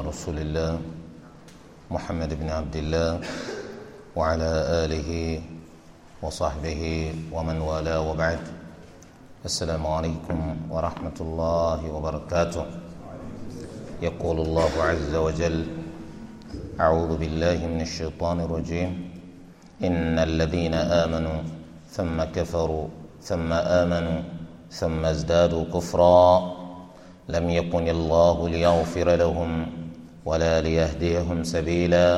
رسول الله محمد بن عبد الله وعلى آله وصحبه ومن والاه وبعد السلام عليكم ورحمة الله وبركاته يقول الله عز وجل أعوذ بالله من الشيطان الرجيم إن الذين آمنوا ثم كفروا ثم آمنوا ثم ازدادوا كفرا لم يكن الله ليغفر لهم ولا ليهديهم سبيلا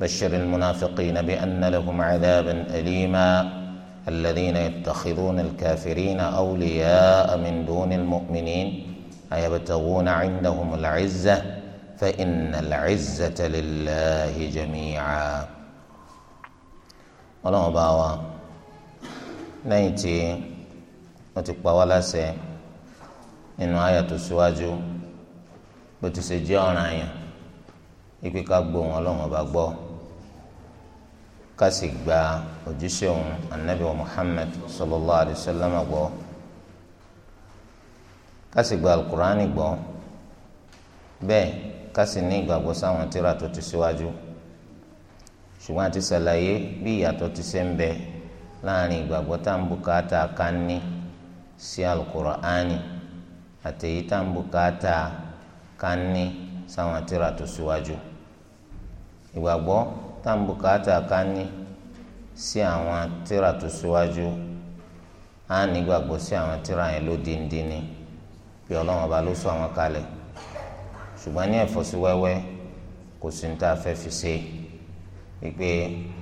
بشر المنافقين بأن لهم عذابا أليما الذين يتخذون الكافرين أولياء من دون المؤمنين أيبتغون عندهم العزة فإن العزة لله جميعا ọlọ́run bá wa lẹ́yìn tí wọ́n ti pa wá láṣẹ nínú síwájú bó ti ṣe jẹ́ ọ̀ràn yẹn ipe ká gbóhùn ọlọ́run ọba gbọ́ ká sì gba ojúṣe òun anabi wa muhammed sallallahu alayhi wa sallam gbọ́ ká sì gba alukur'ani gbọ́ bẹ́ẹ̀ ká sì ní ìgbàgbọ́ sáwọn tíra tó ti síwájú ṣùgbọ́n àti sàlàyé bí ìyàtọ̀ ti ṣe ń bẹ láàrin ìgbàgbọ́ tá ń bùkátà ká ní sí alukur'ani àtẹ̀yí tá ń bùkátà ká ní sáwọn tíra tó síwájú. Si ìgbàgbọ́ táǹbùkátà ká ní sí àwọn tíra tó síwájú á nígbàgbọ́ sí àwọn tíra yẹn ló díndín ni bí ọlọ́run ọba ló sọ àwọn kalẹ̀ ṣùgbọ́n ní ẹ̀fọ́ sí wẹ́wẹ́ kò sí ní tá a fẹ́ fi ṣe wípé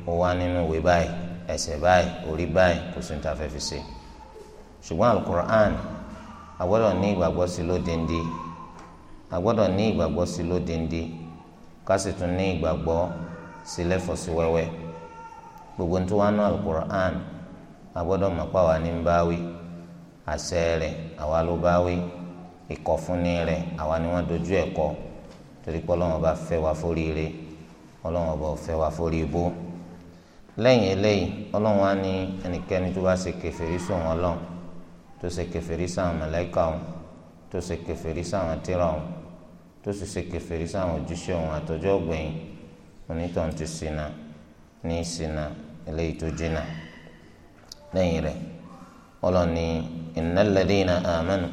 ó wá nínú ìwé báyìí ẹsẹ̀ báyìí orí báyìí kò sí ní tá a fẹ́ fi ṣe ṣùgbọ́n alukur'an a gbọ́dọ̀ ní ìgbàgbọ́ sí ló díndín a ní ìgbàgbọ́ sí ló ká sì tún ní ìgbàgbọ́ sí lẹ́fọ̀sí wẹ́wẹ́ gbogbo tó wá nú alukur'an a gbọ́dọ̀ mọ̀ pàwá ní báwí àṣẹ rẹ̀ àwa ló báwí ìkọ̀fúnni rẹ̀ àwa ni wọ́n dojú ẹ̀ kọ́ torí pé ọlọ́wọ́n bá fẹ́ wá foríire ọlọ́wọ́n bá fẹ́ wá forí ibú lẹ́yìn eléyìí ọlọ́wọ́n á ní ẹnikẹ́ni tó bá ṣe kèfèrí sóun ọlọ́run tó ṣe kèfèrí sáwọn màláíkà òun tó ṣe kèfèrí sáwọn tírà òun tó sì ṣe kèfèrí sáwọn ojúṣe òun àtọjọ́ ọ̀gbẹ̀yìn onítàn ti ṣìnà ní ṣìnà eléyìí tó jìnà lẹ́yìn rẹ̀ ọlọ́ni innal ladina amanu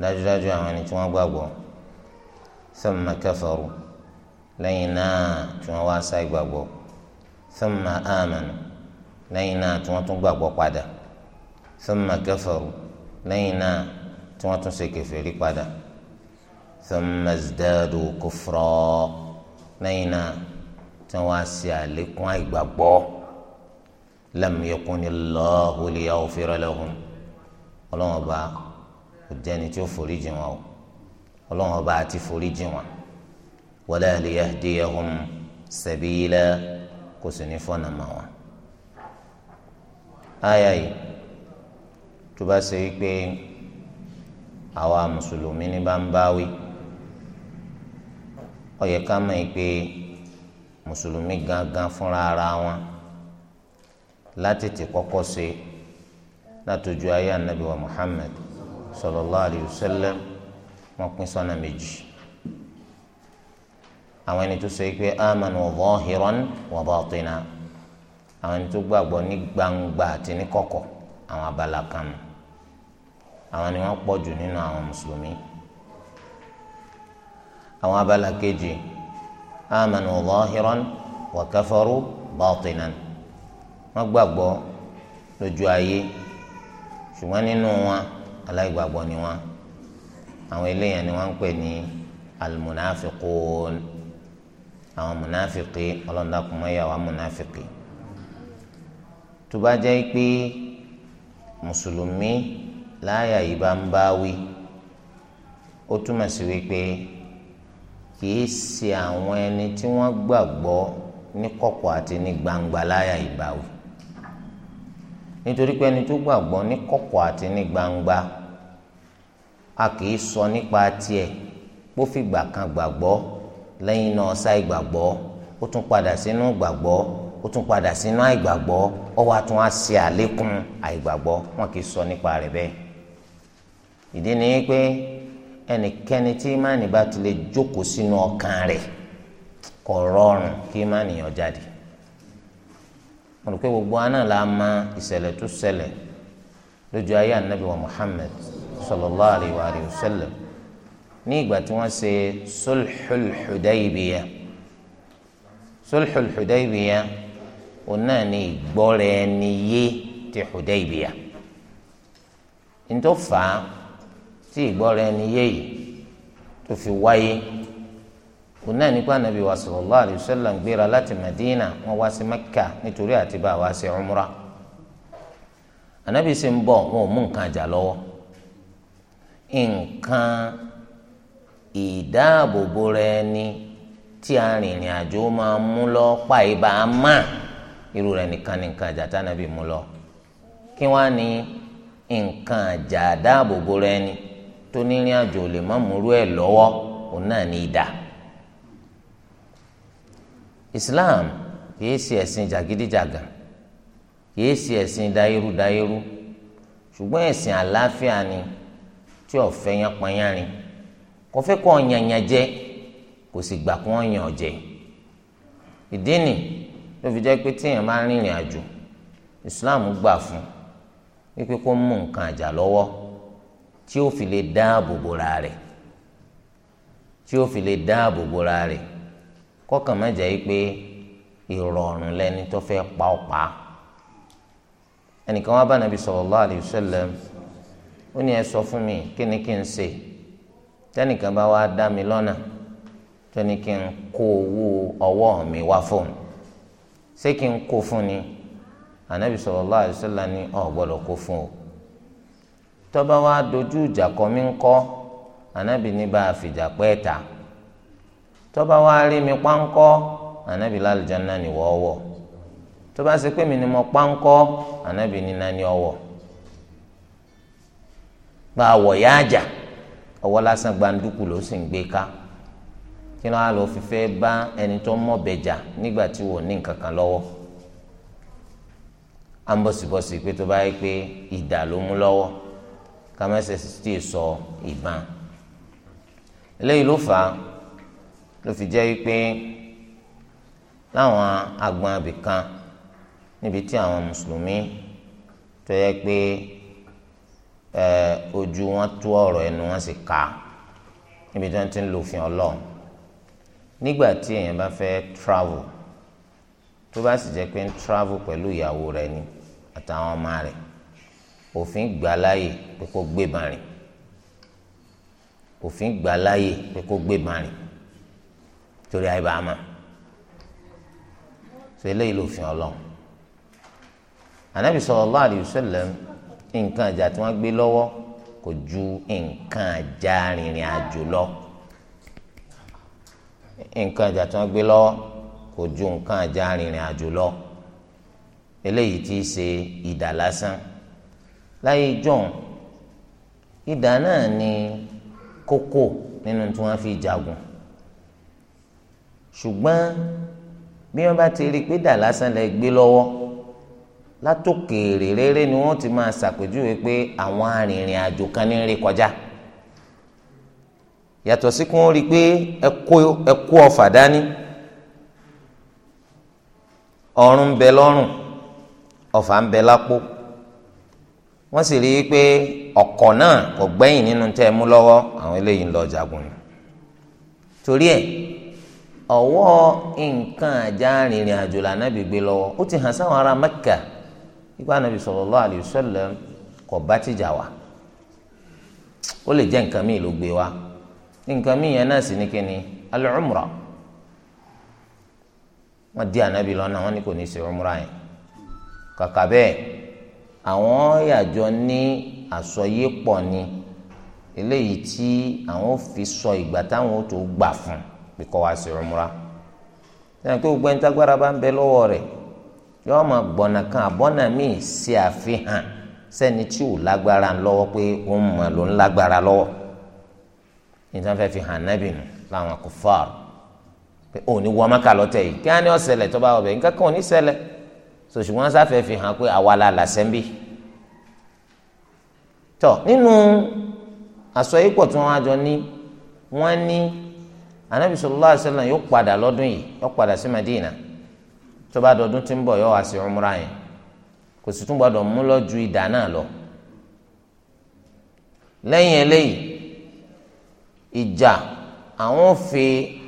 dájúdájú àwọn ẹni tí wọ́n gbàgbọ́ thumma kafaru lẹ́yìn náà tí wọ́n wá sá ìgbàgbọ́ thumma amanu lẹ́yìn náà tí wọ́n tún gbàgbọ́ padà thumma kafaru lẹ́yìn náà tí wọ́n tún ṣe kèfèrí padà. thumma izdadu kufra lẹ́yìn náà tí wọ́n á ṣe àlékún àìgbàgbọ́ lam yakunillahu liyaghfira lahum ọlọ́wọ́n ọba kò jẹ́ni tí ó foríjì wọn o ọlọ́wọ́n ọba àti foríjì wọn wala liyahdiyahum sabila kò sì ní fọ́nà mọ́ wọn. áyà yìí tó bá ṣe wípé àwa mùsùlùmí ní bá ń báwí ó yẹ ká mọ̀ pé mùsùlùmí gangan fúnra ara wọn látètè kọ́kọ́ ṣe látòjú ayé anabi wa Muhammad sallallahu alayhi wa sallam wọ́n pín sọ́nà méjì àwọn ẹni tó ṣe pé amanu zahiran wa batina àwọn ẹni tó gbàgbọ́ ní gbangba àti ní kọ̀kọ̀ àwọn abala kan àwọn ni wọ́n pọ̀ jù nínú àwọn mùsùlùmí àwọn abala kejì amanu zahiran wa kafaru batinan wọ́n gbàgbọ́ lójú ayé ṣùgbọ́n nínú wọn aláìgbàgbọ́ ni wọn àwọn eléyàn ni wọ́n ń pè ní almunafiqun àwọn munafiki ọlọ́dàkùnmọ́ yà wá munafiki tó bá jẹ́ pé mùsùlùmí láyà yìí bá ń bá ó túmọ̀ sí wípé kìí ṣe àwọn ẹni tí wọ́n gbàgbọ́ ní kọ̀kọ̀ àti ní gbangba láyà ìbáwí nítorí pé ẹni tó gbàgbọ́ ní kọ̀kọ̀ àti ní gbangba a kìí sọ nípa tiẹ̀ bó fìgbà kan gbàgbọ́ lẹ́yìn náà ṣáì gbàgbọ́ ó tún padà sínú gbàgbọ́ ó tún padà sínú àìgbàgbọ́ ó wá tún á ṣe àlékún àìgbàgbọ́ wọn kìí sọ nípa rẹ̀ bẹ́ẹ̀ ìdí ni pé ẹnikẹ́ni tí ìmánì bá ti lè jókòó sínú ọkàn rẹ̀ kò rọrùn kí ìmánì yàn jáde mo rò pé gbogbo aná la ma ìṣẹ̀lẹ̀ tó ṣẹlẹ̀ lójú ayé anabi wa Muhammad sallallahu alayhi wa alayhi wa sallam ní ìgbà tí wọ́n ṣe sulhul hudaybiya sulhul hudaybiya òun náà ní ìgbọ́ra ẹni yé ti hudaybiya ntọ́ fàá tí ìgbọ́ra ẹni yé yìí tó fi wáyé òun náà nípa nàbí wa sallallahu alaihi wasallam gbéra láti Madina wọn wá sí Mẹ́kà nítorí àti bá wa ṣe umra ànábì sì ń bọ̀ wọn ò mú nǹkan àjà lọ́wọ́ nǹkan ìdáàbòbò rẹ ni tí arìnrìn àjò máa mú lọ pa ibà má irú rẹ nìkan ni nǹkan àjà tánàbì mú lọ kí wọ́n ní nǹkan àjà dáàbòbò rẹ ni. Kan, tó nírìn àjò lè má múrú ẹ̀ lọ́wọ́ òun náà ní ìdá Islam kìí ṣe ẹ̀sìn jàgídíjàgàn kìí ṣe ẹ̀sìn dáyérúdáyérú ṣùgbọ́n ẹ̀sìn àlàáfíà ni tí ọ̀fẹ́ yẹn panyárin kò fẹ́ kọ́ ọ̀yànyàn jẹ kò sì gbà kó ọ̀yàn jẹ ìdí nì ló fi jẹ́ pé téèyàn bá rìnrìn àjò Islam gbà fún wípé kó mú nǹkan àjà lọ́wọ́ tí ó fi lè dáàbò bora rẹ̀ tí ó fi lè dáàbò bora rẹ̀ kọ́kàn má jẹ́ pé ìrọ̀rùn lẹni tó fẹ́ pa ọ́ pa ẹnìkan wá bá nàbí sallallahu alayhi wa sallam ó ní ẹ sọ fún mi kí ni kí n ṣe tẹnìkan bá wá dá mi lọ́nà tó ní kí n kó owó ọwọ́ mi wá fóun ṣé kí n kó fún ni ànábì sallallahu alayhi wa sallam ní ọ̀ gbọ́dọ̀ kó fún o tọ́ba wa dojú ìjà kọ mí ńkọ́ ànábì ní bá a fìjà pẹ́ ta tọ́ba wa rí mi páńkọ́ ànábì lálùjáná ni wọ́ wọ̀ tọ́ba ṣe pé mi ni mo páńkọ́ ànábì ní nání ọwọ́ bá a wọ̀ yá àjà ọwọ́ lásán gbàǹdùkú ló sì ń gbé ká kí ló wá lọ fi bá ẹni tó mọ̀ bẹ̀jà nígbà tí wò ní nǹkan kan lọ́wọ́ à ń bọ̀sibọ̀si pé tó bá yẹ pé ìdà ló mú lọ́wọ́ kàmẹ́sẹ̀ sì sọ ìbọn eléyìí ló fà á ló fi jẹ́ pé láwọn agbọn abìkan níbi tí àwọn mùsùlùmí tó yẹ pé ẹ ojú wọn tú ọ̀rọ̀ ẹnu wọn sì ká níbi tí wọ́n ti ń lo òfin Ọlọ́run nígbà tí èèyàn bá fẹ́ travel tó bá sì jẹ́ pé ń travel pẹ̀lú ìyàwó rẹ̀ ni àtàwọn ọmọ rẹ̀ òfin gbà láàyè pé kó gbé bàrìn òfin gbà láàyè pé kó gbé bàrìn torí àyè bàá mà so eléyìí lòfin Ọlọ́run anabi sallallahu alayhi wa sallam nǹkan ìjà tí wọn gbé lọ́wọ́ kò ju nǹkan ìjà rìnrìn àjò lọ nǹkan ìjà tí wọn gbé lọ́wọ́ kò ju nǹkan ìjà rìnrìn àjò lọ eléyìí ti ṣe ìdà lásán láyé john idà náà ni kókó nínú tí wọ́n fi jagun ṣùgbọ́n bí wọ́n bá ti rí i pé dà lásán lẹ gbé lọ́wọ́ látòkèèrè rere ni wọ́n ti máa ṣàpèjúwe pé àwọn arìnrìn àjò kan ní rí kọjá yàtọ̀ sí kí wọ́n rí i pé ẹ ọfà dání ọrùn ń bẹ lọ́rùn ọfà ń bẹ lápò wọ́n sì rí i pé ọ̀kọ̀ náà kò gbẹ́yìn nínú tẹ́ ẹ mú lọ́wọ́ àwọn eléyìí ń lọ jagun ni torí ẹ̀ ọ̀wọ́ nǹkan àjà rìnrìn àjò lànàbì gbé lọ́wọ́ ó ti hàn sáwọn ará Mẹ́kà nípa ànàbì sallallahu alaihi wasallam kò bá tìjà wá ó lè jẹ́ nǹkan míì ló gbé wá nǹkan míì yẹn náà sì ní kíni al wọ́n di ànàbì lọ́nà wọ́n ní kò ní í ṣe umra yẹn kàkà bẹ́ẹ̀. àwọn yàjọ ní àsọyépọ̀ ni eléyìí tí àwọn ò fi sọ ìgbà táwọn ò tó gbà fún kíkọ́ wá sí umra sẹ́yìn pé gbogbo bá ń bẹ lọ́wọ́ rẹ̀ yọ ọmọ gbọ̀nà kan àbọ̀nà míì ṣe àfihàn sẹ́ni tí ò lágbára lọ́wọ́ pé ó ń mọ̀ ló ń lágbára lọ́wọ́ fẹ́ fi hàn wọ́n so ṣùgbọ́n sáfẹ́ fi hàn pé àwa la làṣẹ ń bí tọ nínú àsọyípọ̀ tí wọ́n á jọ ní wọ́n ní anabi sallallahu alaihi wasallam yóò padà lọ́dún yìí yóò padà sí Madina tó bá dọdún tí ń bọ̀ yóò wá sí umra yẹn kò sì tún gbọdọ̀ mú lọ ju ìdá náà lọ lẹ́yìn eléyìí ìjà àwọn fi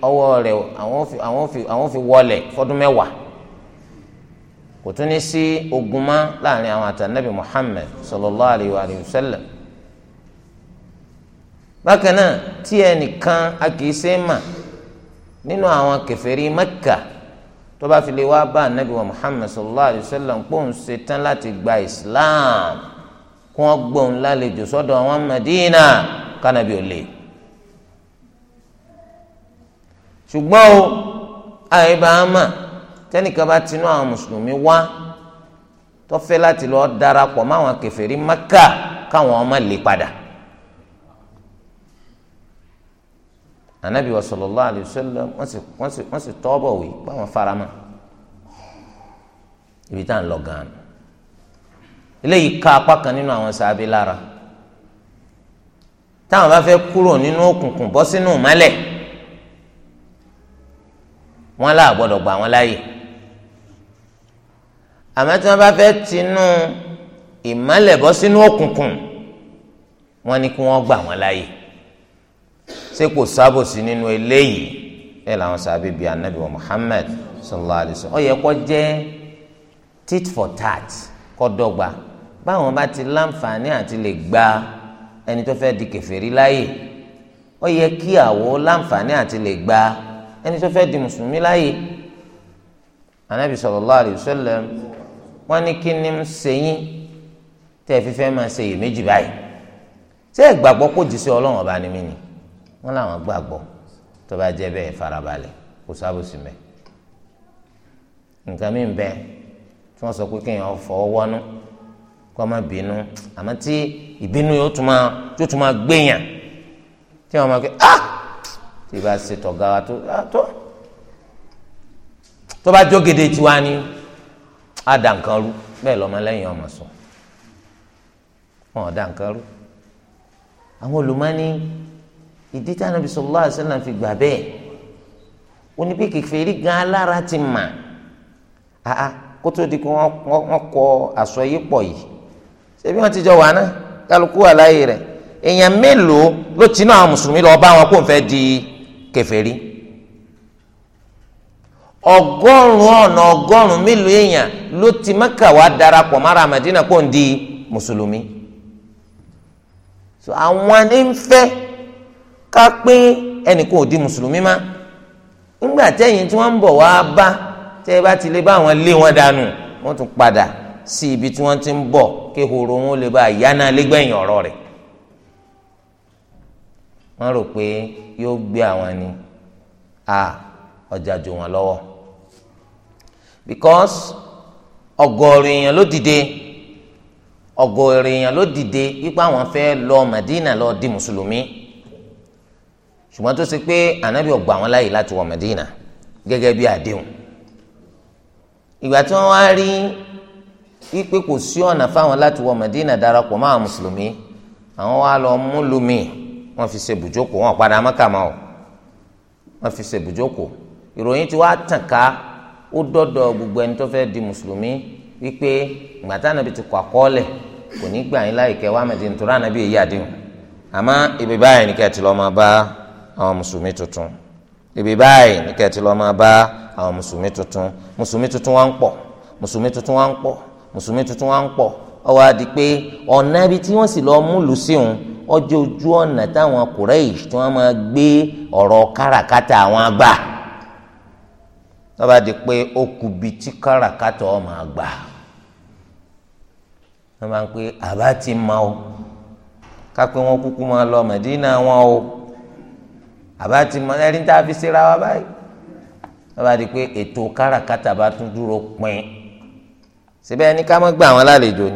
ọwọ́ rẹ̀ àwọn fi fi wọlẹ̀ fọdún mẹ́wàá kò tún ní sí ogun mọ́ láàrin àwọn àtànàbì Muhammad sallallahu alayhi wa sallam bákan náà tí ẹnìkan a kì í ṣe é mà nínú àwọn kèfèrí Mẹ́kà tó bá fi lè wá bá ànábì wa Muhammad sallallahu alayhi wa sallam pòun ṣe tán láti gba Islam kó wọn gbóhùn lálejò sọ́dọ̀ àwọn Madina kánàbí ò lè ṣùgbọ́n àìbá mà tẹnìkan bá tinú àwọn mùsùlùmí wá tó fẹ́ láti lọ darapọ̀ máwọn kèfèrí Mẹ́kà káwọn ọmọ lè padà. anabi wa sallallahu alayhi wa sallam wọ́n sì wọ́n sì wọ́n sì tọ́bọ̀ wí báwọn farama ibi tá à ń lọ gan eléyìí ká apá kan nínú àwọn sábẹ́ lára táwọn bá fẹ́ kúrò nínú òkùnkùn bọ́ sínú ìmọ́lẹ̀ wọ́n láà gbọ́dọ̀ gbà wọ́n láàyè àmọ́ tí wọ́n bá fẹ́ tinú ìmọ́lẹ̀ bọ́ sínú òkùnkùn wọ́n ní kí wọ́n gbà wọ́n láàyè ṣé kò sábòsí nínú eléyìí bẹ́ẹ̀ làwọn sábẹ́ bíi anabi wa Muhammad sallallahu alayhi wa sallam ó yẹ kó jẹ́ tit for tat kó dọ́gba báwọn bá ti láǹfààní àti lè gba ẹni tó fẹ́ di kèfèrí láàyè ó yẹ kí àwọ̀ láǹfààní àti lè gba ẹni tó fẹ́ di mùsùlùmí láàyè anabi sallallahu alayhi wa sallam wọ́n ní kí ni ń ṣe yín tẹ́ ẹ fi fẹ́ máa ṣe iyèméjì báyìí ṣé ẹ gbàgbọ́ kó jù sí ọlọ́run ọba ni mí ni wọ́n làwọn gbàgbọ́ tó bá jẹ́ bẹ́ẹ̀ farabalẹ̀ kò sábòsí mẹ́ nǹkan mi bẹ tí wọ́n sọ pé kéèyàn fọwọ́ wọ́nú kó má bínú àmọ́ tí ìbínú yóò tún máa yóò tún máa gbéyàn tí wọ́n máa kẹ́ ah tí ìbá ṣe tọ̀gá wa tó ah, tó tó bá jógede tiwa ni á dà nǹkan rú bẹ́ẹ̀ lọ́mọ lẹ́yìn ọmọ sọ wọn ò dà nǹkan rú àwọn olùmọ́ni ìdí tí Ànábì sallallahu alaihi wasallam fi gbà bẹ́ẹ̀ oní pé kèfèrí gan alára ti mà áá kó tó di kó wọ́n kọ àsọyípọ̀ yìí ṣebí wọ́n ti jọ wà náà kálukú àlàyé rẹ̀ èèyàn mélòó ló ti náà mùsùlùmí lọ bá wọn kó n fẹ́ di kèfèrí. ọgọ́rùn ọ̀nà ọgọ́rùn mélòó èèyàn ló ti Mẹ́kà wá darapọ̀ mára Madina kó ń di mùsùlùmí so àwọn ní ń fẹ́ ká pé ẹnìkan ò di mùsùlùmí má nígbà tẹ́yìn tí wọ́n ń bọ̀ wá bá tẹ́ ẹ bá ti lè bá àwọn lé wọn dànù wọ́n tún padà sí ibi tí wọ́n ti ń bọ̀ kí horo wọn lè bá yánà lẹ́gbẹ̀yìn ọ̀rọ̀ rẹ̀ gbé àwọn ni ọjà jù because ọ̀gọ̀ọ̀rọ̀ èèyàn ló dìde ọ̀gọ̀ọ̀rọ̀ èèyàn ló dìde wípé àwọn fẹ́ lọ Madina lọ di mùsùlùmí ṣùgbọ́n tó ṣe pé ànábì ọ̀gbà wọn láàyè láti wọ Madina gẹ́gẹ́ bí àdéhùn ìgbà tí wọ́n wá rí wípé kò sí ọ̀nà fáwọn láti wọ Madina darapọ̀ mọ́ àwọn mùsùlùmí àwọn wá lọ mú lumi wọ́n fi ṣe bùjókòó wọn padà mọ́kàmá o fi ṣe bùjókòó ìròyìn tí wàá tàn ká ó dọ́dọ̀ gbogbo ẹni tó fẹ́ di mùsùlùmí wípé gbàtà nàbí ti kọ àkọọ́lẹ̀ kò ní gbà yín láì kẹ́ wá mẹ́tì nítorí ànábì èyí àdéhùn àmọ́ ibi báyìí ni kẹ́ ti lọ́ọ́ máa bá àwọn mùsùlùmí tuntun ibi báyìí ni kẹ́ ti lọ́ọ́ máa bá àwọn mùsùlùmí tuntun mùsùlùmí tuntun wá ń pọ̀ mùsùlùmí tuntun wá ń pọ̀ mùsùlùmí tuntun wá ń pọ̀ ó wá di pé ọ̀nà ibi tí wọ́n sì lọ́ọ́ mú sí òun ọjọ́ ojú ọ̀nà táwọn Quraysh tí wọ́n máa gbé ọ̀rọ̀ káràkátà àwọn àgbà tọ́ba di pé ó kù bi tí káràkátà ọ̀ máa gbà wọ́n máa ń pè àbá ti ma o kápẹ́ wọn kúkú máa lọ mẹ̀dínà wọn o àbá ti ma ẹni tá a fi ṣe ra wa báyìí tọ́ba di pé ètò káràkátà bá tún dúró pin síbẹ̀ ẹni ká má gbà wọn lálejò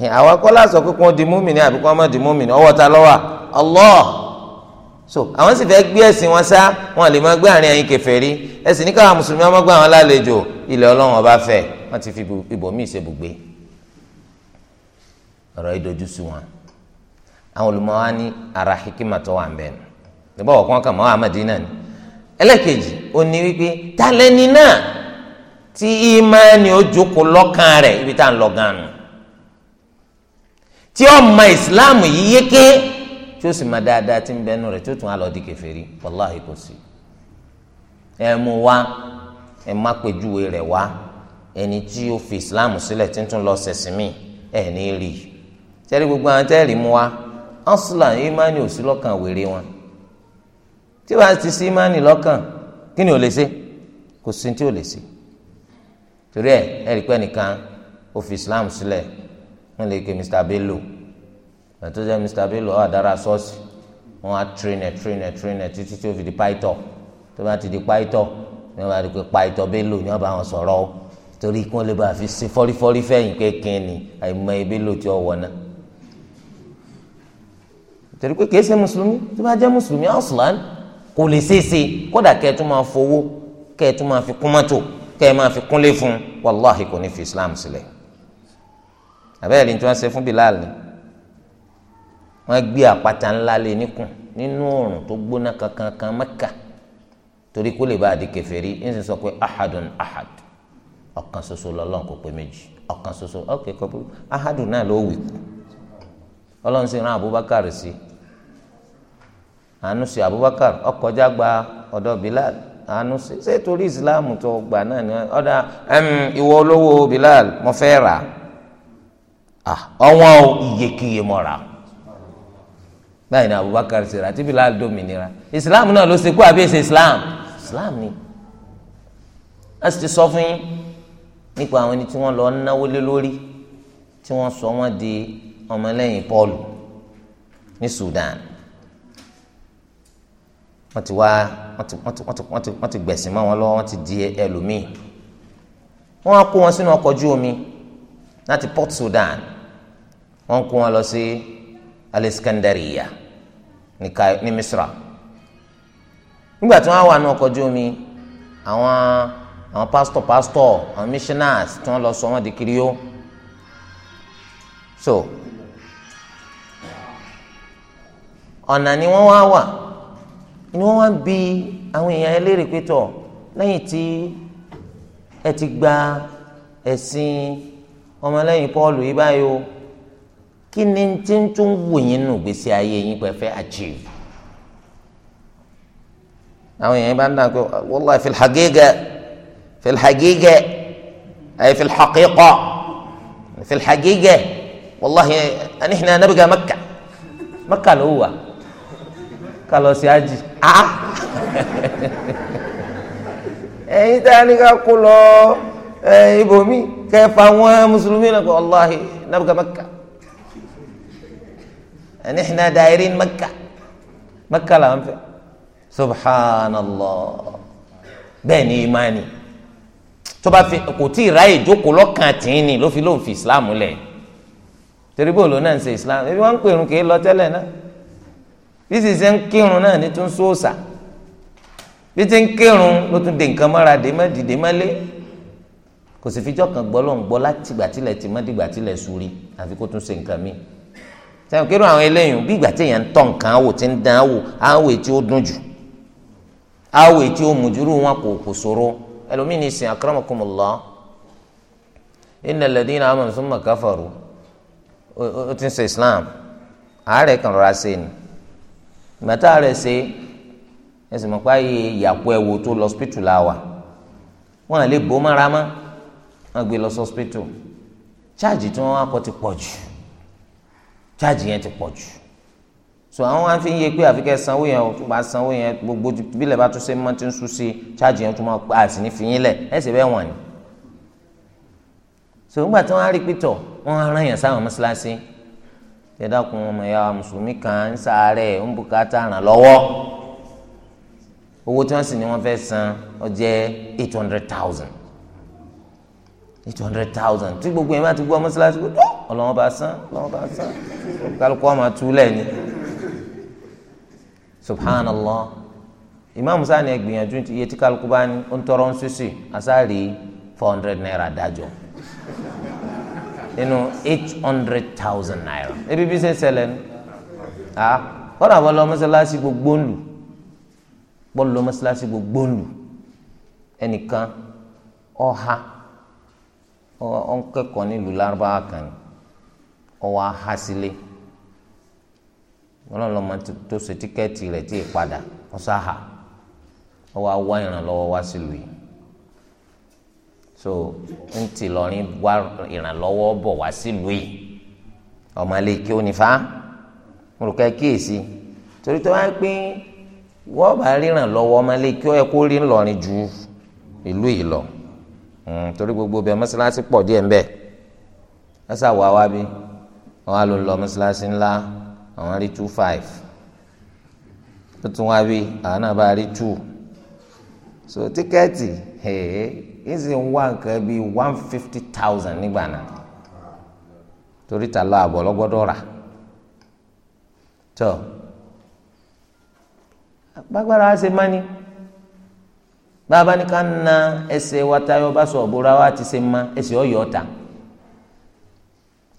ni àwọn akọ́lá sọ pé kí wọ́n di múmi ni àbí kí wọ́n má di múmi ni ọwọ́ ta lọ́wọ́ Allah so àwọn sì fẹ́ gbé ẹ̀sìn wọn sá wọn lè máa gbé àárín ẹ̀yin kèfèrí ẹ̀sìn ní káwọn mùsùlùmí ọmọ gbà wọn lálejò ilẹ̀ ọlọ́run ọba fẹ́ wọn ti fi ibòmíì ṣe ọ̀rọ̀ yìí dojú wọn àwọn olùmọ̀ wa ní ara hikima tó wà ń bẹ̀ nígbà wọ̀ kàn kàn mọ́ àmàdínà ni ẹlẹ́kejì ó ní wípé talẹ́ni náà tí ìmáàní ó jókòó lọ́kàn rẹ̀ ibi tá à ń lọ gan-an tí ó ìsìláàmù yìí yéké tí ó sì máa dáadáa tí ń bẹnu rẹ̀ tí ó tún á lọ di kèfèrí wàláhì kò sí ẹ mú wá ẹ má pèjúwe rẹ̀ wá ẹni tí ó fi islam sílẹ̀ tí ń tún lọ sẹ̀sìn mí ẹ̀ ní rí i tẹ́lẹ̀ gbogbo àwọn tẹ́lẹ̀ mú wa asla imani ò sí lọ́kàn wèrè wọn tí wàá ti sí imani lọ́kàn kí ni ò lè ṣe kò sí tí ò lè ṣe torí ẹ ẹ rí pé nìkan ó fi islam sílẹ̀ wọ́n lè ké mr bello àti ọjà mr bello ọ̀ àdára sọ́ọ̀sì wọn á trinẹ trinẹ trinẹ títí tí ó fi di pàìtọ́ tó bá ti di pàìtọ́ ní wọn bá di pé pàìtọ́ bello ní wọn bá wọn sọ̀rọ̀ o torí kí wọn lè bá fi ṣe fọ́rífọ́rí fẹ̀yìn kékeré ni àìmọ̀ bello tí ó wọ̀ náà torí pé kìí ṣe mùsùlùmí tó bá jẹ́ mùsùlùmí ọ̀sùlán kò lè ṣeé ṣe kódà kẹ́ ẹ tún máa fowó kẹ́ ẹ tún máa fi kún mọ́tò kẹ́ ẹ máa fi kúnlé fún wàláhì kò ní fi bilal wọ́n gbé àpáta ńlá lé níkùn nínú oòrùn tó gbóná kankan kan mẹ́kà torí kó lè bá a di ń sì sọ pé ahadun ahad ọ̀kan ṣoṣo lọ́lọ́run kò pé méjì ọ̀kan ṣoṣo ok kò pé ahadun náà ló wì ọlọ́run sì rán abubakar sí àánú sí abubakar ọkọjá gba ọ̀dọ̀ bilal àánú sí ṣé torí islam tó gbà náà ni ọ̀dà ìwọ olówó bilal mo fẹ́ rà ah, ọ̀wọ́n iyekíye mọ́ra. Ah, báyìí ní Abubakar ṣe rà tí Bilal dominira Islam náà ló ṣe kú àbí ṣe Islam Islam ni a sì ti sọ fún yín nípa àwọn ẹni tí wọ́n lọ náwó lé lórí tí wọ́n sọ wọ́n di ọmọlẹ́yìn Paul ní Sudan wọ́n ti wá wọ́n ti wọ́n ti wọ́n ti wọ́n ti gbẹ̀sìn mọ́ wọn lọ́wọ́ wọ́n ti di ẹlòmíì wọ́n á kó wọn sínú ọkọ̀ ojú omi láti Port Sudan wọ́n kó wọn lọ sí Alexandria ní misra nígbà tí wọ́n wà ní ọkọ̀ ojú omi àwọn àwọn pastor pastor, àwọn missionaries tí wọ́n lọ sọ wọ́n di kiri ó so ọ̀nà ni wọ́n wá wà ni wọ́n wá bi àwọn èèyàn ẹlẹ́rìí pé tọ̀ lẹ́yìn tí ẹ ti gba ẹ̀sìn ọmọlẹ́yìn Pọ́ọ̀lù yìí báyìí o. kí ni tí ń tún wù yín nù gbèsè ayé yín pé fẹ́ achieve àwọn yẹn bá ń dàn pé wallahi fil haqiqa fil haqiqa ay fil haqiqa fil haqiqa wallahi anihna nabga Makkah Makkah ló wà ká sí àjì ah ẹ̀yin tá a ní ká kó lọ ibòmí kẹfà wọn mùsùlùmí náà wallahi nabga Makkah. ẹni ìhìnà dàírí mẹ́kà mẹ́kà là ń fẹ́ subhanallah bẹ́ẹ̀ ni imani tó bá fi kò tí ì ráyè jókòó lọ́kàn tìǹnì ló fi lóun fi islam lẹ̀ torí bó ló náà ń ṣe islam ebi wọn ń pèrún kì í lọ tẹ́lẹ̀ náà bí sì ṣe ń kírun náà ní tún sóòsà bí ti ń kírun ló tún de nǹkan mọ́ra dè má kò sì fi jọ́ kan gbọ́ ló gbọ́ látìgbà tilẹ̀ ti má dìgbà sùúrì àfi kó tún ṣe nǹkan míì. sẹ́yìn kérò àwọn eléyìí bí ìgbà téèyàn ń tọ̀ nǹkan àwò tí ń dán àwò àwò tí ó dùn jù àwò tí ó mú jùrú wọn kò kò sòro ẹlòmíín ní sìn akramakumullah innal ó ti ń sọ Islam àárẹ̀ kan rọra ṣe ni ìgbà tá ṣe ẹsìn mọ̀ ìyàpọ̀ hospital la wà wọn lè bó hospital ṣáàjì tí wọn wá chaajì yẹn ti pọ̀ jù so àwọn wá fi ń yẹ pé àfikẹ́ sanwó yẹn tó bá sanwó yẹn gbogbo bílẹ̀ bá tún ṣe mọ́ ti ń sùn sí chaajì yẹn tó máa pa àti ní fi yín lẹ̀ ẹ̀sẹ̀ bẹ́ẹ̀ wọ̀n ni so ńgbà tí wọ́n á rí pítọ̀ wọ́n á rán yẹn sáwọn mọ́ṣáláṣí ẹ dákun ọmọ ìyá mùsùlùmí kan ń sàárẹ̀ ń bùkátà ràn lọ́wọ́ owó tí wọ́n sì ní wọ́n fẹ́ san ó jẹ́ eight hundred thousand Eight hundred thousand tí gbogbo yẹn bá ti gbọ́ mọ́ṣáláṣí kó tó ọlọ́wọ́n bá san ọlọ́wọ́n bá san kálukú ọmọ túlẹ̀ ni subhanallah Imam sáà ni ẹ iye tí kálukú bá ní ó ń tọrọ ń ṣíṣì àsáàrí four hundred naira dájọ́ nínú eight hundred thousand naira ebi bí ṣe ṣẹlẹ̀ nu ah kọ́nà bọ́ lọ mọ́ṣáláṣí gbogbo ń lù bọ́ lọ mọ́ṣáláṣí gbogbo ń lù ẹnìkan ọ̀ha ọ ń kẹ́kọ̀ọ́ nílùú lárúbáwá kan ọwọ́ ahásílé wọn lọ mọ tó ṣe tíkẹ́ẹ̀tì rẹ̀ tí ì padà ọ̀sáhà ọwọ́ awá ìrànlọ́wọ́ wá sílùú yìí so ń tì lọrin wá ìrànlọ́wọ́ bọ̀ wá sílùú yìí ọmọ ilé kí ó nífa mo rò ká kíyèsí torí tó wáá pín wọ́n bá ríran lọ́wọ́ ọmọ ilé kí ó yẹ kó rí ńlọrin ju ìlú yìí lọ. torí gbogbo bẹ mọ́sálásí pọ̀ díẹ̀ ń bẹ ẹ̀sà wà wá bí wọ́n á lọ lọ mọ́sálásí ńlá àwọn rí two five tó tún wá bí àwọn náà bá rí so tíkẹ́ẹ̀tì ẹ̀ẹ́ ń sì wá nǹkan bíi one fifty thousand nígbà náà torí ta lọ àbọ̀ lọ́gbọ́dọ̀ rà tó bàbá ní ká na ẹsẹ̀ wa tayọ bá sọ ọ̀bùra wa ti ṣe ma ẹsẹ̀ ọ̀yọ́ ọ̀tà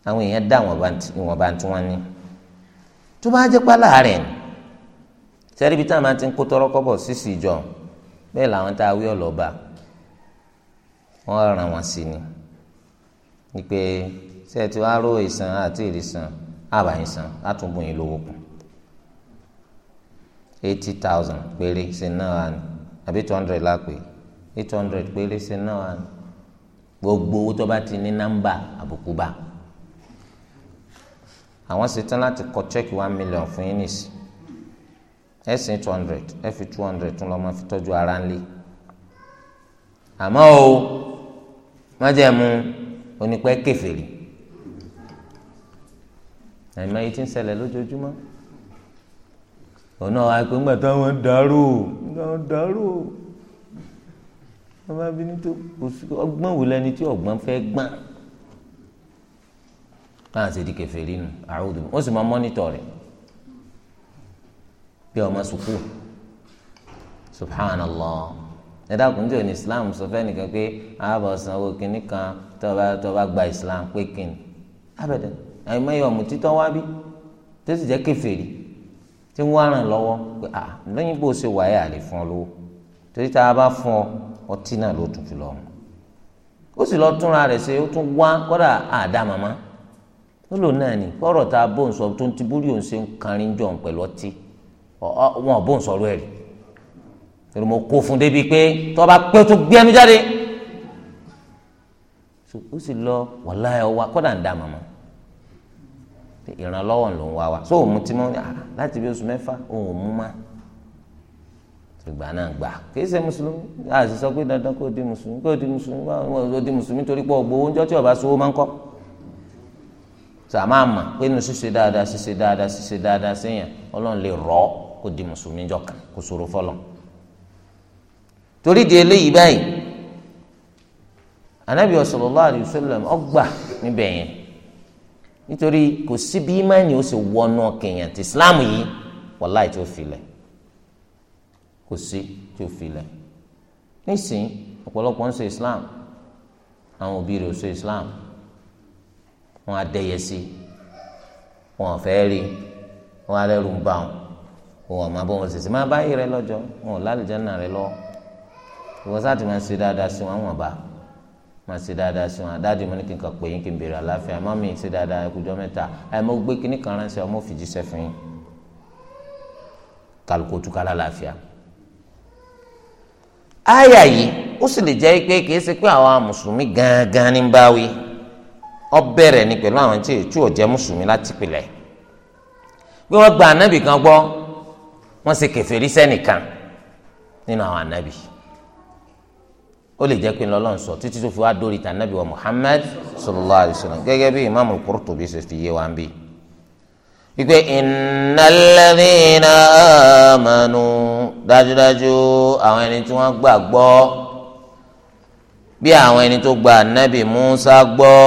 àwọn èèyàn dá ìwọ̀nba tí wọ́n ní tó bá jẹ́ pálá rẹ̀ sẹ́ríbi táwọn máa ti ń kó tọrọ kọ́bọ̀ sísì jọ bẹ́ẹ̀ làwọn tá a wí ọ̀lọ́ba wọ́n ràn wọ́n sí ni wípé ṣé ẹ ti wá ró ìsàn àti ìrìsàn àbàyìn sàn látúbùyìn lówó kù eighty thousand péré ṣe náà wà ní àbí two hundred la pè eight hundred péré sí náà gbogbo owó tó bá ti ní nọ́mbà àbùkù bá àwọn ṣetán láti kọ check one million fún yín nìsí ẹ sin two hundred ẹ fi two hundred tún lọ́mọ fi tọ́jú ara ńlẹ̀ àmọ́ o májẹ̀mú onípẹ́ kẹfẹ́rì ẹ̀mọ́ yìí ti ń ṣẹlẹ̀ lójoojúmọ́ òun náà wá pé ńgbà táwọn dàrú táwọn dàrú bàbá bí ní tó ọgbọ́n wò lẹni tí ọgbọ́n fẹ́ gbọ́n náà ṣe di kèfèrí nu àrùdù ó sì máa mọ́nítọ̀ rẹ̀ bí ọmọ sùkúù subhanallah ẹ dákun tí o ní islam sọ fẹ́ nìkan pé ààbọ̀ sanwó kínní kan tọ́ba tọ́ba gba islam pé kínní abẹ́dẹ́ àyìnbáyọ̀ ọ̀mùtítọ́ wá bí tó sì jẹ́ kèfèrí tí wọ́n á ràn lọ́wọ́ pé à lẹ́yìn bó ṣe wáyé àlè fún ọ lówó torí tá a bá fún ọ ọtí náà ló tún fi lọ ó sì lọ túnra rẹ̀ ṣe ó tún wá kọ́dà àdá màmá ó lò náà ní kọ́rọ̀ tá a bóun sọ tó ń ti búrí òun ṣe ń kárin jọ̀ ń pẹ̀lú ọtí wọn ò bóun sọ̀rọ̀ ẹ̀ rí torí mo kó fún débi pé tó bá pé tó gbé ẹnu jáde ó sì lọ wàláyà wá kọ́dà ń dá màmá ìrànlọ́wọ́ ló ń wá wa so òun ti mọ ah, láti bí oṣù mẹ́fà òun ò mú ma ìgbà náà gbà kìí ṣe mùsùlùmí àti sọ pé dandan kó di mùsùlùmí kó di mùsùlùmí kó di mùsùlùmí torí pé ọgbọ oúnjẹ tí ọba sọ máa ń kọ sàmà mà pé nu ṣíṣe dáadáa ṣíṣe dáadáa ṣíṣe dáadáa séèyàn ọlọ́run lè rọ kó di mùsùlùmí jọ kàn kó sọ̀rọ̀ fọlọ. torí di eléyìí báyìí anabi sallallahu ọgbà níbẹ̀ yẹn nítorí kò sí bí imáni ó sì wọnú ọkẹyàn tí islam yìí wàláì tó filẹ̀ kò sí tó filẹ̀ nísìnyí ọ̀pọ̀lọpọ̀ ń ṣe islam àwọn òbí rẹ̀ ò ṣe islam wọn adẹ́yẹ sí wọn ò fẹ́ rí wọn alẹ́rù ń bá wọn wọn àmọ́ bọ́ wọn ṣèṣe máa báyìí rẹ lọ́jọ́ wọn ò lálẹ́ jẹ́ nà rẹ lọ́wọ́ ìwọ sáà ti máa ń ṣe dáadáa sí wọn àwọn ọba máa ṣe dáadáa sí wọn àdáàdì mo ní kí n kàn pè yín kí n béèrè àlàáfíà má mi ṣe dáadáa ẹkùjọ mẹ́ta ẹ mo gbé kíní kan ránṣẹ́ ọmọ fìjíṣẹ́ fún yín kálukó tú kálá àlàáfíà. àyà yìí ó sì lè jẹ́ pé kìí ṣe pé àwọn mùsùlùmí gangan ní báwí ó bẹ̀rẹ̀ ni pẹ̀lú àwọn tí ètú ọ̀jẹ́ mùsùlùmí láti pilẹ̀ pé wọ́n gba ànábì kan gbọ́ wọ́n ṣe kèfèrí sẹ́nìkan nínú àwọn ànábì ó lè jẹ́ pé lọ́lọ́run sọ títí tó fi wá dórí ta nàbí wa Muhammad sallallahu alayhi wa sallam gẹ́gẹ́ bí imaamu Qurtubi ṣe fi yé wa ń bí. wípé innal ladhina amanu dájúdájú àwọn ẹni tí wọ́n gbàgbọ́ bí àwọn ẹni tó gba nàbí Musa gbọ́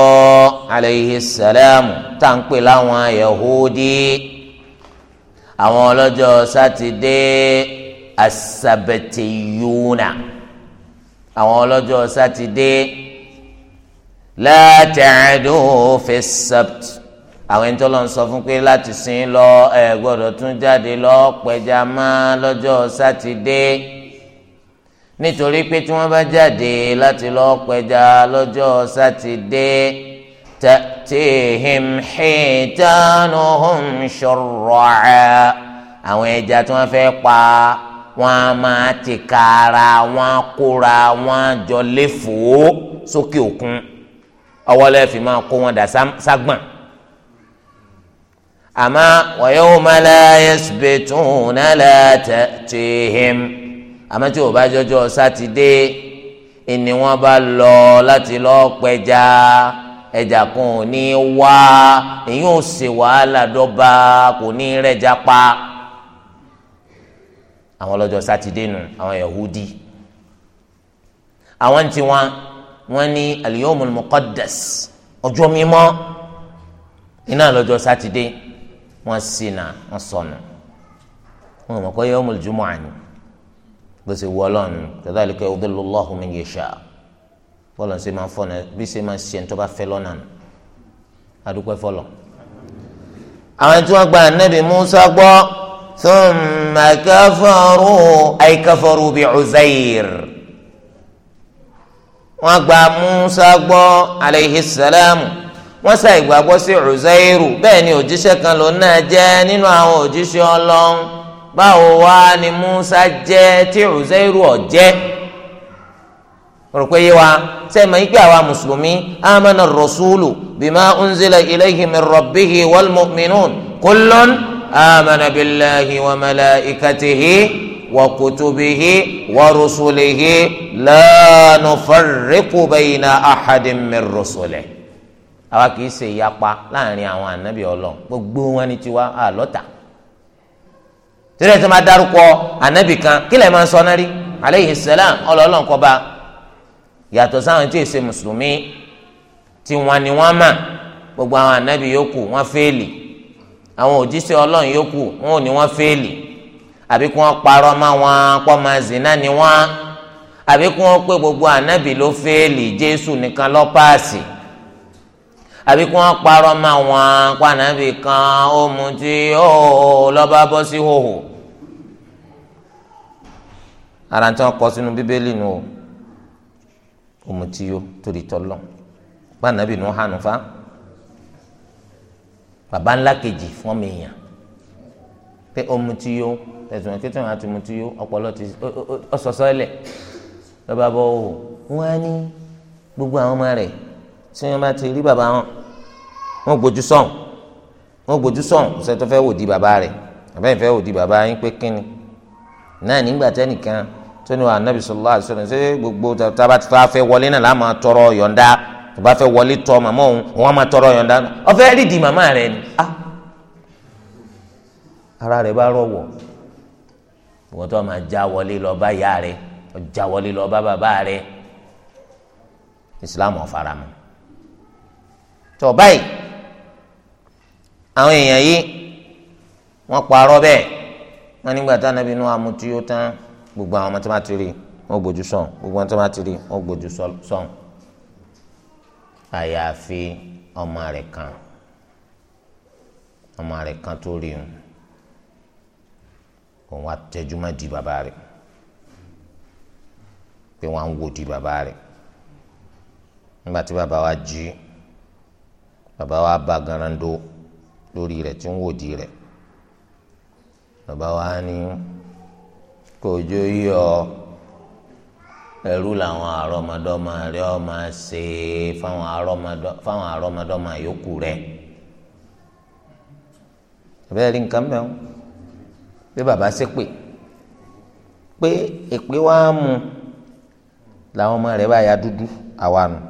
alayhi salam tá ń pè láwọn Yahudi àwọn ọlọ́jọ́ sátidé asabetiyuna. As àwọn ọlọ́jọ́ sátidé la ta'du fi sabt àwọn ẹni tó lọ ń sọ fún pé láti sin lọ ẹ gbọ́dọ̀ tún jáde lọ pẹja mọ́ lọ́jọ́ sátidé nítorí pé tí wọ́n bá jáde láti lọ pẹja lọ́jọ́ sátidé ta'tihim hitanuhum shurra'a àwọn ẹja tí wọ́n fẹ́ pa wọn a máa ti ka ara wọn kóra wọn jọ léfòó sókè òkun ọwọ́ lẹ́ẹ̀fì máa kó wọn dà ságbọ̀n àmọ́ wa yawma la yasbituna la ta'tihim àmọ́ tí o bá jọjọ́ sátidé ìní wọn bá lọ láti lọ́ọ́ pẹja ẹja kan ò ní wá èyí ò ṣe wàhálà dọ́ba kò ní rẹja pa àwọn ọlọ́jọ́ sátidé nù àwọn yahudi àwọn tí wọn wọn ní aliyomul muqaddas ọjọ́ mímọ́ iná lọ́jọ́ sátidé wọn sì nà wọn sọnù wọn mọ̀ kọ́ yawmul jumu'a àní bó ṣe wọ ọlọ́run kadhalika yudillu Allahu man yasha bọ́ọ̀lù ṣe máa fọ́nà bí ṣe máa ṣe tó bá fẹ́ lọ́nà nù adúpẹ́ àwọn tí wọ́n gba ànábì Musa gbọ́ thumma kafaru ay kafaru bi Uzair wọ́n gba Musa gbọ́ aleyhi salamu wọ́n sa ìgbàgbọ́ sí Uzairu bẹ́ẹ̀ ni òjíṣẹ́ kan ló náà jẹ́ nínú àwọn òjíṣẹ́ Ọlọ́run báwo wá ni Musa jẹ́ tí Uzairu ọ̀jẹ́ rò pé yé wa sẹ́mi ìpè àwa mùsùlùmí amana rasulu bima unzila ilayhi min rabbihi wal mu'minun kullun. آمن بالله وملائكته وكتبه ورسله لا نفرق بين أحد من رسله àwa kì í ṣe ìyapa láàrin àwọn ànábì Ọlọ́run gbogbo wọn ni tiwa àlọta tíra tí máa dárúkọ ànábì kan kí lè máa sọ náà rí aleyhi salam ọlọlọrun kọ bá yàtọ̀ sáwọn tí èsè mùsùlùmí tí wọn ni wọn mà gbogbo àwọn ànábì yòókù wọn fẹẹlì àwọn òjíṣẹ́ ọlọ́run yòókù wọn ò ní wọ́n fẹ́ẹ̀lì àbí kí wọ́n parọ́ má wọn pọ́ máa zina ni wọ́n àbí kí wọ́n pé gbogbo ànábì ló fẹ́ẹ̀lì jésù nìkan ló páàsì àbí kí wọ́n parọ́ má wọn pọ́ ànábì kan ó mutí ó lọ́ba bọ́ sí hòhò ara tí wọ́n kọ sínú bíbélì nù ó mutí yó torí tọ́lọ́ pọ́ ànábì nù hànú fa baba ńlá kejì fún ọmọ èèyàn pé ó mu ti yó ẹ̀sùn ẹ̀ kékeré àti mu ti yó ọpọlọ ti ọsọsọ ẹlẹ̀ lọ́ba bọ́ ò wọ́n á ní gbogbo àwọn ọmọ rẹ̀ tí wọ́n bá ti rí baba wọn wọ́n gbójú sọ̀hún wọ́n gbójú sọ̀hún ṣe tó fẹ́ wò di baba rẹ̀ àbẹ́yìn fẹ́ wò di baba yín pé kíni náà nígbà tẹ́nìkan tó ní wa anabi sallallahu alaihi wasallam ṣé gbogbo tá a bá ti wọlé náà láàmú àtọrọ yọ̀ǹda tó bá fẹ́ wọlé tọ màmá òun òun á máa tọrọ yọ̀ǹda ọ̀fẹ́ rí di màmá rẹ ni a ah! ara rẹ bá rọwọ wọ́n tó máa já wọlé lọ bá ìyá rẹ já wọlé lọ bá bàbá rẹ Islam ọ̀faramọ́ tó báyìí àwọn èèyàn yìí wọ́n parọ́ bẹ́ẹ̀ wọ́n nígbà tá nàbí inú amutí tán gbogbo àwọn ọmọ tó máa ti rí wọ́n gbójú sàn gbogbo àwọn tó máa ti rí wọ́n gbójú sàn àyàfi ọmọ rẹ̀ kan ọmọ rẹ̀ kan tó rí un òun wá tẹjúmọ́ di bàbá rẹ̀ pé wọ́n á ń wò di bàbá rẹ̀ nígbà tí bàbá wa jí bàbá wa bá garando lórí rẹ̀ tí ń wò di rẹ̀ bàbá wa ní kò jó yí ọ ẹrú làwọn àrọmọdọ́mọ rẹ ọ máa ṣe fáwọn àrọmọdọ́mọ yòókù rẹ bẹ́ẹ̀ rí nǹkan mẹ́wọ́n bí bàbá ṣe pè pé èpè wá mú làwọn ọmọ rẹ bá ya dúdú àwa nù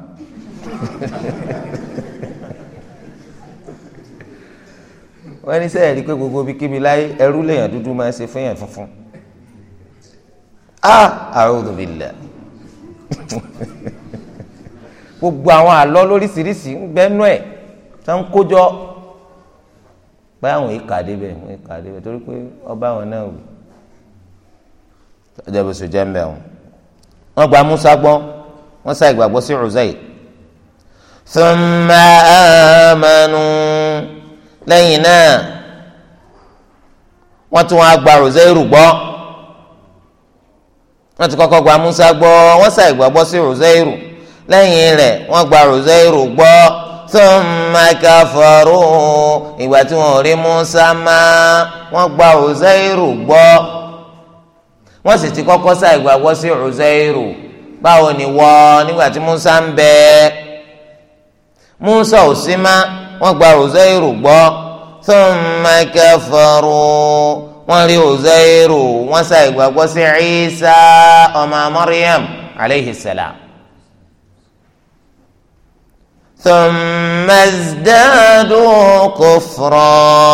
wọ́n ní sẹ́yìn rí i pé gbogbo ibikíbi láyé ẹrú lèèyàn dúdú máa ń ṣe fún yàn funfun. ah a'udhu billah gbogbo àwọn àlọ́ lóríṣiríṣi ń gbẹ́nú ẹ̀ tó ń kójọ báyà wọn èka débẹ̀ wọn èka débẹ̀ torí pé ọba wọn náà wù ọjọ́ bó so jẹ́ ń bẹ̀ wọn. wọ́n gba Musa gbọ́ wọ́n sá ìgbàgbọ́ sí Uzair thumma amanu lẹ́yìn náà wọ́n tún wá gba Uzairu gbọ́ wọ́n ti kọ́kọ́ gba Musa gbọ́ wọ́n ṣàì gbàgbọ́ sí Uzairu lẹ́yìn rẹ̀ wọ́n gba Uzairu gbọ́ thumma kafaru ìgbà tí wọ́n rí Musa máa wọ́n gba Uzairu gbọ́ wọ́n sì ti kọ́kọ́ ṣàì gbàgbọ́ sí Uzairu báwo ni wọ́ nígbà tí Musa ń bẹ Musa ò sí má wọ́n gba Uzairu gbọ́ thumma wọ́n rí Uzairu wọ́n sá ìgbàgbọ́ sí Isa ọmọ Maryam alayhi salam. thumma izdadu kufra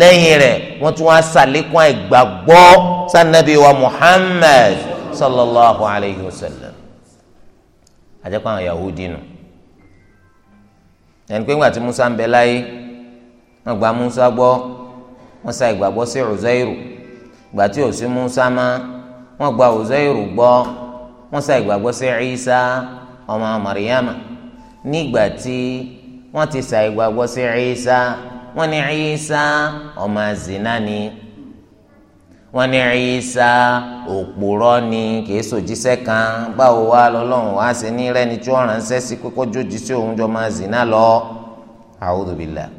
lẹ́yìn rẹ̀ wọ́n tún wá sàlékún àìgbàgbọ́ sanabi wa Muhammad sallallahu alayhi wa sallam. àjẹpọ̀ àwọn Yahudi nù ẹni ńgbà tí Musa ń bẹ láyé wọ́n gba Musa gbọ́ wọ́n sa ìgbàgbọ́ sí Uzairu ìgbà tí ò sí Musa má wọ́n gba Uzairu gbọ́ wọ́n sa ìgbàgbọ́ sí Isa ọmọ Maryama nígbà tí wọ́n ti sa ìgbàgbọ́ sí Isa wọ́n ní Isa ọmọ zina ni wọ́n ní Isa òpùrọ́ ni kìí sòjíṣẹ́ kan báwo wá lọ́lọ́run wá sí ní rẹ́ni tí wọ́n ránṣẹ́ sí pé kó sí òun jọ máa zina lọ a'udhu billah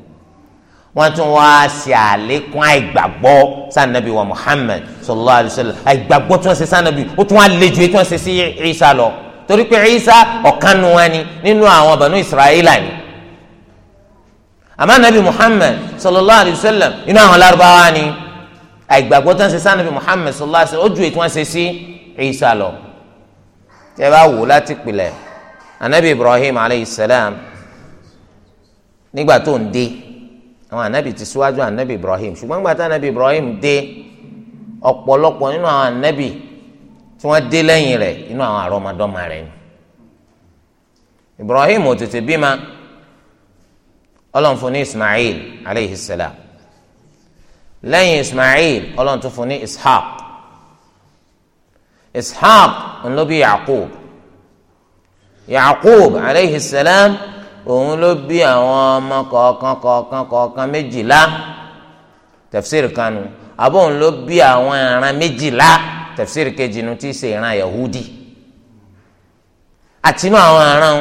wọ́n tún wá ṣe àlékún àìgbàgbọ́ sànàbí wa Muhammad sallallahu alayhi wa sallam àìgbàgbọ́ tí wọ́n ṣe sànàbí ó tún wá le ju tí wọ́n ṣe sí Isa lọ torí pé Isa ọ̀kan nu wọn ni nínú àwọn bànú Israẹla ni àmọ́ nàbí Muhammad sallallahu alayhi wa sallam inú àwọn Lárúbáwá ni àìgbàgbọ́ tí ṣe sànàbí Muhammad sallallahu alayhi wa sallam ó ju ètò wọn ṣe sí Isa lọ tẹ́ bá wò láti pilẹ̀ anabi Ibrahim alayhi salam nígbà tó ń dé àwọn anabi ti síwájú anabi Ibrahim ṣùgbọ́n nígbà tí anabi Ibrahim dé ọ̀pọ̀lọpọ̀ nínú àwọn anabi tí wọ́n dé lẹ́yìn rẹ̀ nínú àwọn àrọ́mọdọ́mọ rẹ̀ ni Ibrahim ò tètè bímọ ọlọ́run fún ní Ismail aleyhi salam lẹ́yìn Ismail ọlọ́run tún fún ní Ishaq Ishaq ńlọ́bí Yaqub Yaqub aleyhi salam òun ló bí àwọn ọmọ kọ̀ọ̀kan kọ̀ọ̀kan kọ̀ọ̀kan méjìlá tafsir kanu àbọ̀ òun ló bí àwọn ìran méjìlá tafsir kejì nu ti ṣe ìran yahudi àtinú àwọn ìran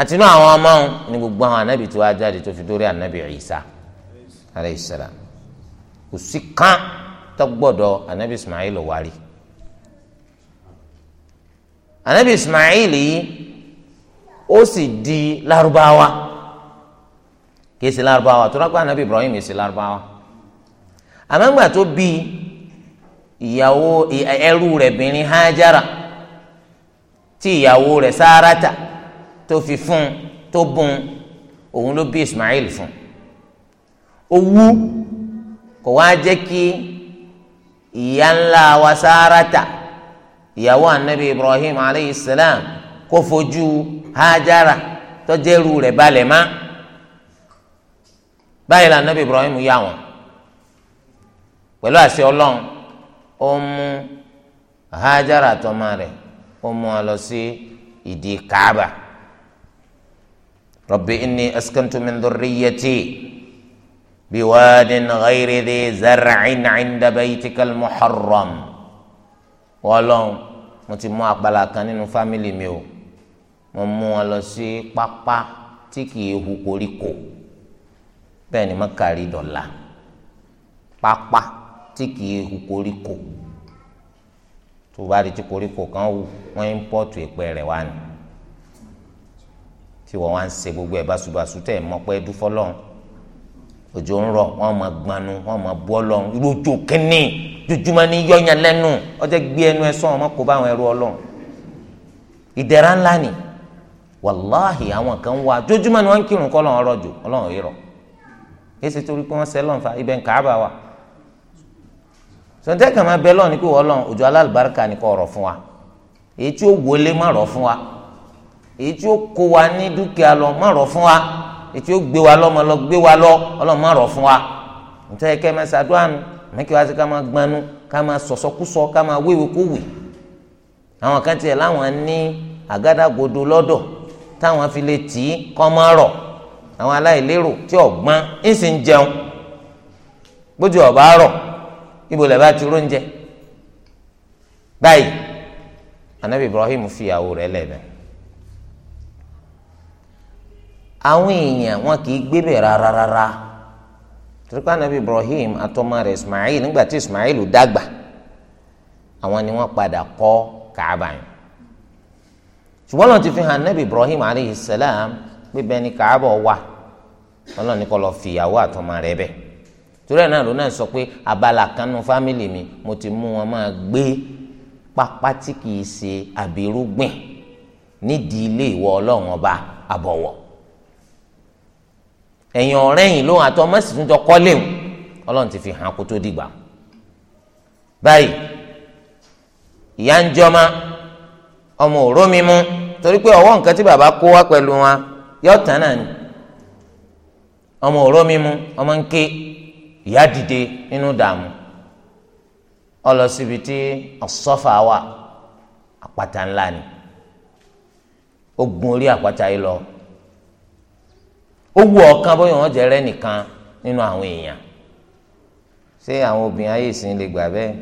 àtinú àwọn ọmọ òun ni gbogbo àwọn anabi tó wá jáde tó fi dórí anabi Isa alayhi salam kò sí kan tó gbọ́dọ̀ anabi Ismail wárí anabi Ismail yìí ó sì di lárúbáwá kìí ṣe lárúbáwá tó rákpá anabi ibrahim yìí ṣe lárúbáwá àmọ́ ńgbà tó bí ìyàwó ẹrú rẹ̀ bìnrin hájára tí ìyàwó rẹ̀ sárátà tó fi fún tó bùn òun ló bí ismail fún owú kò wá jẹ́ kí ìyá ńlá wa sárátà ìyàwó anabi ibrahim aleyhi salam kó fojú Hajara tọjẹrù rẹ̀ balẹ̀ má báyìí la nabi Ibrahim yà wọn pẹ̀lú àṣẹ Ọlọ́run ó mú Hajara tọmọ rẹ̀ ó mú ọ lọ sí ìdí Kaaba Rabbi inni askantu min dhurriyyati biwadin ghayri dhi zar'in 'inda baytikal muharram mo ti mú abala kan nínú fámìlì mi o mo mú wọn lọ sí pápá tí kì í hu koríko bẹ́ẹ̀ ni mo kàrí dọ̀la pápá tí kì í hu koríko tó bá di tí koríko kan wù wọ́n ímpọ́tù ìpẹ́ rẹ̀ wá ni tí wọ́n wá ń ṣe gbogbo ẹ̀ báṣubàṣu tẹ̀ mọ́ pé dúfọ́ lọ́hùn òjò ń rọ̀ wọ́n máa gbanu wọ́n máa bọ́ lọ́hùn irú kínní jojúmọ́ ní yọ̀yàn lẹ́nu ọjọ́ gbé ẹnu ẹ sọ́n ọmọ kó bá àwọn ẹrú ọlọ́hùn ìdẹ̀ra ńlá ni wàláhì àwọn kan wà jójúmọ́ ni wọ́n ń kírun kọ́ lọ́wọ́ rọ̀jò ọlọ́run yìí rọ̀ kése torí pé wọ́n sẹ́lọ̀ nfa ibẹ̀ nǹkan àbá wa sọ̀tẹ́ kàmá bẹ́ẹ̀ lọ́ọ̀ ni pé wọ́n lọ́n òjò alálùbáríkà ni kò rọ̀ fún wa èyí tí ó wọlé má rọ̀ fún wa èyí tí ó kó wa ní dúkìá lọ má rọ̀ fún wa èyí tí ó gbé wa lọ́mọ lọ gbé wa lọ ọlọ́run má rọ̀ fún wa nítorí kẹ́ máa ṣàdúrànù táwọn fi lè tì í kọ́ máa rọ̀ àwọn aláìlérò tí ọ̀gbọ́n ń sì ń jẹun bójú ọ̀bá rọ̀ ibo lẹ̀ bá ti róúnjẹ báyìí anabi Ibrahim fìyàwó rẹ̀ lẹ́nu àwọn èèyàn wọn kì í gbébẹ̀ rárá rárá torípa anabi Ibrahim àtọmọ rẹ̀ Ismail nígbà tí Ismail dàgbà àwọn ni wọ́n padà kọ́ Kaaba yìí ṣùgbọ́n lọ́n ti fi hàn nẹ́bí Ibrahim aleyhi salam bíbẹ́ ni Káàbọ̀ wà ọlọ́run ní kó lọ fi ìyàwó àtọmọ rẹ̀ bẹ̀ torí ẹ̀ náà ló náà sọ pé abala kanú fámìlì mi mo ti mú wọn máa gbé pápá tí kìí ṣe àbírúgbìn nídìí ilé ìwọ ọlọ́run ọba àbọ̀wọ̀ ẹ̀yìn ọ̀rẹ́ yìí ló àtọmọ sì tún jọ kọ́lé o ọlọ́run ti fi hàn kó tó dìgbà báyìí ìyá ń jọmọ́ ọmọ òró mi mú torí pé ọwọ́ nǹkan tí bàbá kó wá pẹ̀lú wọn yóò tán náà ni ọmọ òró mi mú ọmọ ń ké ìyá dìde nínú dààmú ó lọ síbi wà àpáta ńlá ni ó gun orí àpáta yìí lọ ó wù ọ̀kan bóyá wọ́n jẹ́ rẹ́ nìkan nínú àwọn èèyàn ṣé àwọn obìnrin ayé ìsìn lè gbà bẹ́ẹ̀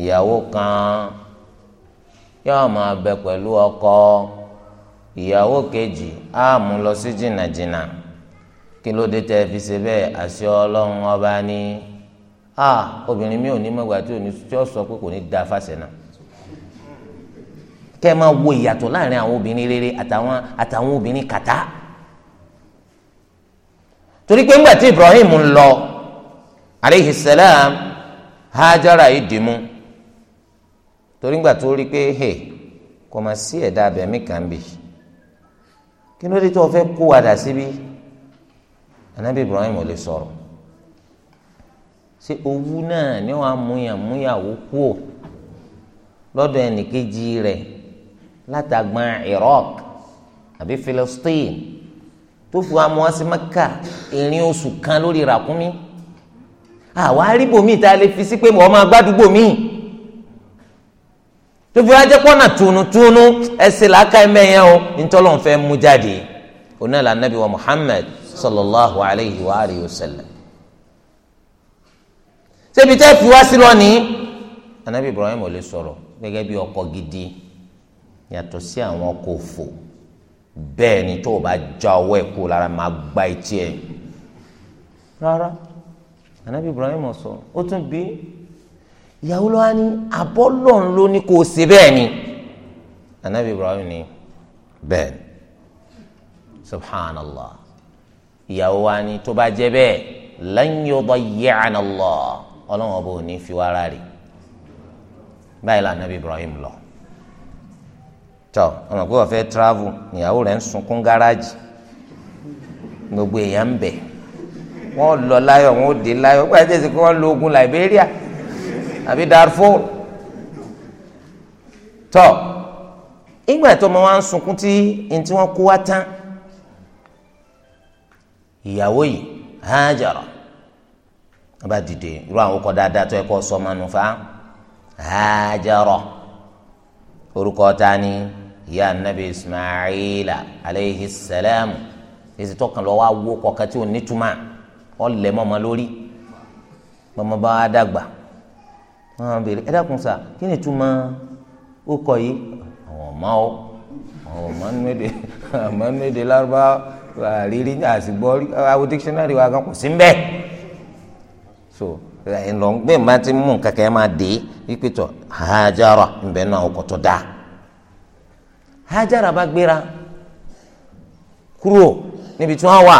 ìyàwó kan yóò máa bẹ pẹ̀lú ọkọ ìyàwó kejì á mú lọ sí jìnnàjìnnà kí ló dé tẹ́ fi ṣe bẹ́ẹ̀ àṣẹ ọlọ́run ọba ni a obìnrin mi ò ní mọ̀gbà tí ò ní tí ó sọ pé kò ní da fàṣẹ náà kẹ́ ẹ máa wo ìyàtọ̀ láàrin àwọn obìnrin rere àtàwọn obìnrin kàtá torí pé ńgbà tí Ibrahim ń lọ aleyhi salam Hajara yìí dì mú torí ngbà tó rí pé hè kò mà sí ẹ̀dá abẹ̀mí kan bì kí ló dé tó o fẹ́ kó wa dà síbi anabi Ibrahim ò lè sọ̀rọ̀ ṣé owú náà ni wọn amúyàmúyàwó kú o lọ́dọ̀ ẹnìkejì rẹ̀ látàgbọn Iraq àbí Philistine tó fi wọn mú wá sí Mẹ́kà ìrìn oṣù kan lórí ràkúnmí àwa arígbòmí tá a lè fi sí pé wọn máa gbádùgbò míì tó fi wá jẹ́ pọ́nà túnútúnú ẹsẹ̀ làákà ẹ̀mẹ́ yẹn o ntọ́lọ́n fẹ́ mú jáde oná la nabi wa muhammad sallallahu alayhi wa alayhi wa sallam ṣébi tẹ́ fi wá sí lónìí anabi ibrahim ò lè sọ̀rọ̀ gẹ́gẹ́ bí ọkọ gidi yàtọ̀ sí àwọn ọkọ òfò bẹ́ẹ̀ ni tó o bá já ọwọ́ ẹ̀ kú lára máa gba etí ẹ̀ rárá anabi ibrahim sọ ó tún bí ìyàwó lọ́wọ́ ni abọ́lọ́n ló ní kó o ṣe bẹ́ẹ̀ ni anabi ibrahim ni bẹ́ẹ̀ ni subhanallah ìyàwó wa ni tó bá jẹ́ bẹ́ẹ̀ lan yudayya'na Allah ọlọ́run ọba ò ní fi wá ara rè báyìí la anabi ibrahim lọ tọ ọmọ pé wọ́n fẹ́ travel ìyàwó rẹ̀ ń sunkún gáràjì gbogbo èèyàn ń bẹ̀ wọ́n lọ láyọ̀ wọ́n ó dé láyọ̀ pàṣẹ sí pé wọ́n lo ogun Liberia àbí Darfur tọ ìgbà tó ọmọ wa ń sunkún tí ntí wọn kó wa tán ìyàwó yìí Hajara wọn bá dìde irú àwọn ọkọ dáadáa tó ẹ kọ sọmọ nufa Hajara orúkọ ta ni ìyá anabi Ismaila aleyhi salam èsì tọkàn lọ wá wó kọkàn tí ò ní túmọ̀ ọ lẹ mọ́ ọmọ lórí mọ́mọ́ bá dàgbà wọn á béèrè ẹ dákun sá kí ni túmọ̀ ó kọ yìí àwọn ọmọ ọ àwọn ọmọ nínú èdè ọmọ nínú èdè lárúbá àrírí àsìgbọ́ àwọn dictionary wa gan kò sí mbẹ́ so ìlọ gbé ma ti mú kẹkẹ ma dé ipe tọ hajara nbẹ náà ọkọ tó dáa hajara bá gbéra kúrò níbi tí wọn wà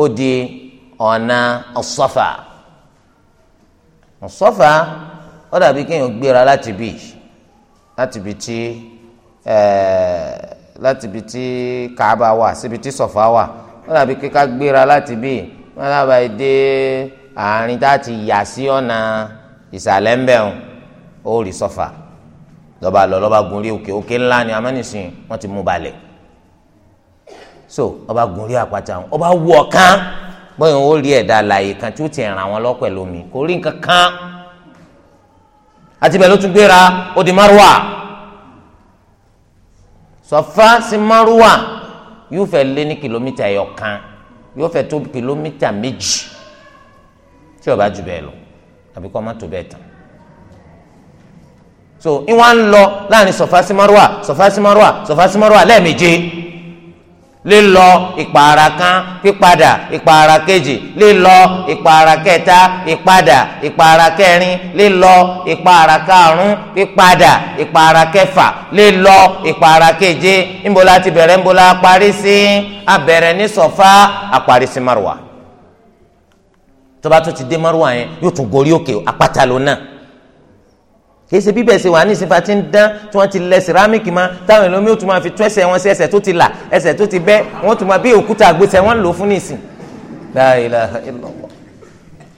ó di ọ̀nà ọ̀sọ́fà sọ́fà ó dàbí kéèyàn gbéra láti bì láti bì tí láti bì tí Kaaba wà síbi tí sọ́fà wà ó dàbí kíká gbéra láti bì wọn dábàá yìí dé àárín tá a ti yà sí ọ̀nà ìsàlẹ̀ ń bẹ̀ ọ́n ó rí sọ́fà lọ́ba lọ lọ́ba gun rí òkè òkè ńlá ni amánìsìn wọ́n ti mú balẹ̀ so ọba gun rí ọba wù ọ̀kan bóyá ó rí ẹ̀dá àlàyé kan tí ó ti ràn wọn lọ pẹ̀lú mi kò rí nǹkan kan àti bẹ́ẹ̀ ló tún gbéra ó di márùwà sọfá sí márùwà yóò fẹ́ lé ní kìlómítà ẹyọ kan yóò fẹ́ tó kìlómítà méjì tí ó jù bẹ́ẹ̀ lọ àbí kọ́ má tó bẹ́ẹ̀ tán so ìwọ̀n ń lọ láàrin sọfá sí márùwà sọfá sí márùwà sọfá sí márùwà lẹ́ẹ̀méje lílọ ìpààrà kan pípadà ìpààrà kejì lílọ ìpààrà kẹta ìpadà ìpààrà kẹrin lílọ ìpààrà karùn pípadà ìpààrà kẹfà lílọ ìpààrà keje ńbọlá ti bẹ̀rẹ̀ ńbọlá parí sí abẹ̀rẹ̀ ní sọ̀fà àparí sí marwa tó bá tún ti dé marwa yẹn yóò tún gorí òkè apátá lónà kìí ṣe bíbẹ̀ ṣe wà ní ìsinfa tí ń dán tí wọ́n ti lẹ̀ sìrámìkì mọ́ táwọn èèyàn omió tún máa fi tún ẹsẹ̀ wọn sí ẹsẹ̀ tó ti là ẹsẹ̀ tó ti bẹ́ wọ́n tún máa bí òkúta àgbèsẹ̀ wọ́n lò fún nìsín. La ilaha illallah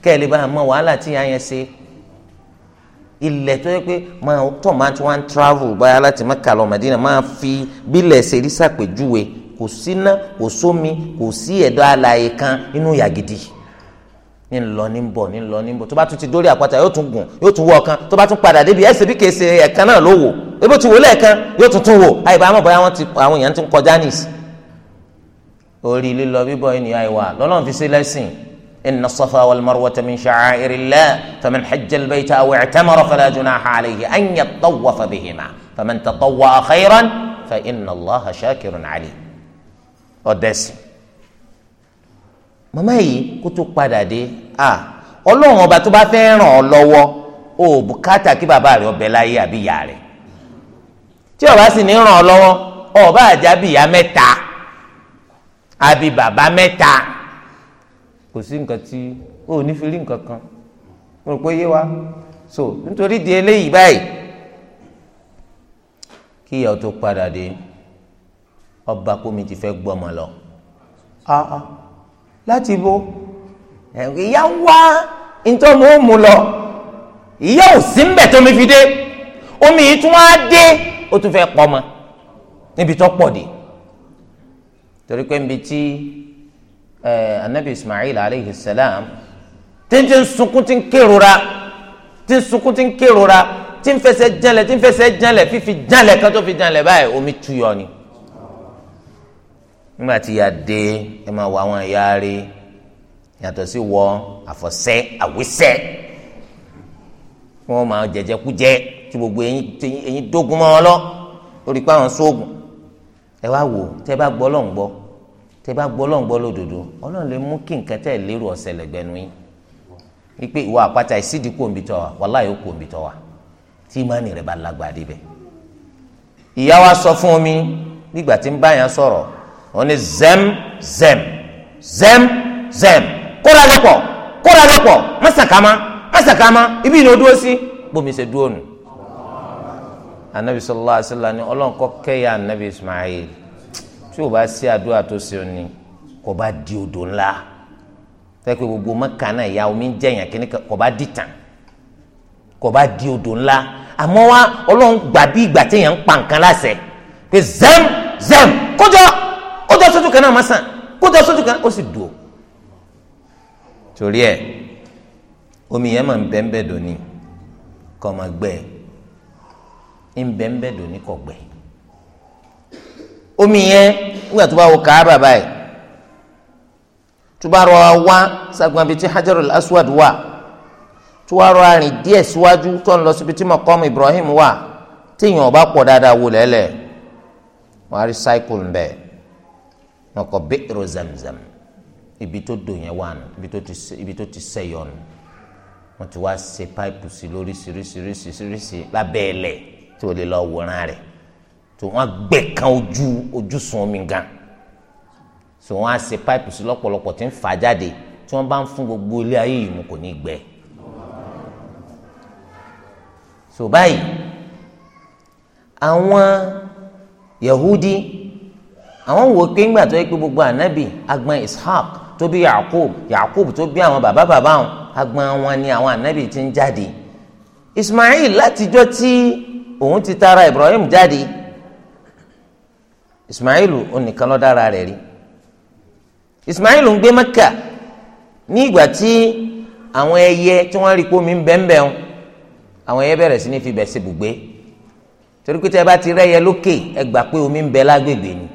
kẹ́ẹ̀lì bá a mọ wàhálà tí yàn yẹn ṣe ilẹ̀ tó yẹ pé máa tọ̀ máa tí wọ́n ń travel báyà láti Mẹ́kà lọ Mẹ́dínà máa fi bílẹ̀ ṣe rí sàpèjúwe kò síná kò sómi kò sí ẹ̀dọ́ alààyè kan ní lọ ní bọ̀ ní lọ ní bọ̀ tó bá tún ti dórí àpáta yóò tún gùn yóò tún wọ ọ̀kan tó bá tún padà débi ẹsẹ̀ bí kèsè ẹ̀kan náà ló wò ebi tí wò lẹ́ẹ̀kan yóò tún tún wò àyíbá àmọ́ bóyá àwọn èèyàn ti ń kọjá nìsí. orí lílọ bíbọ̀ ẹni àìwá lọ́nà fi ṣe lẹ́sìn inna safa wal marwata min sha'airillah faman hajja albayta aw i'tamara fala junaha alayhi mama yìí kó tó padà dé à ọlọ́run ọba tó bá fẹ́ ràn ọ́ lọ́wọ́ o ò bùkátà kí bàbá rẹ ọbẹ̀ láyé àbí ìyá rẹ tí ọba sì ní ràn ọ́ lọ́wọ́ ọba àjábì ìyá mẹ́ta àbí bàbá mẹ́ta kò sí nǹkan tí o ní fi rí nǹkan kan mo rò pé yé wa so nítorí di eléyìí báyìí kí ìyàwó tó padà dé ọba kómi ti fẹ́ gbọ́mọ lọ. Ah, ah láti bo ìyá wá ntọ́ mo mú lọ ìyá ò sí mbẹ̀ tómi fi dé omi yìí tún á dé ó tún fẹ́ pọ̀ mọ́ níbi tó pọ̀ dé torí pé nbi tí anabi Ismail aleyhi salam tí ń ti sunkún tí ń kérora tí ń sunkún tí ń kérora tí ń fẹsẹ̀ jẹ́lẹ̀ tí ń fẹsẹ̀ jẹ́lẹ̀ fífi jẹ́lẹ̀ kan fi jẹ́lẹ̀ báyìí omi tuyọ̀ ni nígbà tí ya dé ẹ máa wọ àwọn ẹ̀yà rí yàtọ̀ sí wọ àfọ̀sẹ́ àwísẹ́ wọ́n máa jẹjẹkújẹ tí gbogbo eyín dógún mọ́ ọ lọ lórí pé àwọn sóògùn ẹ wá wò tẹ́ bá gbọ́ lọ́n gbọ́ tẹ́ bá gbọ́ lọ́n gbọ́ lódodo ọlọ́run lè mú kí nǹkan tẹ́ lérò ọ̀sẹ̀ lẹ́gbẹ̀nu yín wípé ìwọ àpáta ìsídìí kò ń bi tọ́ wa wàláyé kò ń bi tọ́ wa tí ìmánì rẹ̀ bá lágbàá ìyá wa sọ fún mi nígbà tí ń bá yẹn sọ̀rọ̀ wọ́n ní zem zem zem zem kóra lọ́pọ̀ kóra lọ́pọ̀ mọ́sàkámá mọ́sàkámá ibi ìnà dúró sí bómi ṣe dúró nù. anabi sallallahu alaihi wasallam ni ọlọ́nkọ́ kẹ́yà anabi ismail tí o bá ṣe àdúrà tó ṣe ọ ni kò bá di odò ńlá tẹ́kọ̀ gbogbo mọ́kà náà ìyá omi ń jẹ̀yàn kí ni kò bá di tàn kò bá di odò ńlá àmọ́ wa ọlọ́run gbà bí ìgbà téèyàn ń pa nǹkan láṣẹ pé zem zem kójọ kójọ sójú kan náà má sàn kójọ sójú kan ó sì dùn ó torí ẹ omi yẹn máa ń bẹ́ ń bẹ́ dòní kọ́ máa gbẹ ń bẹ́ ń bẹ́ dòní kọ́ gbẹ omi yẹn nígbà tó bá wọ Káàbà báyìí tó bá rọra wá sagbọn bíi ti Aswad wà tó wá rọra rìn díẹ̀ síwájú tó ń lọ síbi tí mọ̀kọ́mù Ibrahim wà téèyàn bá pọ̀ dáadáa wò lẹ́lẹ̀ wọ́n á rí cycle ń bẹ́ẹ̀ wọn kọ bẹ́ẹ̀rọ zamzam ibi tó dò yẹn wà nù ibi tó ti sẹ́yọ nù wọn ti wá ṣe páìpù sí lóríṣiríṣiríṣiríṣi lábẹ́ ẹlẹ̀ tí o lè lọ wòran rẹ̀ tó wọn gbẹ kan ojú ojú sun omi gan so wọn á ṣe páìpù sí lọ́pọ̀lọpọ̀ tí ń fà jáde tí wọ́n bá ń fún gbogbo ilé ayé yìí mu kò ní gbẹ so báyìí àwọn Yahudi àwọn wò pé ńgbà tó yẹ pé gbogbo ànábì agbọn ishaq tó bí yakub yakub tó bí àwọn bàbá bàbá wọn agbọn wọn ni àwọn ànábì ti ń jáde ismail látijọ́ tí òun ti tara ibrahim jáde ismail onìkan ló dára rẹ̀ rí ismail ń gbé mẹ́kà ní ìgbà tí àwọn ẹyẹ tí wọ́n rí pómi ń àwọn ẹyẹ bẹ̀rẹ̀ sí ní fi bẹ̀ sí ibùgbé torí pé tí ẹ bá ti rẹ́yẹ lókè ẹ gbà pé omi ń bẹ lágbègbè ni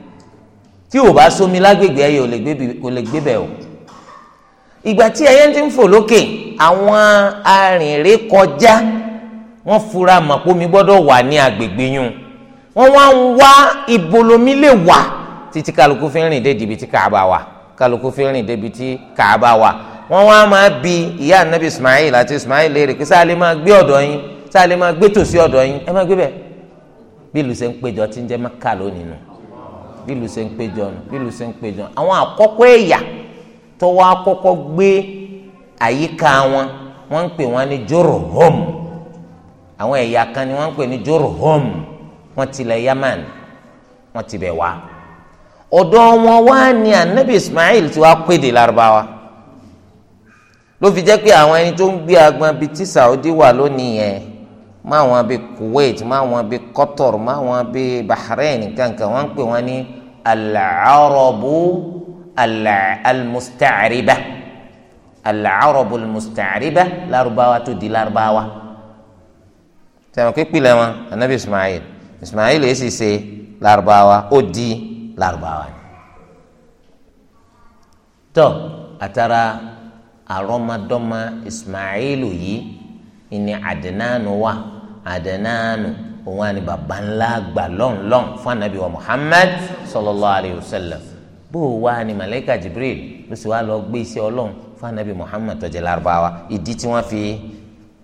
tí ò bá sómi lágbègbè ẹyẹ ò lè gbé bẹ̀ o ìgbà tí ẹyẹ ti ń fò lókè àwọn arìnrìn kọjá wọ́n fura mọ̀ pé omi gbọ́dọ̀ wà ní agbègbè yún wọ́n wá ń wá ibolomi lè wà títí kálukú fi rìn dé ibi tí Kaaba wà kálukú fi rìn dé ibi tí Kaaba wà wọ́n wá máa bi ìyá anabi Ismail àti Ismail léèrè pé sáà lè máa gbé ọ̀dọ̀ yín sáà lè máa gbé tòsí ọ̀dọ̀ yín ẹ máa gbé bẹ́ẹ̀ bí ìlú ń péjọ tí ń jẹ́ Mẹ́kà lónìí nù bílù ṣe ń péjọ nù bílù ṣe ń péjọ nù àwọn àkọ́kọ́ ẹ̀yà tó wá kọ́kọ́ gbé àyíká wọn wọ́n ń pè wọ́n ní Jorohom àwọn ẹ̀yà kan ni wọ́n ń pè ní Jorohom wọ́n tilẹ̀ Yaman wọ́n ti bẹ̀ wá ọ̀dọ̀ wọn wá ní anabi Ismail tí wàá péde Lárúbáwá ló fi jẹ́ pé àwọn ẹni tó ń gbé agbọn bíi tí Saudi wà lónìí yẹn máa wọn bíi Kuwait máa wọn bíi Qatar máa wọn bíi Bahrain kankan wọ́n ń pè wọ́n ní. Ni العرب المستعربة العرب المستعربة لارباوة تدي لارباوة sẹ́wọ̀n pípìlẹ̀ wọn anabi ismail ismail èsì ṣe lárúbáwá ó di lárúbáwá ni. tó àtàrà àrọ́mọdọ́mọ ismail yìí ìní àdínánu wà àdínánu òun á ní baba ńlá gbà lọ́nlọ́n fún anabi wa muhammad sallallahu alayhi wa sallam bó o wá ní malayika jibril ló sì wá lọ gbé iṣẹ́ ọlọ́run fún anabi muhammad tó Lárúbáwá ìdí tí wọ́n fi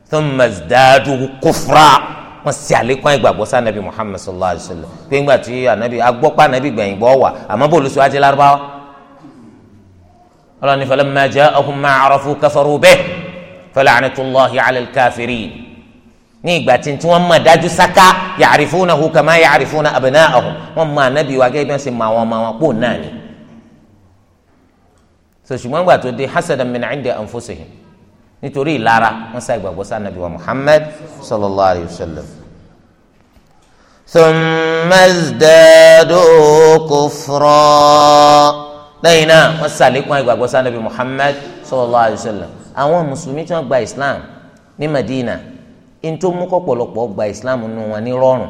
thumma zdadu kufra wọ́n sì àlékún ìgbàgbọ́ sí anabi muhammad sallallahu alayhi wa sallam pé ńgbà tí anabi agbọ́pá anabi gbẹ̀yìn bọ́ wà àmọ́ bó o lọ sí wá jẹ́ Lárúbáwá ọlọ́ni falamma ja'ahum ma arafu kafaru bih fala'natullahi ala al-kafirin. ní ìgbà tí tí wọ́n mọ̀ dájú sáká hu kama ya'rifuna abna'ahum wọ́n ma nabi wa gẹ́gẹ́ bí wọ́n ma mọ̀ àwọn ọmọ wọn pò náà ni. so ṣùgbọ́n gbà tó dé hasadan min inda anfusihim ni tori lara wọ́n sá ìgbàgbọ́ sá nàbí wa Muhammad sallallahu alaihi wasallam thumma zadu kufra lẹ́yìn wọ́n sá àlékún ìgbàgbọ́ sá nàbí Muhammad sallallahu alaihi wasallam àwọn muslimi tí wọ́n gba Islam ní Madina n tó mú kọ́pọ̀lọpọ̀ gba islam nù wọn ní rọrùn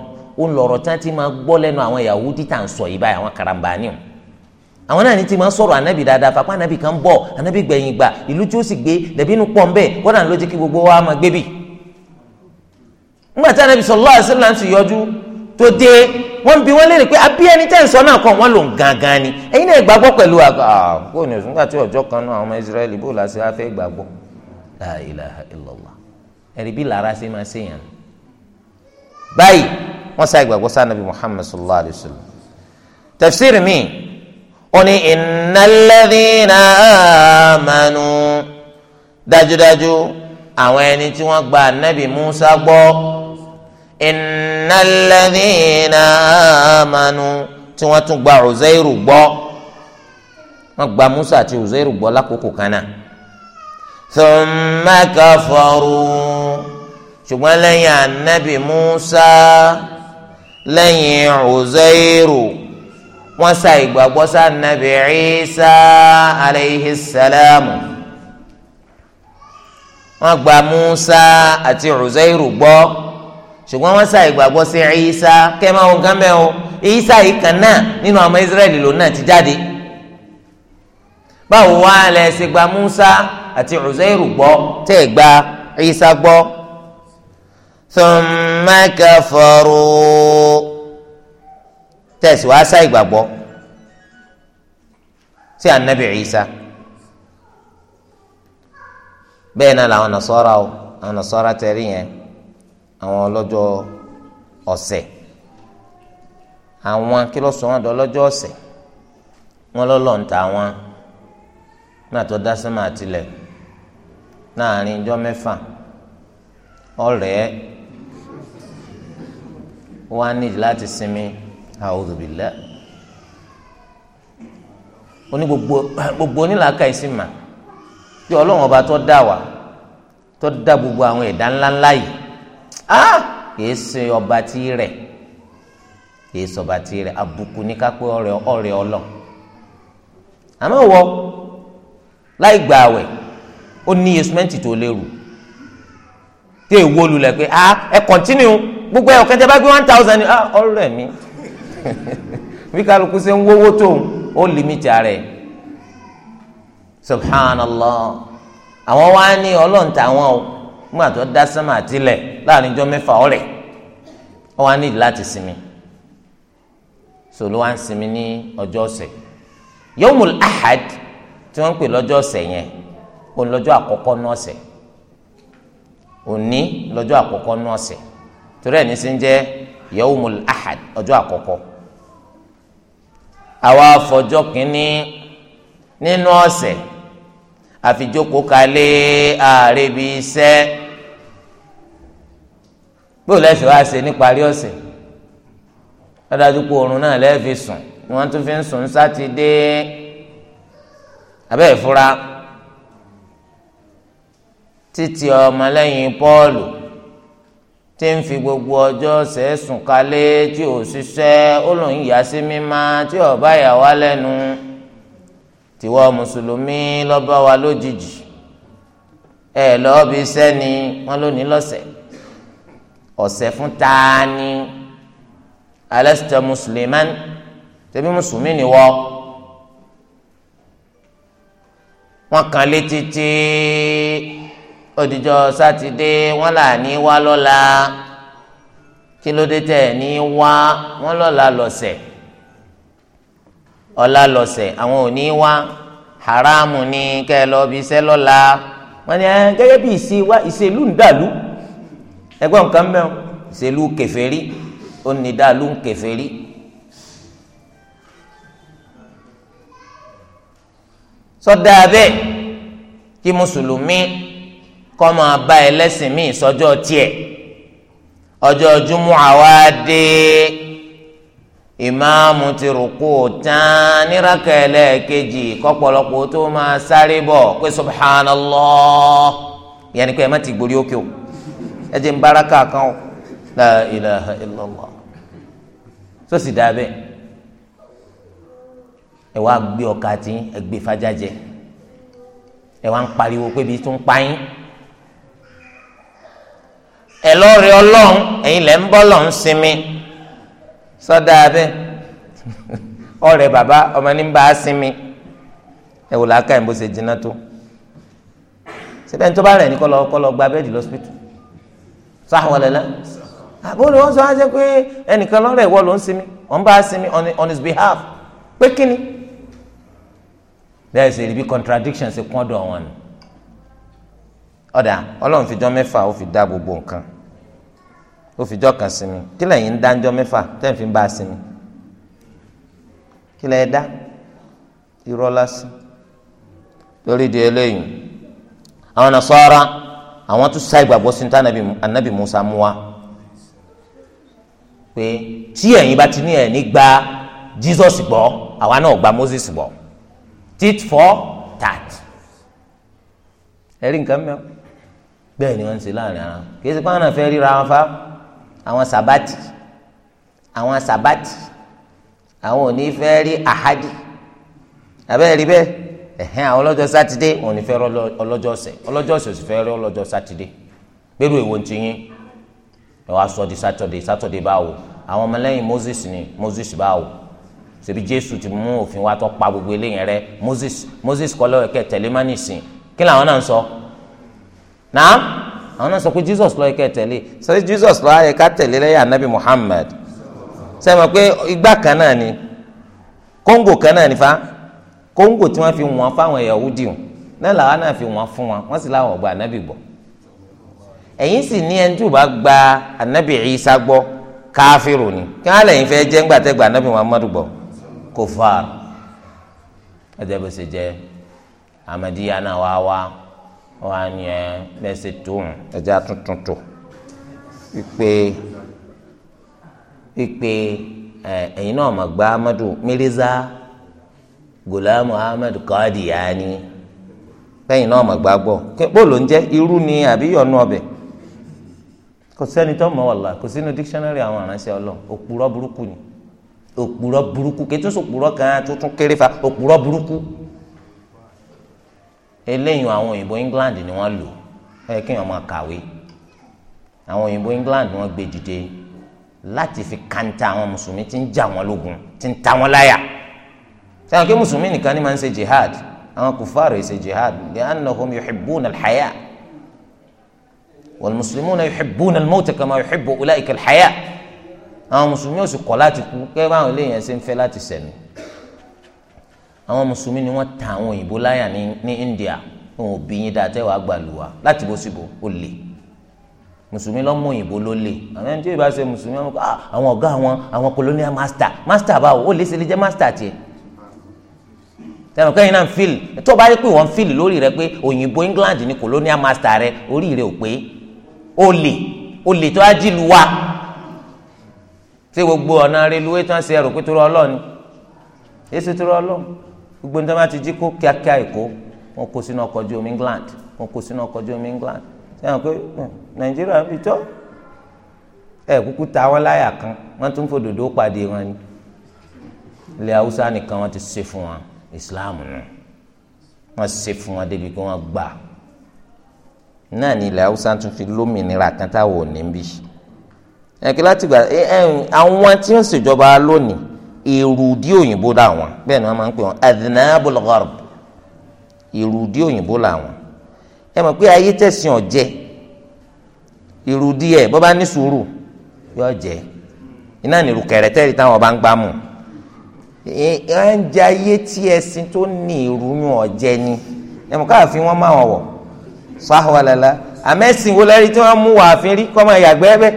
ó ń lọ̀rọ̀ tí wọ́n ti máa gbọ́ lẹ́nu àwọn Yahudi tí ń sọ yìí báyìí àwọn karambani o àwọn náà ní ti máa sọ̀rọ̀ anabi dáadáa fapá anabi kan bọ̀ anabi gbẹ̀yìn gbà ìlú tí ó sì gbé dẹ̀bí inú pọ̀ nbẹ̀ kódà ló jẹ́ kí gbogbo wa máa gbé bì. ńgbà tí anabi sallallahu alaihi wasallam sì yọjú tó dé wọ́n bi wọ́n léèrè pé abí ẹni tẹ́ ń sọ náà kọ́ wọ́n lò ń gangan ni ẹ̀yin náà gbàgbọ́ pẹ̀lú àgbà ah, kó ní oṣù nígbà tí ọjọ́ kan náà àwọn ọmọ Israẹli bó la ṣe wá fẹ́ gbàgbọ́ la ilaha ẹ̀rí bí lára ṣe máa ṣe yàn. báyìí wọ́n sá ìgbàgbọ́ sá nàbí muhammad sallallahu alayhi wa sallam tafsir mi ó ní innal ladhina amanu dájúdájú àwọn ẹni tí wọ́n gba ànábì musa gbọ́ innal ladhina amanu tí wọ́n tún gba uzairu gbọ́ wọ́n gba musa àti uzairu gbọ́ lákòókò kan náà thumma kafaru ṣùgbọ́n lẹ́yìn anabi musa lẹ́yìn uzairu wọ́n sa ìgbàgbọ́ sí anabi isa alayhi salamu wọ́n gba musa àti uzairu gbọ́ ṣùgbọ́n wọ́n sa ìgbàgbọ́ sí isa kẹ́mà ohun kan bẹ́ẹ̀ o isa yìí kan náà nínú ọmọ israẹli lòun náà ti jáde báwo wá lẹ gba musa àti Uzairu gbọ́ tẹ́ ẹ̀ gba Isa gbọ́. thumma kafaru tẹ̀sí wàá sá ìgbàgbọ́ sí anabi Isa bẹ́ẹ̀ náà làwọn nasọ́ra o àwọn nasọ́ra tẹ̀rí yẹn àwọn ọlọ́jọ́ ọ̀sẹ̀ àwọn kí ló wọn dọ lọ́jọ́ ọ̀sẹ̀ wọn lọ́lọ́ ń ta wọn náà tó dá sẹ́mà tilẹ̀ láàrin ijọ́ mẹ́fà ọ̀rẹ́ wá nídìí láti sinmi a'udhu billah oní gbogbo gbogbo onílàákà ìsìn mà bí ọlọ́run ọba tó dá wa tó dá gbogbo àwọn ẹ̀dá ńláńlá yìí á kìí ṣe ọba tí rẹ̀ kìí ṣe ọba tí rẹ̀ àbùkù ní kápẹ́ ọ̀rẹ́ ọ̀rẹ́ ọlọ́ àmọ́ wọ láì gbà àwẹ̀ ó ní iye sìmẹ́ǹtì tó lérò tí èwo lulẹ̀ pé ah ẹ kọ̀ntínú gbogbo ẹ̀ ọ̀kẹ́tẹ́ bá gbé one thousand ni ah ọ̀rẹ́ mi bí kálukú ṣe ń wówó tó ó límítì ara ẹ̀ subhanallah àwọn wá ní ọlọ́ǹtà wọn o nígbà tó dá sánmà àtìlẹ̀ láàrin ọjọ́ mẹ́fà ọ̀rẹ́ wọn wá nídìí láti sinmi sòló wá ń sinmi ní ọjọ́ ọ̀sẹ̀ yawmul ahad tí wọ́n ń pè lọ́jọ́ ọ̀sẹ̀ yẹn òun lọ́jọ́ àkọ́kọ́ nú ọ̀sẹ̀ òní lọ́jọ́ àkọ́kọ́ nú ọ̀sẹ̀ torí ẹ̀ ní sí ń jẹ́ yawmul ahad ọjọ́ àkọ́kọ́ àwa fọjọ́ kínní nínú ọ̀sẹ̀ àfijókòó kalẹ̀ ààrẹ bíi iṣẹ́ bó lẹ́sẹ̀ wá ṣe níparí ọ̀sẹ̀ lọ́dájú oorun náà lẹ́ẹ̀fi sùn ni wọ́n tún fi ń sùn sátidé abẹ́ ìfura. E títí ọmọlẹ́yìn Pọ́ọ̀lù tí ń fi gbogbo ọjọ́ sẹ́sùn kalẹ̀ tí ò ṣiṣẹ́ ó lòun yà sí mímá tí ọba yà wá lẹ́nu tiwọ́ mùsùlùmí lọ́ba wa lójijì ẹ lọ́ọ́bi sẹ́ni wọ́n ló ní lọ́sẹ̀ ọ̀sẹ̀ fún taani alẹ́sítẹ́ mùsùlùmán tẹ́bí mùsùlùmí ni wọ́ wọ́n kan létí tí òdìjọ́ sátidé wọn là ní wá lọ́la kí ló dé tẹ̀ ní wá wọn lọ́la lọ́sẹ̀ ọ̀la lọ́sẹ̀ àwọn ò ní wá haramu ni kẹ́ ẹ lọ bí iṣẹ́ lọ́la wọn ni gẹ́gẹ́ bí ìṣe wa ìṣèlú ń dàlú ẹgbọ́n nǹkan mẹ́wọ́n ìṣèlú kèfèrí ó ní dàlú ń kèfèrí. sọ́dà bẹ́ẹ̀ kí mùsùlùmí. So kọ́ máa bá ẹlẹ́sìn míì sọ́jọ́ tiẹ̀ ọjọ́ júmọ́ àwa dé ìmáàmù ti rùkú tán níraka ẹlẹ́ẹ̀kejì kọ́pọ̀lọpọ̀ tó máa sáré bọ̀ pé yẹn ni pé ẹ má ti gbórí òkè o ẹ jẹ́ ń baraka la ilaha illallah ẹ wá gbé ọkà tí ẹ gbé jẹ ẹ wá ẹ lọ́ọ̀rẹ́ ọlọ́run ẹ̀yin lẹ́ ń bọ́ lọ́ ń sinmi sọ́dà abẹ́ ọ̀rẹ́ bàbá ọmọ ní bá a sinmi ẹ wò láàkà yín bó ṣe jiná tó síbẹ̀ ní tó ni rẹ̀ ní kọ́lọ́ kọ́lọ́ gba bẹ́ẹ̀dì lọ́sípítù sáwọn lẹ́la àbúrò wọn sọ wá pé ẹnìkan lọ́rẹ́ ìwọ ló ń sinmi ọ̀n bá a sinmi on his behalf pé kíni bẹ́ẹ̀ ṣe ibi contradiction ṣe kún ọ̀dọ̀ wọn ni ọ̀dà ọlọ́run fi jọ́ mẹ́fà ó fi dá gbogbo nǹkan ó fìjọ́ kan sinmi kí lẹ́yìn ń dáńjọ́ mẹ́fà tẹ́ǹfì ń bá a sinmi kí lẹ́yìn dá irọ́ lásán lórí di eléyìí àwọn nasara àwọn tún sá ìgbàgbọ́ sí níta anabi musa mú wa pé tí ẹ̀yin bá ti ní ẹ̀ní gba jesus gbọ́ àwa náà gba moses gbọ́ tit for tat ẹ̀rí nǹkan mẹ́wọ́ bẹ́ẹ̀ ni wọ́n ń ṣe láàrin ara kì í ṣe náà fẹ́ ríra wọn fa àwọn sabati àwọn sabati àwọn ò ní fẹ́ rí ahadi abẹ́rẹ́ rí bẹ́ẹ̀ ẹ̀hẹ́n àwọn ọlọ́jọ́ sátidé wọn ò ní fẹ́ rí ọlọ́jọ́ ọ̀sẹ̀ ọlọ́jọ́ ọ̀sẹ̀ ò sì fẹ́ rí ọlọ́jọ́ sátidé gbẹ́rù èwo ti yín ẹ wá sọ di sátọ̀dé sátọ̀dé báwo àwọn ọmọlẹ́yìn Moses ni Moses báwo ṣebí Jésù ti mú òfin wa tó pa gbogbo eléyìn rẹ Moses Moses kọ́ lọ́wọ́ ẹ̀kẹ́ tẹ̀lé má nìsín kí làwọn náà ń sọ náà àwọn náà sọ pé Jesus ló yẹ ká sọ pé Jesus ló yẹ ká tẹ̀lé lẹ́yìn anabi Muhammad sẹ́yìn mọ̀ pé igbá kan náà ni kóńgò kan náà ni fa kóńgò tí wọ́n fi wọ́n fáwọn Yahudi hùn náà làwọn náà fi wọ́n fún wọn wọ́n sì láwọn ọgbà anabi gbọ́ ẹ̀yin sì ní ẹni tí ò bá gba anabi Isa gbọ́ káfíìrù ni kí wọ́n lẹ́yìn fẹ́ jẹ́ ńgbà tẹ́gbà anabi Muhammad gbọ́ kófàr ẹ̀jẹ̀ bó ṣe jẹ́ amadiya náà wá wá wọn á ní ẹ bẹsẹ tóun ẹjẹ àtúntún tó wípé wípé ẹ̀yin eh, náà mà gba amadu mírízà gòlámù ahmed kọ́ọ̀dìyàní lẹ́yìn náà mà gbà gbọ́ bóòlù ń jẹ́ irú ni àbí yọ̀nù ọbẹ̀ kò sẹ́ni tó mọ̀ wàlá kò sínú dictionary àwọn aránṣẹ́ ọlọ́run òpùrọ̀ burúkú ni òpùrọ̀ burúkú kí tó sòpùrọ̀ kan tó tún kéré fa òpùrọ̀ burúkú eléyìí àwọn òyìnbó England ni wọ́n lò ẹ kéèyàn máa kàwé àwọn òyìnbó England wọ́n gbé dìde láti fi kanta àwọn mùsùlùmí tí ń jà wọ́n lógun tí ń ta wọ́n láyà sẹ́wọ̀n kí mùsùlùmí nìkan ni máa ń ṣe jihad àwọn kùfàrè ṣe jihad li'annahum yuhibbuna al-haya wal-muslimuna yuhibbuna al-mawta kama yuhibbu ulaika al àwọn mùsùlùmí ò sì kọ̀ láti kú kẹ́ báwọn eléyìí ẹ̀ ṣe ń fẹ́ láti sẹ̀mí àwọn mùsùlùmí ni wọ́n ta àwọn òyìnbó láyà ní ní India wọn ò bí yín dáa tẹ́ wàá gbà lù wá láti bó síbò ó lè mùsùlùmí lọ́mọ òyìnbó ló lè àwọn ẹni tí yóò bá ṣe mùsùlùmí ah, àwọn ọ̀gá àwọn àwọn colonial master master báwo ó lè ṣe lè jẹ́ master tiẹ̀ tẹnu kẹyìn náà ń fíìlì tó o bá rí pé wọ́n ń fíìlì lórí rẹ pé òyìnbó England ni colonial master rẹ orí rẹ ò pé ó lè ó lè tó ají lu wa ṣé gbogbo ọ̀nà reluwé tán ṣe ẹrù pé tó rọ gbogbo níta bá ti jí kó kíákíá èkó wọn kó sínú ọkọ̀ ojú omi England wọn kó sínú ọkọ̀ ojú omi England sẹ́yìn pé hmm, Nàìjíríà ń bi tọ́ ẹ kúkú ta wọn láyà kan wọn tún fòdòdó pàdé wọn ni ilẹ̀ Haúsá nìkan wọn ti ṣe fún wọn Islam nù wọn ṣe fún wọn débi pé wọn gbà náà ni ilẹ̀ Haúsá tún fi lómìnira kan táwọn ò ní bí ẹ̀kí láti gbà àwọn tí ó ṣèjọba lónìí èrùdí òyìnbó làwọn bẹ́ẹ̀ ni wọ́n máa ń pè wọ́n adnabul gharb èrùdí òyìnbó làwọn ẹ mọ̀ pé ayé tẹ̀sìn ọ̀jẹ́ èrùdí ẹ̀ bọ́ bá ní sùúrù yóò jẹ́ iná nìlú kẹrẹtẹ́rì táwọn bá ń gbá ẹ ń jẹ ayé tí ẹsìn tó ní ìrúyún ọ̀jẹ́ ni ẹ mọ̀ káàfin wọn máa wọ̀ sáhùwàlálá àmẹ́sìn wo lẹ́rìí tí wọ́n mú wàá fi rí kọ́ máa yàgbẹ́ bẹ́ẹ̀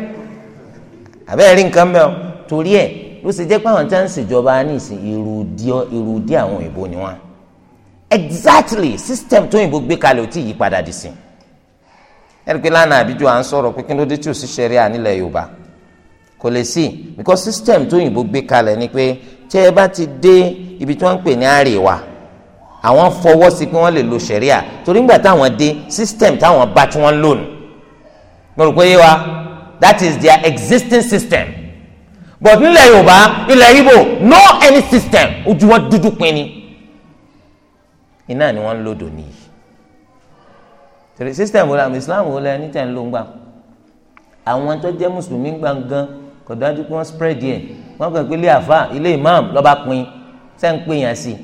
àbẹ́ẹ̀rí nǹkan mẹ́ọ̀ torí ẹ̀ ló ṣe jẹ́ pé àwọn tá ń ní ìsìn ìrùdí àwọn òyìnbó ni wọ́n exactly system tó òyìnbó gbé kalẹ̀ ò tí yí padà dì sí ẹ̀rí pé lánàá àbíjọ à ń sọ̀rọ̀ pé kí ló dé tí ò sí ṣẹ̀ríà nílẹ̀ Yorùbá kò lè sí because system tó òyìnbó gbé kalẹ̀ ni pé tẹ́ ẹ bá ti dé ibi tí wọ́n ń pè ní àríwá àwọn fọwọ́ sí pé wọ́n lè lo ṣẹ̀ríà torí ńgbà táwọn dé system táwọn bá tí wọ́n lò nù mo rò pé yé wa that is their existing system but nílẹ̀ yorùbá ilẹ̀ ibo no any system ojú wọn dúdú pin ni iná ni wọ́n ń lò dò nìyí tẹ̀lé system wo la islam wo la ẹni tẹ̀ ń lò ń gbà àwọn tó jẹ́ mùsùlùmí gbàngán kò dájú pé wọ́n spread yẹn wọ́n kàn pé ilé àfa ilé imam lọ́ba pin sẹ́ ń pè yàn sí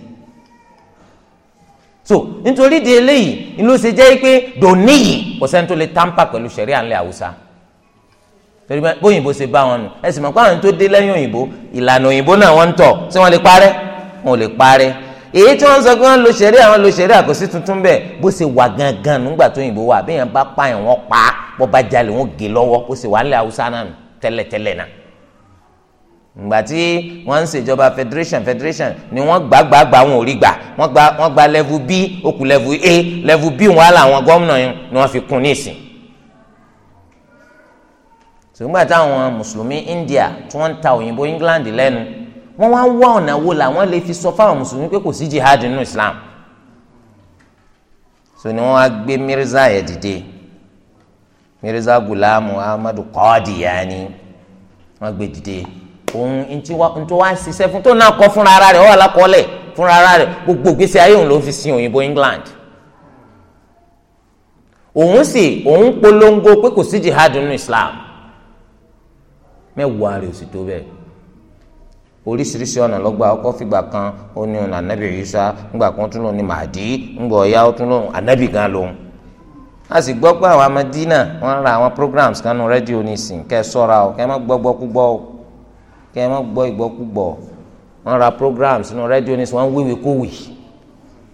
so nítorí di eléyìí ló ṣe jẹ́ pé dòníyì kò sẹ́ni tó lè tampa pẹ̀lú sẹ̀ríà ńlẹ̀ haúsá torí bóyìnbó ṣe bá wọn nù ẹ sì mọ̀ pé àwọn tó dé lẹ́yìn òyìnbó ìlànà òyìnbó náà wọ́n ń tọ̀ ṣé wọ́n lè parẹ́ wọn ò lè parẹ́ èyí tí wọ́n sọ pé wọ́n lo ṣẹ̀rí àwọn lo ṣẹ̀rí àkọsí tuntun bẹ́ẹ̀ bó ṣe wà gangan nígbà tó òyìnbó wà bẹ́ẹ̀ yẹn bá pààyàn wọ́n pa bó bá jalè wọ́n gé lọ́wọ́ ó sì wà nílẹ̀ haúsá náà tẹ́lẹ̀tẹ́lẹ̀ náà ìgbà tí wọ́n ń ṣèjọba federation federation ni wọ́n gbà gbà gbà wọn ò rí gbà wọ́n gba level b ó level a level b wọn á làwọn gómìnà yẹn ni wọ́n fi kún ní ìsìn ṣùgbọ́n táwọn mùsùlùmí India tí wọ́n ń ta òyìnbó England lẹ́nu wọ́n wá wá ọ̀nà wo wọn lè fi sọ fáwọn mùsùlùmí pé kò sí jihad nínú Islam so ni wọ́n á gbé Mirza yẹn dìde Mirza Gulamu Ahmadu ni wọ́n gbé dìde òun ntí wá ṣiṣẹ́ fún tó náà kọ́ fúnra ara rẹ̀ fúnra ara rẹ̀ Islam mẹ́wàá rẹ̀ sì tó bẹ́ẹ̀ oríṣiríṣi ọ̀nà lọ́gbà ọkọ̀ fìgbà kan ó ní ọ̀nà ànábì Ìsá ńgbà kan tún lòun ní màdí ńgbà ọ̀yá ó tún lòun ànábì gan lòun. a sì gbọ́ pé àwọn amadina wọ́n ra àwọn programs kanú rédíò nísìn kẹ́ ẹ sọ́ra o kẹ́ ẹ má gbọ́ gbọ́kúgbọ́ o kẹ́ ẹ má gbọ́ ìgbọ́kúgbọ́ wọ́n ra programs nínú rédíò nísìn wọ́n wíwèé kówì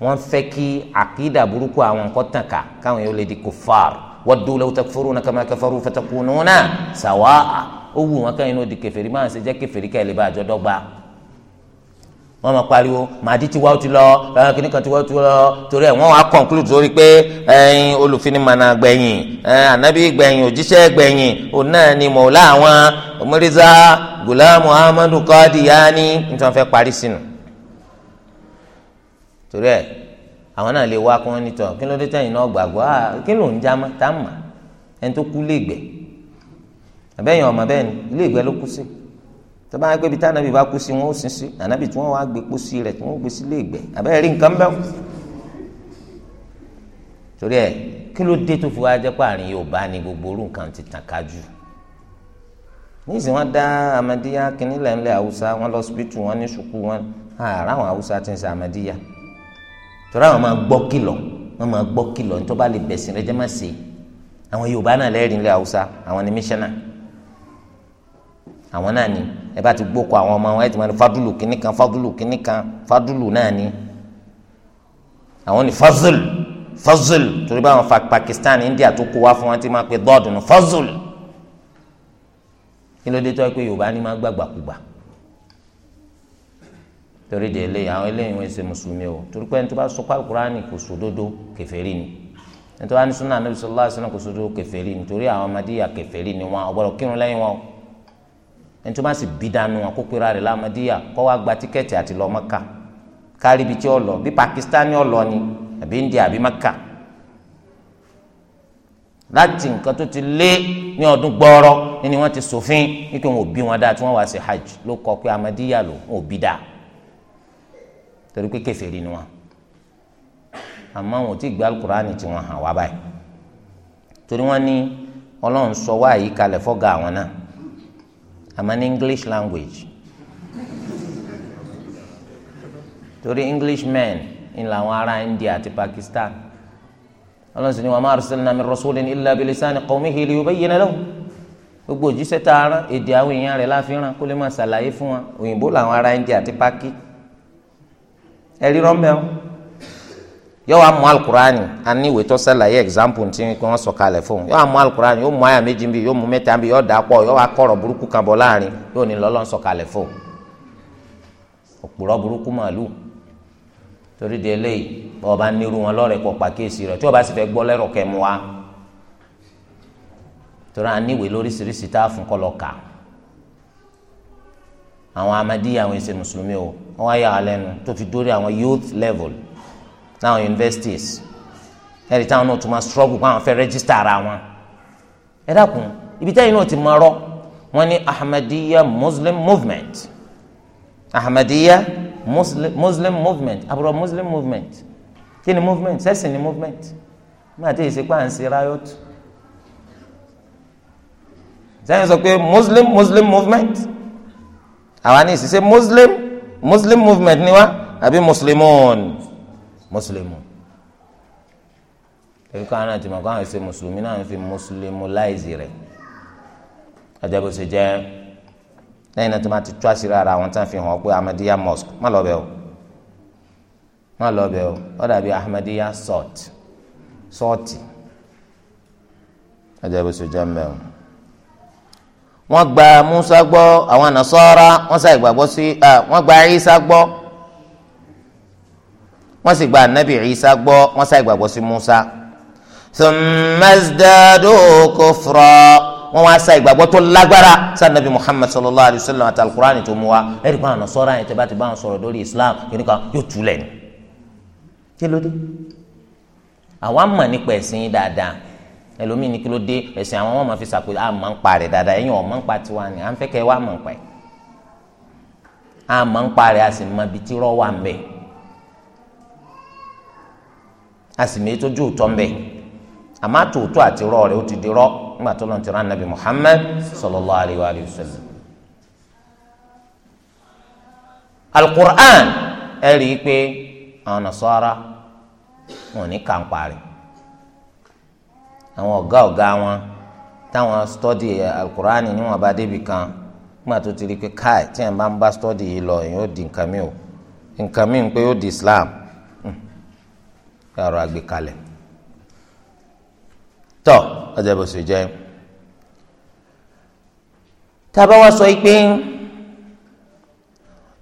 wọ́n fẹ́ kí àkídà burúkú àwọn nǹkan tàn ká káwọn yóò lè di kòfàr waddu law takfuruna kama kafaru fatakununa sawaa ó wù wọn kẹ́yìn ní odi kèfèrí máa ń ṣe jẹ́ kèfèrí kẹ́ ẹ lè bá àjọ dọ́gba wọ́n máa pariwo màdí tiwa ó ti lọ kíní kan tiwa ó ti lọ torí ẹ̀ wọ́n wá conclude lórí pé ẹ̀yin olùfinimọ̀nà gbẹ̀yìn ànábì gbẹ̀yìn òjíṣẹ́ gbẹ̀yìn òun náà ni mọ̀ọ́lá àwọn Mirza gula Muhammadu Qadiani nítorí wọ́n fẹ́ parí sínú torí ẹ̀ àwọn náà lè wá kí wọ́n nítọ̀ kí ló dé tẹ̀yìn náà gbàgbọ́ kí ló ń já tá a mà ẹni tó kú lè gbẹ̀ẹ́ àbẹ́yìn ọmọ bẹ́ẹ̀ ni ilé ìgbẹ́ ló kú sí tó bá gbé ibi tí anabi bá kú sí wọn ó sin sí anabi tí wọn wá gbé kú sí rẹ tí wọn ó gbé sí ilé ìgbẹ́ àbẹ́rẹ́ rí nǹkan bẹ́ẹ̀ torí ẹ kí ló dé tó fi wá jẹ́ pé àárín Yorùbá ni gbogbo orú nǹkan ti tàn kájú níìsín wọn dá amadiya kínní lẹ́ńlẹ́ haúsá wọn lọ síbítù wọn ní sùkú wọn àrà àwọn haúsá ti ń sa amadiya torí àwọn máa gbọ́ kìlọ̀ wọn máa gbọ́ kìlọ̀ nítorí wọn bá lè bẹ̀sìn rẹ jẹ́ má ṣe àwọn Yorùbá náà lẹ́rìí lẹ́ haúsá àwọn ni míṣánná àwọn náà ni ẹ bá ti gbókò àwọn ọmọ wọn ẹ ti máa ní fadulu kìnnì kan fadulu kìnnì kan fadulu náà ni àwọn ni fazul fazul torí báwọn fa Pakistan India tó kó wá fún wọn ti máa pe dọ́ọ̀dù ní fazul kí ló dé tó pé Yorùbá ni máa gbàgbàkúgbà torí de eléyìí àwọn eléyìí wọn ṣe mùsùlùmí o torí pé ẹni tó bá sọ pé alukurani kò sódodo kèfèrí ni ẹni tó bá ní sunnah anabi sallallahu alaihi kò sódodo kèfèrí ni torí àwọn ọmọdé yà kèfèrí ni wọn ọgbọdọ kírun lẹ́yìn wọn o ẹni tó bá sì bí dànù wọn kó pera rẹ̀ lámàdíyà kó wá gba tíkẹ́ẹ̀tì àti lọ mọ́kà kárí ibi tí ó lọ bí pakistani ó lọ ni àbí india àbí mọ́kà láti nǹkan tó ti lé ní ọdún gbọ́ọ́rọ́ ni wọ́n ti ṣòfin wípé wọn ò bí wọn dáa tí wọ́n wá sí hajj ló kọ pé amadiya ló wọn ò bí dáa torí pé kèfèrí ni wọn àmọ́ wọn ò tí gbé alukurani tí wọ́n hàn wá báyìí torí wọ́n ní ọlọ́run sọ wá yìí kalẹ̀ àwọn náà I'm an English language torí Englishmen ń làwọn ará India àti Pakistan ọlọ́sìn ni wa ma arsalna min rasulin illa bilisani qawmihi liyubayyina lahum gbogbo òjíṣẹ́ tá a rán èdè àwọn èèyàn rẹ̀ láfihàn kó lè máa ṣàlàyé fún wa òyìnbó làwọn ará India àti Paki ẹ̀rí rọ́mbẹ́ wọn yóò wá mú alukurani àní ìwé tó sẹ́láyé example tí wọ́n sọ kalẹ̀ fún un yóò wá mú alukurani yóò mú àyà méjì bí yóò mú mẹ́ta bí yóò dà pọ̀ yóò wá kọ̀rọ̀ burúkú kan bọ̀ láàrin yóò ní lọ́lọ́ sọ kalẹ̀ fún un òpùrọ̀ burúkú màlúù torí di eléyìí bọ́ọ̀ bá nírú wọn lọ́rẹ̀ pọ̀ pàkíyèsí rẹ̀ tí wọ́n bá sì fẹ́ gbọ́ lẹ́rọ̀ kẹ́ wa torí àní ìwé lóríṣiríṣi tá a fún kọ́ lọ kà àwọn amadi àwọn ẹsẹ̀ mùsùlùmí o wọ́n wá youth level láwọn universities ẹ̀rí táwọn náà tún máa struggle pé àwọn fẹ́ register ara wọn ẹ dákun ibi táyìn náà ti máa rọ wọn ní Ahmadiyya Muslim Movement Ahmadiyya Muslim, Muslim Movement àbúrò Muslim Movement kí ni movement sẹ́sìn ni movement máa tẹ̀ ṣe pé à ń ṣe riot sẹ́yìn sọ pé Muslim Muslim Movement àwa ní ìṣiṣẹ́ Muslim Muslim Movement ni wá àbí Muslimon mùsùlùmù ebi káwọn náà ti mọ̀ káwọn ṣe mùsùlùmí náà fi mùsùlùmù láìsí rẹ̀ ajabu ṣe jẹ́ lẹ́yìn náà tó máa ti tú àṣírí ara àwọn tán fi hàn pé ahmadiyya mosque má lọ bẹ̀ o má lọ bẹ̀ o ó dàbí ahmadiyya sọ́ọ̀t sọ́ọ̀tì ajabu ṣe jẹ́ mbẹ́ o wọ́n gba Musa gbọ́ àwọn Nasara wọ́n sá sí wọ́n gba Isa gbọ́ wọ́n sì gba anabi Isa gbọ́ wọ́n sá ìgbàgbọ́ sí Musa sọmọdàdó kófúrọ wọ́n wá sá ìgbàgbọ́ tó lágbára sí anabi Muhammad sallallahu alayhi wa sallam àti alukur'an tó mú wa ẹ̀rí kan àná sọ́ra yẹn tẹ́ bá ti bá wọn sọ̀rọ̀ lórí Islam yìí kan yóò túlẹ̀ ni kí ló dé àwọn àmọ̀ nípa ẹ̀sìn dáadáa ẹlòmíì ní kí ló dé ẹ̀sìn àwọn wọn fi sàpè à máa ń pa rẹ̀ dáadáa ẹ̀yìn ọ̀ ń pa tiwa ni à ń fẹ́ kẹ́ wá máa ń pa ẹ̀ à máa ń pa rẹ̀ a sì máa bi tí rọ́ wà ń a sì mí tójú òtọ́ ń bẹ̀ àmọ́ àtòótọ́ àti rọ́ rẹ̀ ó ti di rọ́ nígbà tó lọ́n ti rán nàbì Muhammad sallallahu alayhi wa sallam. alukur'an ẹ rí i pé àwọn nasara wọn ò ní kàǹpa rẹ̀ àwọn ọ̀gá ọ̀gá wọn táwọn stọ́dì eh, alukur'an ni wọn bá débi kan nígbà tó ti rí i káì tí wọn bá ń bá stọ́dì yìí lọ yóò di nǹkan mi ò ń pé yóò di Islam ká rọ àgbékalẹ̀ tọ ọjà bó ṣe jẹ tábà wá sọ pé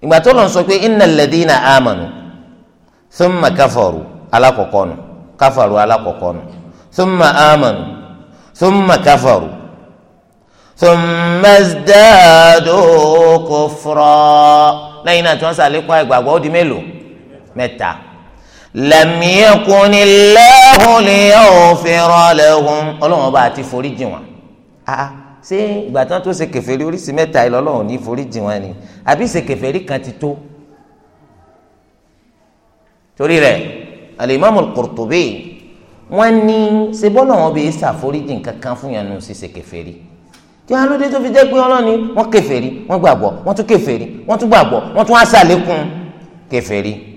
ìgbà tó lọ sọ pé innal ladina amanu thumma kafaru alákọ̀ọ́kọ́ nù kafaru alákọ̀ọ́kọ́ nù thumma amanu thumma kafaru thumma izdadu kufra lẹ́yìn náà tí wọ́n sàlékún àìgbàgbọ́ ó di mélòó mẹ́ta lam yakunillahu liyaghfira lahum ọlọ́run ọba àti foríjì wọn a ṣé ìgbà tán tó ṣe kèfèrí oríṣi mẹ́ta yìí lọ́lọ́run ní foríjì wọn ni àbí ṣe kèfèrí kan ti tó torí rẹ̀ alimamul Qurtubi wọ́n ní ṣe bọ́lọ́run ọba yìí ṣàforíjì kankan fún yàn nù ṣíṣe kèfèrí tí wọn lóde tó fi jẹ́ pé ọlọ́ni wọ́n kèfèrí wọ́n gbàgbọ́ wọ́n tún kèfèrí wọ́n tún gbàgbọ́ wọ́n tún wá ṣàlékún kèfèrí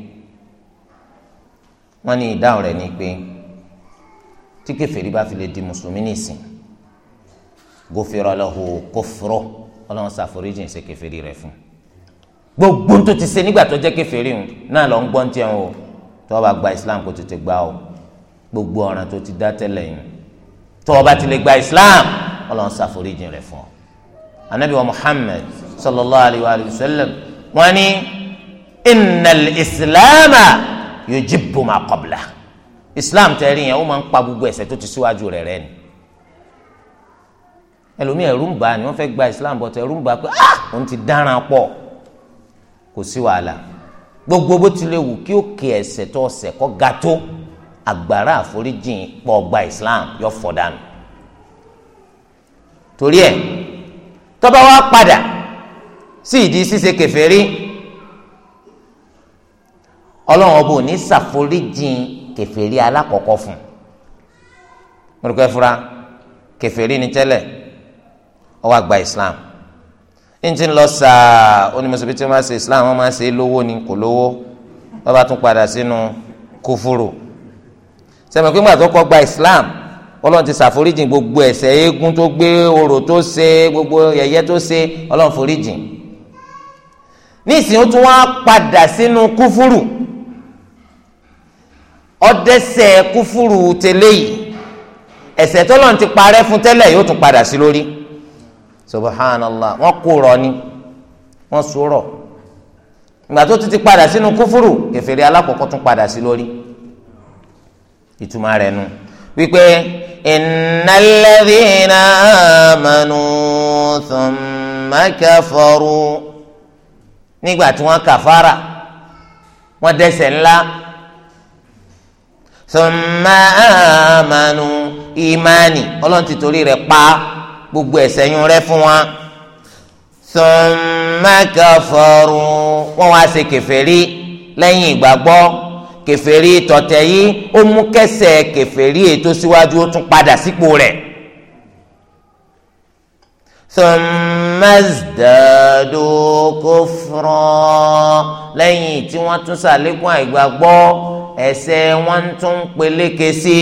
wọ́n ní ìdáhùn rẹ̀ ni pé tí kèfèrí bá fi lè di mùsùlùmí nìsín gòfèrè lahu kófòrò ọlọ́run ṣàforíjì ṣe kèfèrí rẹ̀ fún gbogbo tó ti ṣe nígbà tó jẹ́ kèfèrí òun náà lọ ń gbọ́n tiẹ̀ o tó bá gba islam kó tètè gbà o gbogbo ọ̀ràn tó ti dá tẹ́lẹ̀ yìí tó bá ti lè gba islam ọlọ́run ṣàforíjì rẹ̀ fún ọ anabi wa muhammad sallallahu alayhi wa sallam wọ́n ní innal islam yujibbu ma qabla islam tẹ̀rí yẹn ó máa ń pa gbogbo ẹ̀ṣẹ̀ tó ti síwájú rẹ̀ rẹ́ ni ẹlòmíì ẹ̀rù ni wọ́n fẹ́ gba islam bọ̀tọ̀ ẹ̀rù ń pé ah òun ti dáràn pọ̀ kò sí wàhálà gbogbo bó ti lè wù kí ó ké ẹ̀ṣẹ̀ tó ọ̀ṣẹ̀ kọ́ ga tó agbára àforíjìn pọ̀ gba islam yọ fọ̀ dànù torí ẹ̀ tó bá wá padà sí ìdí ṣíṣe kèfèrí ọlọ́run ọba ò ní ṣàforíjìn kèfèrí alákọ̀ọ́kọ́ fún un rúkẹ́ fúra kèfèrí ni tẹ́lẹ̀ ó wá gba islam ntí ń lọ sáà onímọ̀sọ̀bí tí wọ́n máa ṣe islam wọ́n máa ṣe lówó ni kò lówó wọ́n bá tún padà sínú kúfúrò sẹ́mi pé ńgbà kọ́ gba islam ọlọ́run ti ṣàforíjìn gbogbo ẹ̀ṣẹ̀ eégún tó gbé orò tó ṣe gbogbo yẹ̀yẹ́ tó ṣe ọlọ́run foríjìn nísìnyí ó tún wá padà sínú kúfúrù ọdẹsẹ kúfúrú tẹlẹ yìí ẹ̀ṣẹ̀ tọlọ́run ti parẹ́ fún tẹ́lẹ̀ yóò tún padà sí lórí subhanallah wọ́n kó rọ ni wọ́n sọ̀rọ̀ ìgbà tó tún ti padà sínú kúfúrú kẹfẹẹrẹ alákọ̀ọ́kọ́ tún padà sí lórí ìtumọ̀ rẹ̀ nu wípé innal ladhina amanu thumma nígbà tí wọ́n kàfàrà wọ́n dẹ́ṣẹ̀ ńlá thumma amanu imani ọlọ́run ti torí rẹ̀ pa gbogbo ẹ̀ṣẹ̀ yín rẹ́ fún wa thumma kafaru wọ́n wá ṣe kèfèrí lẹ́yìn ìgbàgbọ́ kèfèrí tọ̀tẹ̀ yìí ó mú kẹsẹ̀ kèfèrí ètò síwájú ó tún padà sípò rẹ̀ thumma zdadu kufra lẹ́yìn tí wọ́n tún ṣàlékún àìgbàgbọ́ ẹ̀ṣẹ̀ wọn tún peléke sí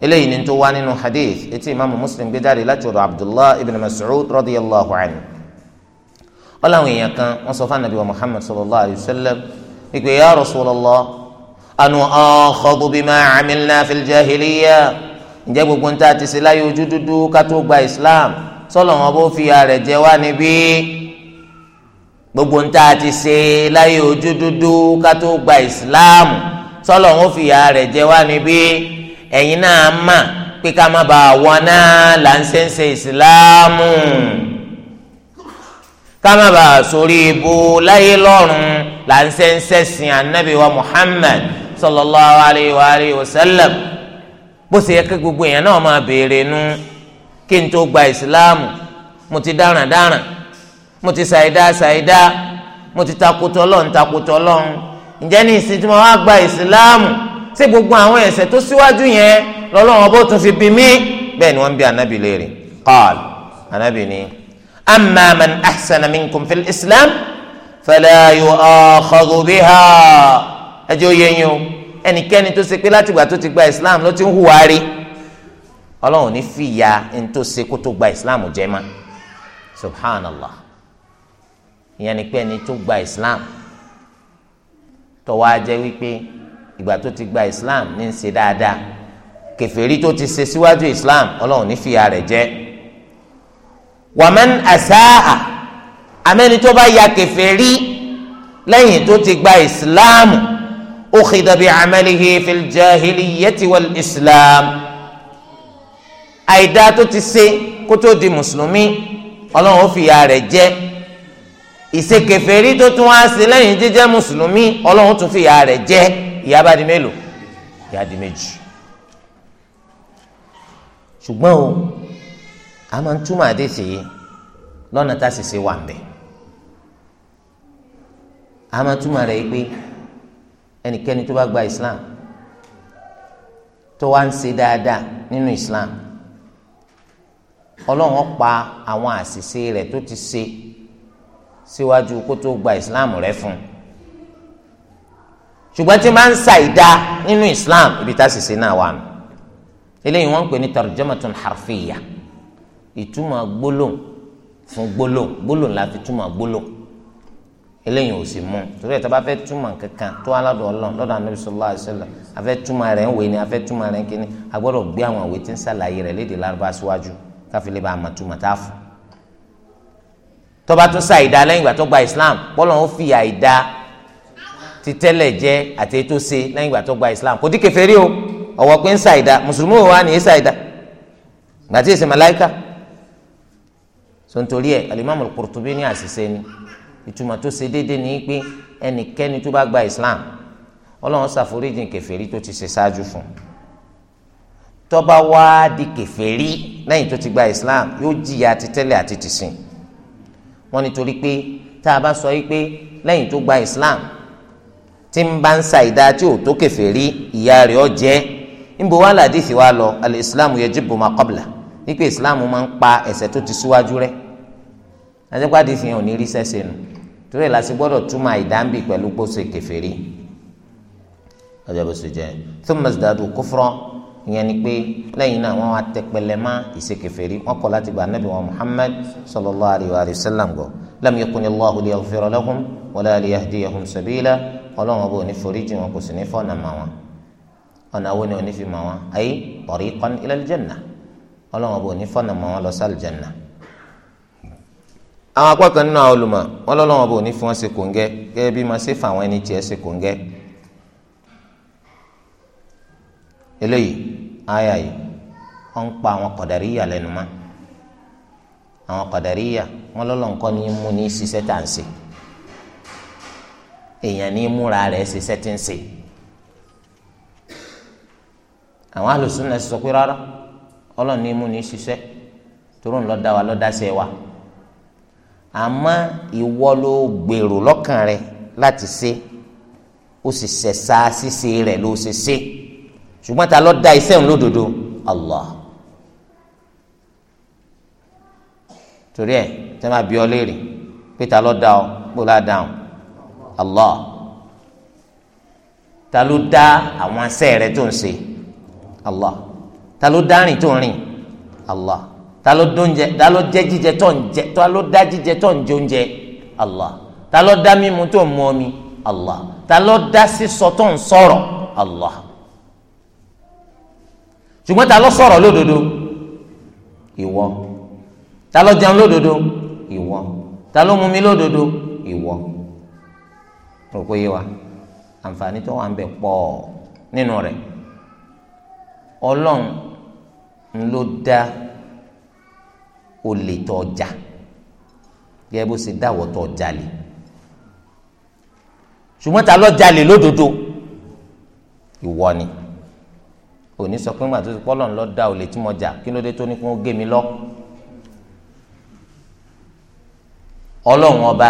eléyìí ni tó wá nínú hadith etí imaamu muslim gbé jáde láti ọ̀dọ̀ abdullah ibn mas'ud radiyallahu anhu ọlọ́run èèyàn kan wọ́n sọ fún anabi wa muhammad sallallahu alayhi wa sallam ìpè ya rasulallah anu akhadu bima amilna fil jahiliya ǹjẹ́ gbogbo ń ta ti ṣe láyé ojú dúdú ká tó gba islam sọlọ́wọ́n bó fi ara rẹ̀ jẹ wá níbí gbogbo ń tá a ti ṣe láyé ojú dúdú ká tó gba islam sọlọ ń fìyà rẹ̀ jẹ wá níbí ẹ̀yin náà mà pé ká má bàa wọ náà là ń ṣe ń ṣe ìsìláàmù ká má bàa sórí ibu láyé lọ́run là ń ṣe ń ṣẹ̀sìn anabi wa muhammad sallallahu alayhi wa alayhi wa sallam bó ṣe yẹ kí gbogbo èèyàn náà máa béèrè nu kí n tó gba ìsìláàmù mo ti dáràn dáràn mo ti ṣàìdá ṣàìdá mo ti takotọ Ọlọ́run takotọ Ọlọ́run ǹjẹ́ ní ìsìn tí mo wá gba ìsìláàmù ṣé gbogbo àwọn ẹ̀ṣẹ̀ tó síwájú yẹn lọ́lọ́run ọbọ̀ tó fi bí mí bẹ́ẹ̀ ni wọ́n ń bi anabi léèrè qaal anabi ni amma man ahsana minkum fil islam fala yu'akhadhu biha ẹjọ́ yẹnyẹn o ẹnikẹ́ni tó ṣe pé látìgbà tó ti gba islam ló ti ń hùwà rí ọlọ́run ní fìyà ní tó ṣe kó tó gba islam jẹ́ ma subhanallah ìyẹn ni pé ẹni tó gba islam tó wá jẹ́ wípé ìgbà tó ti gba islam ní í ṣe dáadáa kèfèrí tó ti ṣe síwájú islam ọlọ́run ní fìyà rẹ̀ jẹ wàmán àṣàà amẹ́ni tó bá ya kèfèrí lẹ́yìn tó ti gba islam ukhidha bi amalihi fil jahiliyyati wal islam àìdá tó ti ṣe kó di mùsùlùmí ọlọ́run ó fìyà rẹ̀ jẹ ìṣekèfèrí tó tún wá sí lẹ́yìn jíjẹ́ mùsùlùmí ọlọ́run tún fi ìyá rẹ̀ jẹ́ ìyá bá di mélòó ìyá di méjì ṣùgbọ́n o a máa ń túmọ̀ àdéhìí yìí lọ́nà tá a sì ṣe wà mbẹ́ a máa túmọ̀ rẹ̀ yìí pé ẹnikẹ́ni tó bá gba Islam tó wá ń ṣe dáadáa nínú Islam ọlọ́run ó pa àwọn àṣìṣe rẹ̀ tó ti ṣe síwájú kó tó gba islam rẹ fún ṣùgbọ́n tí máa ń ṣàìdá nínú islam ibi tá a sì ṣe náà wà nù eléyìí wọ́n ń pè ní tarjamatun harfiya ìtumọ̀ gbólóhùn fún gbólóhùn gbólóhùn la fi túmọ̀ gbólóhùn eléyìí ò sì mú torí ẹ̀ tó bá fẹ́ túmọ̀ kankan tó aládùn ọlọ́run lọ́dọ̀ anabi sallallahu alaihi wasallam afẹ́ túmọ̀ rẹ̀ ń wé ni afẹ́ túmọ̀ rẹ̀ ń kíni agbọ́dọ̀ gbé àwọn ìwé tí ń ṣàlàyé rẹ̀ léde lárúbá síwájú káfílẹ̀ bá a mọ̀ túmọ̀ tá a fún tọba tún sa ìdá lẹ́yìn ìgbà tó gba islam bọ́lọ̀ ń fi àìdá ti tẹ́lẹ̀ jẹ́ àti ètò ṣe lẹ́yìn ìgbà tó gba islam kò dí kèfèrí o ọ̀wọ́ pé ń sa ìdá mùsùlùmí wa ni ń sa ìdá gbàtí èsì màláìka so nítorí ẹ alimami Qurtubi ní àṣìṣe ni ìtumọ̀ tó ṣe déédéé ni pé ẹnikẹ́ni tó bá gba islam ọlọ́run ṣàforíjìn kèfèrí tó ti ṣe ṣáájú fún tọ́ba wá di kèfèrí lẹ́yìn tó ti gba islam yóò jìyà ti tẹ́lẹ̀ àti tìsìn wọn nítorí pé tá a bá sọ yìí pé lẹ́yìn tó gba islam tí ń bá ń sa ìdá tí ò tó kèfèrí ìyá rẹ̀ ọ jẹ́ níbo wà ládìsí wa lọ alẹ́ islam yajibu ma qabla wípé islam máa ń pa ẹ̀ṣẹ̀ tó ti síwájú rẹ̀ àtẹ́kọ́ àdìsí yẹn ò ní rí sẹ́sẹ̀ nù torí ẹ̀ la sì gbọ́dọ̀ túmọ̀ àìdáǹbì pẹ̀lú gbóṣe kèfèrí ọjọ́ bó ṣe jẹ́ thumma zdadu kufran ìyẹn ni pé lẹ́yìn náà wọ́n wá tẹpẹlẹ mọ́ ìṣekèfèrí wọ́n kọ̀ láti gba nabi wa muhammad sallallahu alayhi wa sallam gbọ́ lam yakuni allahu liyaghfira lahum wala liyahdiyahum sabila ọlọ́run ọba ò ní foríjì wọn kò sì ní fọ́nà mà wọn ọ̀nà àwọn ni ò ní fi mà wọn ayé tariqan ila aljanna ọlọ́run ọba ò ní fọ́nà mà wọn lọ sí aljanna. àwọn akọ́kọ̀ nínú àwọn olùmọ̀ wọn lọ́lọ́run ọba ò fi wọn ṣe kòńgẹ́ gẹ́gẹ́ bí eléyìí àyà yìí wọn ń pa àwọn kọ̀dàríyà lẹ́nu mọ́ àwọn kọ̀dàríyà wọn lọ́lọ́ nǹkan ní mú ní ṣiṣẹ́ tà ń ṣe èèyàn ní múra rẹ̀ ṣiṣẹ́ tí ń ṣe àwọn alùsùnà sọ pé rárá ọlọ́run ní mú ní ṣiṣẹ́ toró ń lọ dá wa lọ dá ṣe wa àmọ́ ìwọ ló gbèrò lọ́kàn rẹ láti ṣe ó sì ṣẹ̀ṣà ṣíṣe rẹ̀ ló ṣe ṣe ṣùgbọ́n ta ló dá iṣẹ́ òun lódodo Allah torí ẹ tẹ́ máa bí ọ léèrè pé ta ló dá ọ kpọ́lá dáhùn Allah ta ló dá àwọn asẹ́ rẹ tó ń ṣe Allah ta ló dá rìn tó ń rìn Allah ta ló dóúnjẹ ta ló jẹ jíjẹ tó ń jẹ ta ló dá jíjẹ tó ń jóúnjẹ Allah ta ló dá mímu tó ń mu omi Allah ta ló dá sísọ tó ń sọ̀rọ̀ Allah ṣùgbọ́n ta ló sọ̀rọ̀ lódodo ìwọ ta ló jẹun lódodo ìwọ ta ló mumi lódodo ìwọ rò pé yé wa àǹfààní tó wà ń bẹ pọ̀ nínú rẹ̀ ọlọ́run ló dá olè tó ọjà gẹ́gẹ́ bó ṣe dáwọ́ tó ọjà lè ṣùgbọ́n ta ló jalè lódodo ìwọ ni òní sọ pé màtó pọ́lọ̀ ńlọ da olè tí mo jà kí ló dé tó ní kó gé mi lọ. ọlọ́run ọba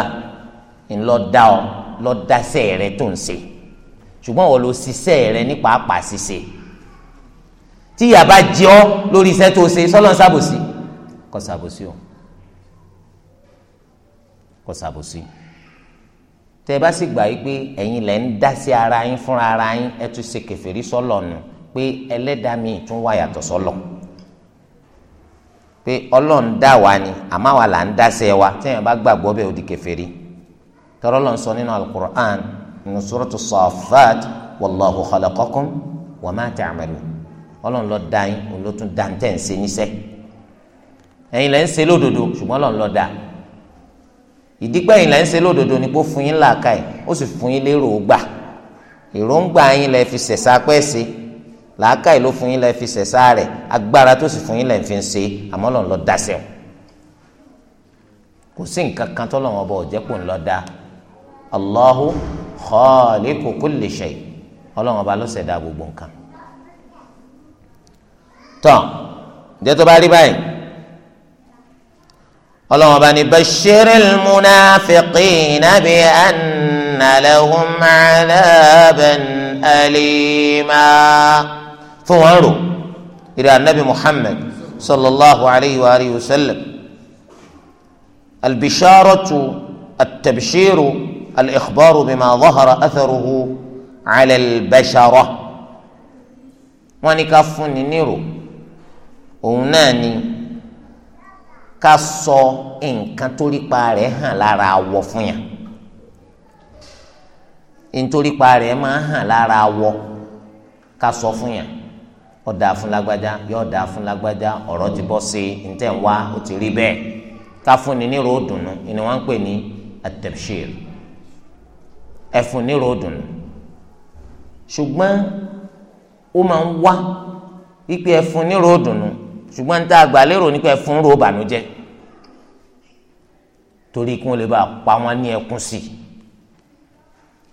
ńlọ da ọ lọ da sẹ́ rẹ tó ń ṣe ṣùgbọ́n wọ́n lo ṣiṣẹ́ rẹ ní pàápàá ṣiṣẹ́ tí ìyà bá jẹ ọ́ lórí iṣẹ́ tó ṣe sọ́lọ́ ń ṣàbòsí kò ṣàbòsí o kò ṣàbòsí tẹ bá sì gbà yí pé ẹ̀yin lẹ ń dá sí ara yín fúnra ara yín ẹ tún ṣe kèfèrí sọ́lọ̀ nù pé ẹlẹ́dàá mi tún wà yàtọ̀ sọ́lọ̀ pé ọlọ́run dá wa ni àmọ́ àwa là ń dáṣẹ́ wa téèyàn bá gbàgbọ́ bẹ́ẹ̀ ó di kèfèrí tọ́rọ́ lọ́n sọ nínú alukur'an nínú suratu safat wallahu khalaqakum wa ma ta'malun ọlọ́run ló dá yín òun ló tún dá tẹ̀ ń ṣe níṣẹ́ ẹ̀yin lẹ́ ń ṣe lódodo ṣùgbọ́n ọlọ́run ló dá ìdígbà yín lẹ́ ń ṣe lódodo ni pé fún yín làákàyè ó sì fún yín lérò gbà èròǹgbà yín lẹ́ fi ṣẹ̀ṣà pẹ́ẹ́sì làákàyè ló fún yín lẹ fi ṣẹ̀ṣá rẹ̀ agbára tó sì fún yín lẹ fi ń ṣe àmọ́ lọ́n lọ dá sẹ́wọ̀n kò sí nǹkan kan tó lọ́wọ́ bọ̀ ọ̀jẹ́ kò ń lọ dá Allahu khaliqu kulli shay ọlọ́run ọba ló ṣẹ̀dá gbogbo nǹkan tọ́ ǹjẹ́ tó bá rí báyìí ọlọ́run ọba ní bashiril munafiqina bi anna. لهم عذابا أليما فوارو إلى النبي محمد صلى الله عليه وآله وسلم البشارة التبشير الإخبار بما ظهر أثره على البشرة ونكفن نيرو ونني كاسو إن كتولي باريها لا راوفن ntorípa rẹ̀ máa hàn lára wọ ká sọ fún yàn ọ̀dà fún lágbájá yóò dà fún lágbájá ọ̀rọ̀ ti bọ́ sí ntẹ̀ ń wá ó ti rí bẹ́ẹ̀ ká fún ni nírò dùnú ni wọ́n ń pè ní at-tabshir ẹ fún nírò dùnú ṣùgbọ́n ó máa ń wá wípé ẹ fún nírò dùnú ṣùgbọ́n níta àgbàlérò nípa ẹ fún rò bànújẹ́ torí kí wọ́n lè bá pa wọ́n ní ẹkún sí i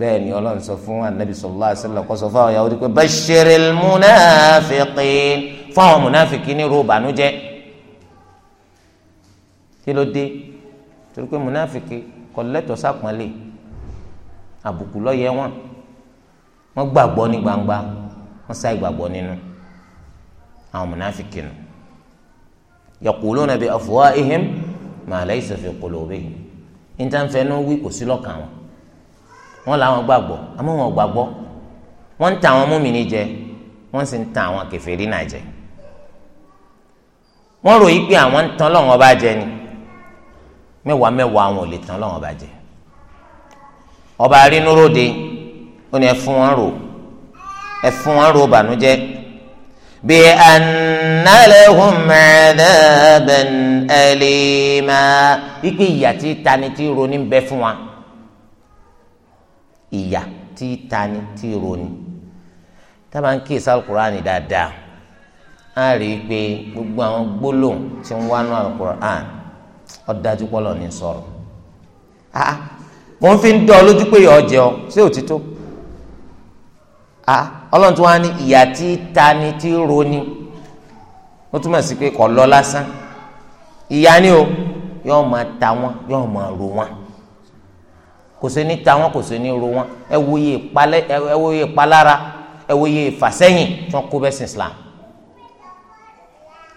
bẹ́ẹ̀ ni ọlọ́run sọ fún anabi sallallahu alaihi wasallam kó sọ fún àwọn Yahudi pé bashiril munafiqin fún àwọn munafiki ní ròbà nù jẹ́ kí ló dé torí pé munafiki kò lẹ́tọ̀ọ́ sápọ́nlé àbùkù lọ́yẹ wọn wọ́n gbàgbọ́ ní gbangba wọ́n sá ìgbàgbọ́ nínú àwọn munafiki nù yaquluna bi afwahihim ma laysa fi qulubihim níta ń fẹ́ ní wí kò sí lọ́kàn wọn. wọn làwọn gbàgbọ́ àmọ́ wọn gbàgbọ́ wọn ń ta àwọn ní jẹ wọn sì ń ta àwọn kèfèrí náà jẹ wọn rò yí pé àwọn ń tan lọ́wọ́n bá jẹ ni mẹ́wàá mẹ́wàá àwọn ò lè tan lọ́wọ́n bá jẹ ọba arínúróde ó ní ẹ fún wọn rò ẹ fún wọn rò bànújẹ́ bí análẹ́hùn mẹ́ẹ̀ẹ́dẹ́gbẹ̀n ẹlẹ́mà wípé ìyà tí tani ti ronú ń bẹ fún wa. ìyà tí tani tí roni tábà ń kí sálùkùránì dáadáa á rí i pé gbogbo àwọn gbólóhùn tí ń wánú àlùkùránì ọ̀dájú pọ́lọ̀ ní sọ̀rọ̀ ah Haa, fi ń dọ́ ọ lójú pé yọ ọ sí òtítọ́ ah ọlọ́run tí wọ́n á ní ìyà tí tani tí roni ó túmọ̀ sí pé kọ̀ lọ lásán ni o yóò máa ta wọn yóò máa ro wọn kò sí ní ta wọn kò sí ní ro wọn ẹ wòye ìpalẹ ẹ wòye ìpalára ẹ wòye ìfàsẹ́yìn tí wọn kó bẹ sí islam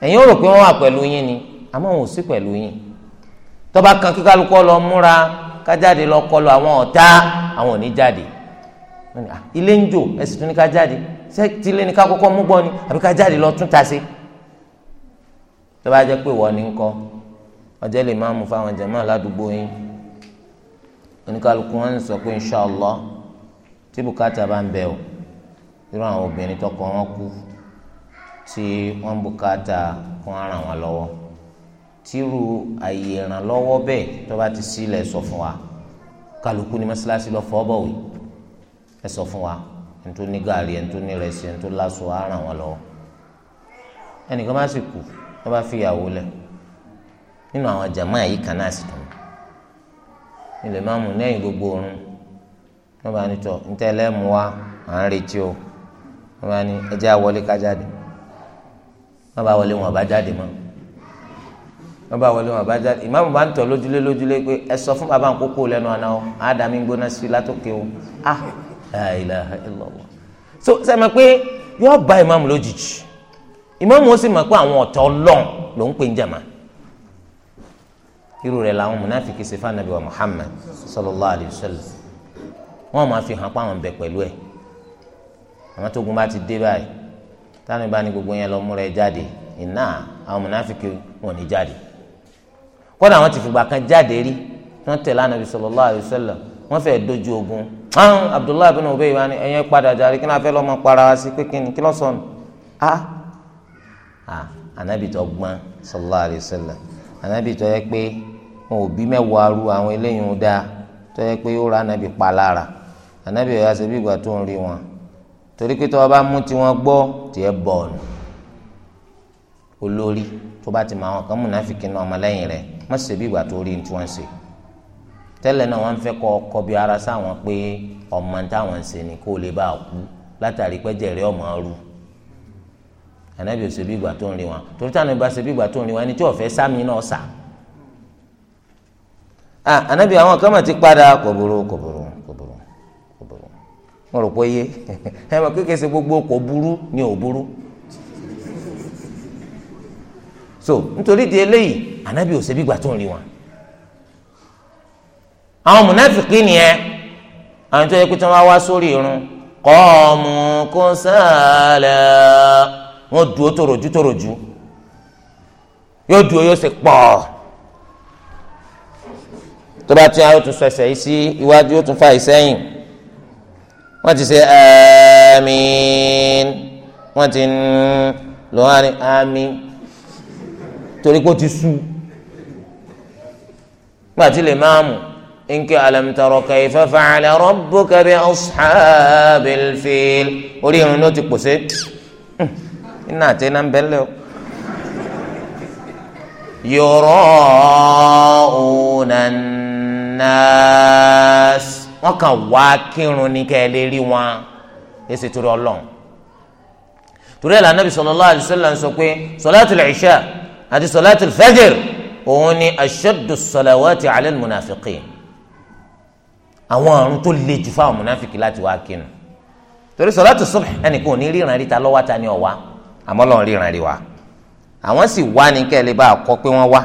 ẹ̀yin ò rò pé wọn wà pẹ̀lú yín ni àmọ́ wọn ò sí pẹ̀lú yín tọba kan kíkálukọ lọ múra kájáde lọ kọlu àwọn ọ̀tá àwọn òní jáde ilé ń jò ẹsìn tún ní ká ṣé tí ní ká mú gbọ́ ni àbí ká jáde lọ tún ta sí tọba jẹ́ pé wọ́n ní ń kọ́ ọjọ́ lè máa mú fáwọn jẹ̀mọ́ aládùúgbò yín oníkálukú wọn sọ pé inṣàlá tí bùkátà bá ń bẹ o irú àwọn obìnrin tọkọ wọn kú tí wọn bùkátà kún ara wọn lọ́wọ́ tírú àyè ìrànlọ́wọ́ bẹ́ẹ̀ tó bá ti sílẹ̀ sọ fún wa kálukú ní mọ́ṣáláṣí lọ fọ bọwé ẹ sọ fún wa ntó ní gàrí ntó ní rẹsì ntó lásọ ara wọn lọ́wọ́ ẹnìkan bá sì kú tó bá fi ìyàwó lẹ nínú àwọn jàmáà yìí kan náà sì tún ilẹ̀ máa mú lẹ́yìn gbogbo oorun wọ́n bá ní tọ̀ ní tẹ́lẹ̀ mú wa à ń retí o wọ́n bá ní ẹjẹ́ àwọlé ká jáde wọ́n bá wọlé wọn bá jáde mọ́ wọ́n bá wọlé wọn bá jáde ìmáàmù bá ń tọ̀ lójúlé lójúlé pé ẹ sọ fún bàbá àkókò lẹ́nu àná o àádámí gbóná sí látòkè o ah ilaha illallah so sẹ́mi pé yọ́ọ́ bá ìmáàmù lójijì ìmáàmù ó sì mọ̀ pé àwọn ọ̀tọ̀ ọlọ́run ló ń pè ń jàmáà irú rẹ̀ làwọn munafiki ṣe fún anabi wa muhammad sallallahu alayhi wa sallam wọ́n máa fi hàn pa àwọn bẹ pẹ̀lú ẹ̀ àwọn tó gun bá ti dé báyìí táwọn ìbá ní gbogbo yẹn lọ múra ẹ jáde iná àwọn munafiki wọn ní jáde kódà wọ́n ti fìgbà kan jáde rí wọ́n tẹ̀lé anabi sallallahu alayhi wa sallam wọ́n fẹ́ẹ́ dojú ogun hàn abdullahi bin ubay wa ni ẹ̀yin padà jáde kí ni a lọ́mọ para wa sí pé kí ni kí lọ́sọ̀nù ah ah anabi tó gbọ́n sallallahu alayhi wa sallam anabi tó yẹ pé wọn ò bí mẹ́wàá ru àwọn eléyìí ń dáa tó yẹ pé ó ra anabi pa lára anabi ọ̀yà ṣe bí ìgbà tó ń rí wọn torí pé tó o bá mú tiwọn gbọ́ tiẹ̀ bọ̀ọ̀nù olórí tó bá ti mọ àwọn kan múnafìkì náà ọmọlẹ́yìn rẹ̀ má ṣe bí ìgbà tó rí tí wọ́n ṣe tẹ́lẹ̀ náà wọ́n fẹ́ kọ́ ọkọ bí ara sáwọn pé ọmọ táwọn ń ṣe ni kó lè bá kú látàrí pẹ́jẹ́ rẹ̀ ọmọ rú anabi ọ̀ṣẹ́ bí ìgbà tó ń rí wọn torí táwọn ìbá ṣe bí ìgbà tó ń rí wọn ẹni tí ó fẹ́ sámi náà sà. A ah, anabi àwọn kan ti padà kọburu burú kò burú kò burú kò wọn gbogbo kò burú ni so nítorí di eléyìí anabi ò ṣe bí gbà tó ń rí wọn àwọn mùnàfìkì nìyẹn àwọn tó yẹ kó tí wọn wá sórí irun kó sáàlẹ̀ wọn dúró yóò tó bá ti àwọn tún sọ ẹsẹ̀ yìí sí iwájú ó tún fà ìsẹ́yìn wọ́n ti ṣe àmín wọ́n ti ń lọ wá ní àmín torí kó ti sú gbàtí lè máa mú nkè alamtarọ kẹfẹ fàlẹ rọbù kẹbi ọsàbẹlfẹl orí irun ló ti pòṣe hmm. iná àti iná ń bẹ́ẹ̀ lẹ́wọ̀ yurauna nnaas wọ́n kàn wá kírun ní kẹ́ ẹ lè rí wọn èsì torí ọlọ́run torí ẹ̀ la Nabi sallallahu alaihi wasallam sọ pé salatul isha àti salatul fajr òun ni ashaddu salawati ala al-munafiqin àwọn àrùn tó le jù fáwọn munafiki láti wá kínu torí salatu subh ẹnìkan ò ní ríran ríta lọ́wọ́ ta ni ọ̀wá àmọ́ lọ́n ríran rí wa. àwọn sì wá ní kẹ́ bá a kọ́ pé wọ́n wá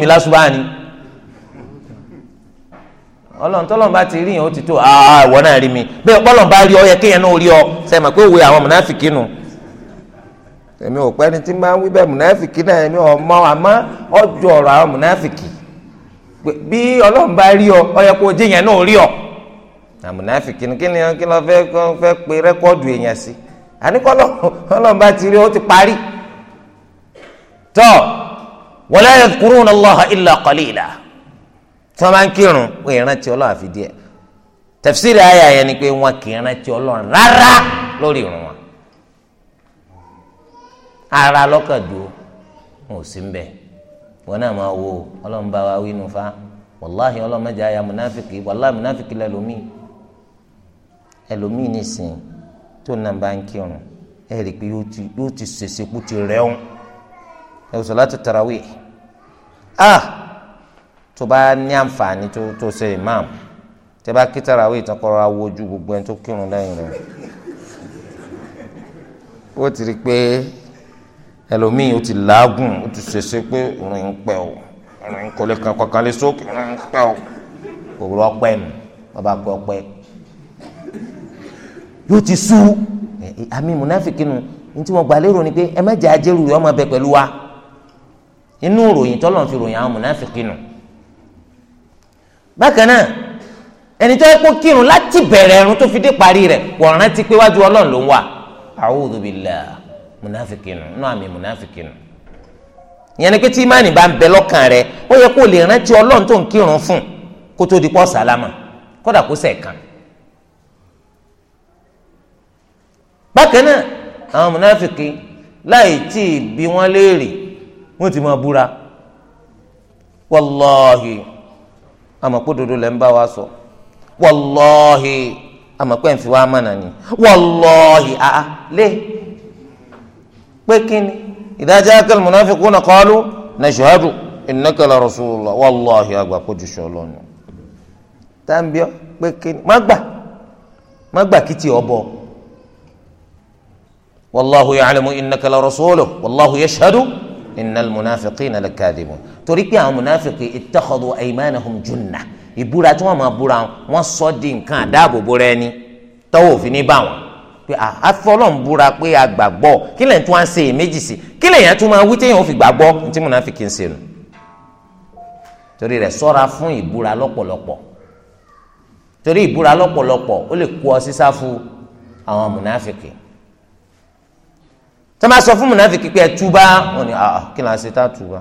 mi lásùbà ni ọlọ́run bá ti rí yẹn ó ti tó àà ah, ah, ìwọ náà rí mi bẹ́ẹ̀ bọ́lọ́run bá rí ọ yẹ kéèyàn náà rí ọ sẹ́mi pé òwe àwọn mùnáfìkì nù èmi ò pẹ́ ni tí máa ń èmi ò mọ àmọ́ ọjọ́ ọ̀rọ̀ àwọn mùnáfìkì bí ọlọ́run bá rí ọ o jẹ́ yẹn náà rí ọ àníkọ́lọ́ ọlọ́run bá ti rí ó ti parí tọ́ wala yadhkuruna Allaha illa qalila tí wọ́n bá ń kírun wọ́n ìrántí ọlọ́run àfi díẹ̀ tafsiri àyà yẹn ni pé wọ́n kì í rántí ọlọ́run rárá lórí ìrun wọn ara lọ́kàn dúró wọn ò sí ń bẹ̀ wọn náà máa wo ọlọ́run wa wí nu wàláhi ọlọ́run mẹ́jọ àyà wàláhi múnáfìkì lẹ́lòmíì ẹlòmíì nìsín tó nà bá ń kírun ẹ rí i pé yóò ti ṣèṣe kú ti rẹun ẹ wò sọlá tó tarawih ah tó bá ní àǹfààní tó tó ṣe imam tẹ bá kí tarawih tán kọ́ra wojú gbogbo ẹni tó kírun lẹ́yìn rẹ̀ ó ti rí i pé ẹlòmíì ó ti làágùn ó ti ṣèṣe pé òun ń pẹ́ o òun kò lè kankan kan lè sókè òun ń pẹ́ o òwúrọ̀ pẹ́ mi ọba pẹ́ ọpẹ́ yóò ti sú àmì mùnáfíkì nu ní tí wọ́n gbà lérò ni pé ẹ má jẹ́ ajẹ́rù rẹ̀ ọmọ bẹ pẹ̀lú wa inú ròyìn tọ́lọ̀ fi ròyìn àwọn mùnáfíkì nu. bákan náà ẹni tó yẹ kó kírun láti bẹ̀rẹ̀ ẹ̀rùn tó fi dé parí rẹ̀ wọ́n rántí pé wájú ọlọ́run ló ń wà a'udhu billah mùnáfíkì nu inú àmì mùnáfíkì nu. ìyẹn ni pé tí imáàni bá ń bẹ lọ́kàn rẹ̀ ó yẹ kó lè rántí ọlọ́run tó ń kírun fún kó tó di pọ́ sálámà kódà kó sẹ̀ kan bákan náà àwọn mùnáfìkì láì tí ì bí wọn léèrè wọn ti máa búra wàlọ́ọ̀hì àmọ̀kódodo lẹ́ ń bá wa sọ wàlọ́ọ̀hì àmọ̀pẹ́ ń fi wá ni wàlọ́ọ̀hì àá lé pé kí ni ìdájọ́ akẹ́lẹ́ mùnáfìkì náà kọ́ ló nàṣọ́hádù innaka la rasulullah wàlọ́ọ̀hì àgbàkójú wàláhu ya'lamu innaka la rasuluhu wàláhu yashhadu innal munafiqina lakadibun torí pé àwọn munafiki ittakhadhu aymanahum junna ìbúra tí wọ́n máa búra wọ́n sọ di nǹkan àdáàbòbò rẹ ni tọ́wọ́ òfin ní bá wọn pé àfọlọ́n ah, búra pé a gbàgbọ́ kí lẹ́yìn tí wọ́n á ṣe èméjì sí kí lẹ́yìn tí wọ́n á wí téèyàn fi gbàgbọ́ ní tí munafiki ń ṣe nù torí rẹ̀ ṣọ́ra fún ìbúra lọ́pọ̀lọpọ̀ torí ìbúra lọ́pọ̀lọpọ̀ ó lè kó ọ sí sáfù àwọn munafiki tó máa sọ fún munafiki pé ẹ túbá wọn ni ah kí ni a ṣe tá a túbá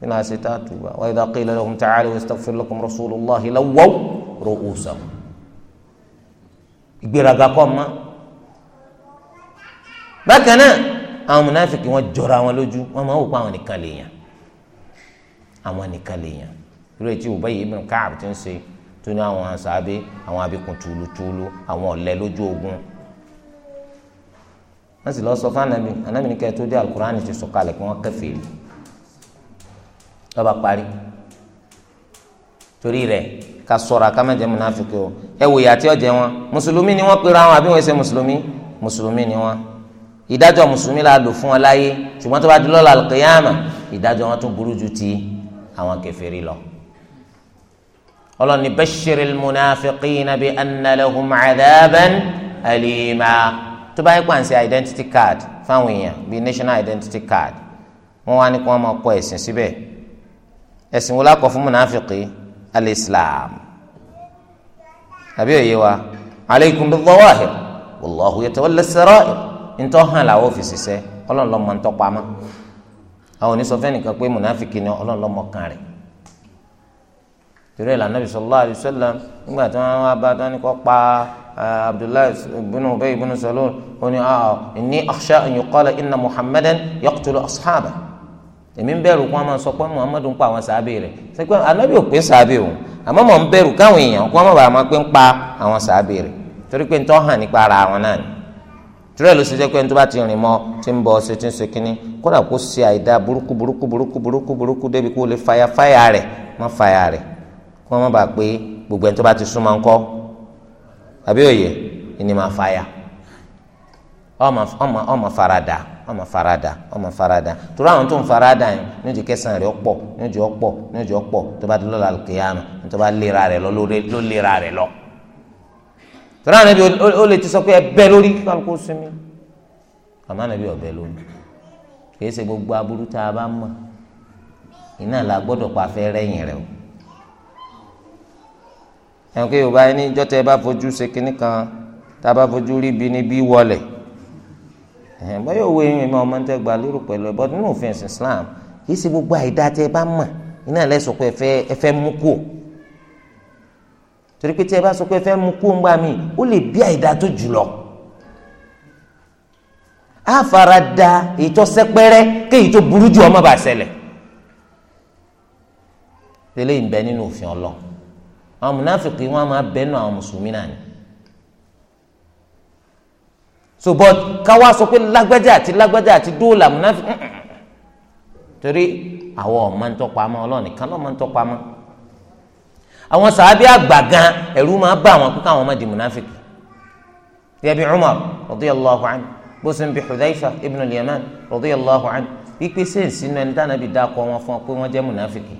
kí ni a ṣe tá a túbá wa idha qila lahum ta'alu yastaghfir lakum rasulullahi lawwaw ru'usahum ìgbéraga kọ́ ma bákan náà àwọn munafiki wọn jọra wọn lójú wọn máa wò pé àwọn nìkan lè yàn àwọn nìkan lè yàn irú ètí Ubayy ibn Ka'b ti ń ṣe tó ní àwọn sàábé àwọn abikun tuulutulu àwọn ọ̀lẹ́ lójú ogun wọ́n sì lọ sọ fún anabi anabi ní kẹ́ẹ̀ tó dé alukur'ani ti sọ̀kalẹ̀ kí wọ́n kèfèrí lọ́ba parí torí rẹ̀ ká ṣọ́ra ká má jẹ́ munafiki o ẹ wòye àti ọ̀jẹ̀ wọn mùsùlùmí ni wọ́n pera wọn àbí wọ́n ṣe mùsùlùmí mùsùlùmí ni wọ́n ìdájọ́ mùsùlùmí la lò fún wọn láyé ṣùgbọ́n tó bá di lọ́la alùkìyàmà ìdájọ́ wọn tún burú ju ti àwọn kèfèrí lọ. ọlọ́ni bashiril munafiqina bi anna lahum adhaban tó bá yẹ kó à ń ṣe identity card fáwọn èèyàn bíi national identity card wọn wá ní kí wọn máa kọ ẹ̀sìn síbẹ̀ ẹ̀sìn wo lákọ fún munafiki alislam àbí òye wa aleikum bí zawahir wàlláhu yatawalla sarair ntọ́ hàn làwọn òfìsì sẹ́ ọlọ́run lọ́mọ ntọ́ pamọ́ àwọn onísọfẹ́ nìkan pé munafiki ni ọlọ́run lọ́mọ kan rẹ̀ torí ẹ̀ lànà bisọ̀ lọ́wọ́ nígbà tí wọ́n bá tán ní pa abdullahi ibn ubay ibn salul ó ní ah inni akhsha an yuqala inna muhammadan yaqtulu ashaba èmi ń bẹ̀rù kó a máa sọ pé muhammadu ń pa àwọn sàábì rẹ̀ sẹ́kọ̀ anábì ò pé sàábì òun àmọ́ mò ń bẹ̀rù káwọn èèyàn kó a máa bàa máa pé ń pa àwọn sàábì rẹ̀ torí pé ń tọ́ hàn nípa ara àwọn náà ni tirẹ̀ ló ṣe jẹ́ pé ẹni tó bá ti rìn mọ́ ti ń bọ̀ ṣe ti ń ṣe kínní kódà kó ṣe àìda burúkú burúkú burúkú burúkú burúkú débi kó lè fàyà fàyà rẹ̀ má fàyà rẹ̀ kó má bàa pé gbogbo àbí òye ìní máa fàyà ọmọ farada ọmọ farada ọmọ farada torí àwọn tó ń farada yẹn ní ojú kẹsàn-án rẹ ọ̀pọ̀ ní ojú ọpọ ní ojú ọ̀pọ̀ tó bá lọ́la kìyàmù tó bá lera rẹ lọ ló lera rẹ lọ torí àwọn ẹbí ó lè ti sọ pé ẹ bẹ lórí sinmi àmọ́ ẹbí lórí ṣe gbogbo aburú tá a bá la gbọ́dọ̀ pa afẹ́ o. ẹ̀hún kí yorùbá yẹn ní jọ́tẹ̀ bá fojú ṣe kínní kan tá a bá fojú rí bi ní bí wọlé ẹ̀hún bá yóò wé yín mọ́ ọmọ tẹ́ gba lérò pẹ̀lú ẹ̀ bọ́ nínú òfin ẹ̀sìn Islam kì í ṣe gbogbo àìdá tẹ́ bá mọ̀ iná ẹ̀ lẹ́sọ̀ pé ẹ fẹ́ mú kú torí pé tí ẹ bá sọ pé ẹ fẹ́ mú kú ńgbà mí ó lè bí àìdá tó jùlọ á fara da èyí tó sẹ́pẹ́rẹ́ kéyìí tó burú jù ọmọ bá ṣẹlẹ̀ tẹ́lẹ̀ ń nínú òfin Ọlọ́run àwọn mùnáfìkì wọn máa bẹnu àwọn mùsùlùmí náà ni so but káwá sọ pé lágbájá àti lágbájá àti dóòlà mùnáfìkì torí àwọn ọmọ ń tọpa ama ọlọ́ọ̀nì kan lọ́ọ́ máa ń tọpa ama àwọn sàábí àgbà gan ẹ̀rú máa bá àwọn kókó àwọn ọmọ di mùnáfìkì gẹ́gẹ́ bí Umar radiyallahu anhu bó ṣe ń bi Hudhayfa ibn al-Yaman radiyallahu anhu wípé sèǹsì náà ẹni dáná bi dákọ̀ wọn fún ọ pé wọ́n jẹ́ mùnáfìkì.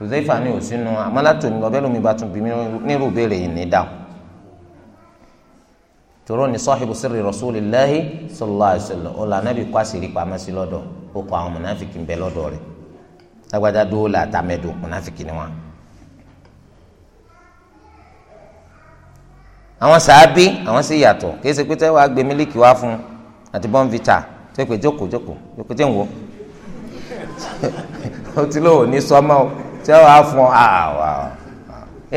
Huzaifa ni ò sínú amálàtò ní ọbẹ̀ lómi bá tún bí mi nírú béèrè yìí ní dáhùn tòró ni sọ́hìbù sírì rasulillahi sallallahu alaihi wasallam ọ̀là anábì kó àṣírí pamọ́ sí lọ́dọ̀ ó kọ àwọn mùnáfìkì ń bẹ lọ́dọ̀ rẹ̀ lágbádá dúró là àtàmẹ́dùn mùnáfìkì ni wọn. àwọn sàábí àwọn sì yàtọ̀ kìí ṣe pé tẹ́ wàá gbé mílíkì wá fún àti bọ́ǹvìtà tẹ́ pé jókòó jókòó jókòó tẹ́ ń wò ó ti lóò ní sọ́mọ́ o tí wọ́n á fún ọ àwà ah,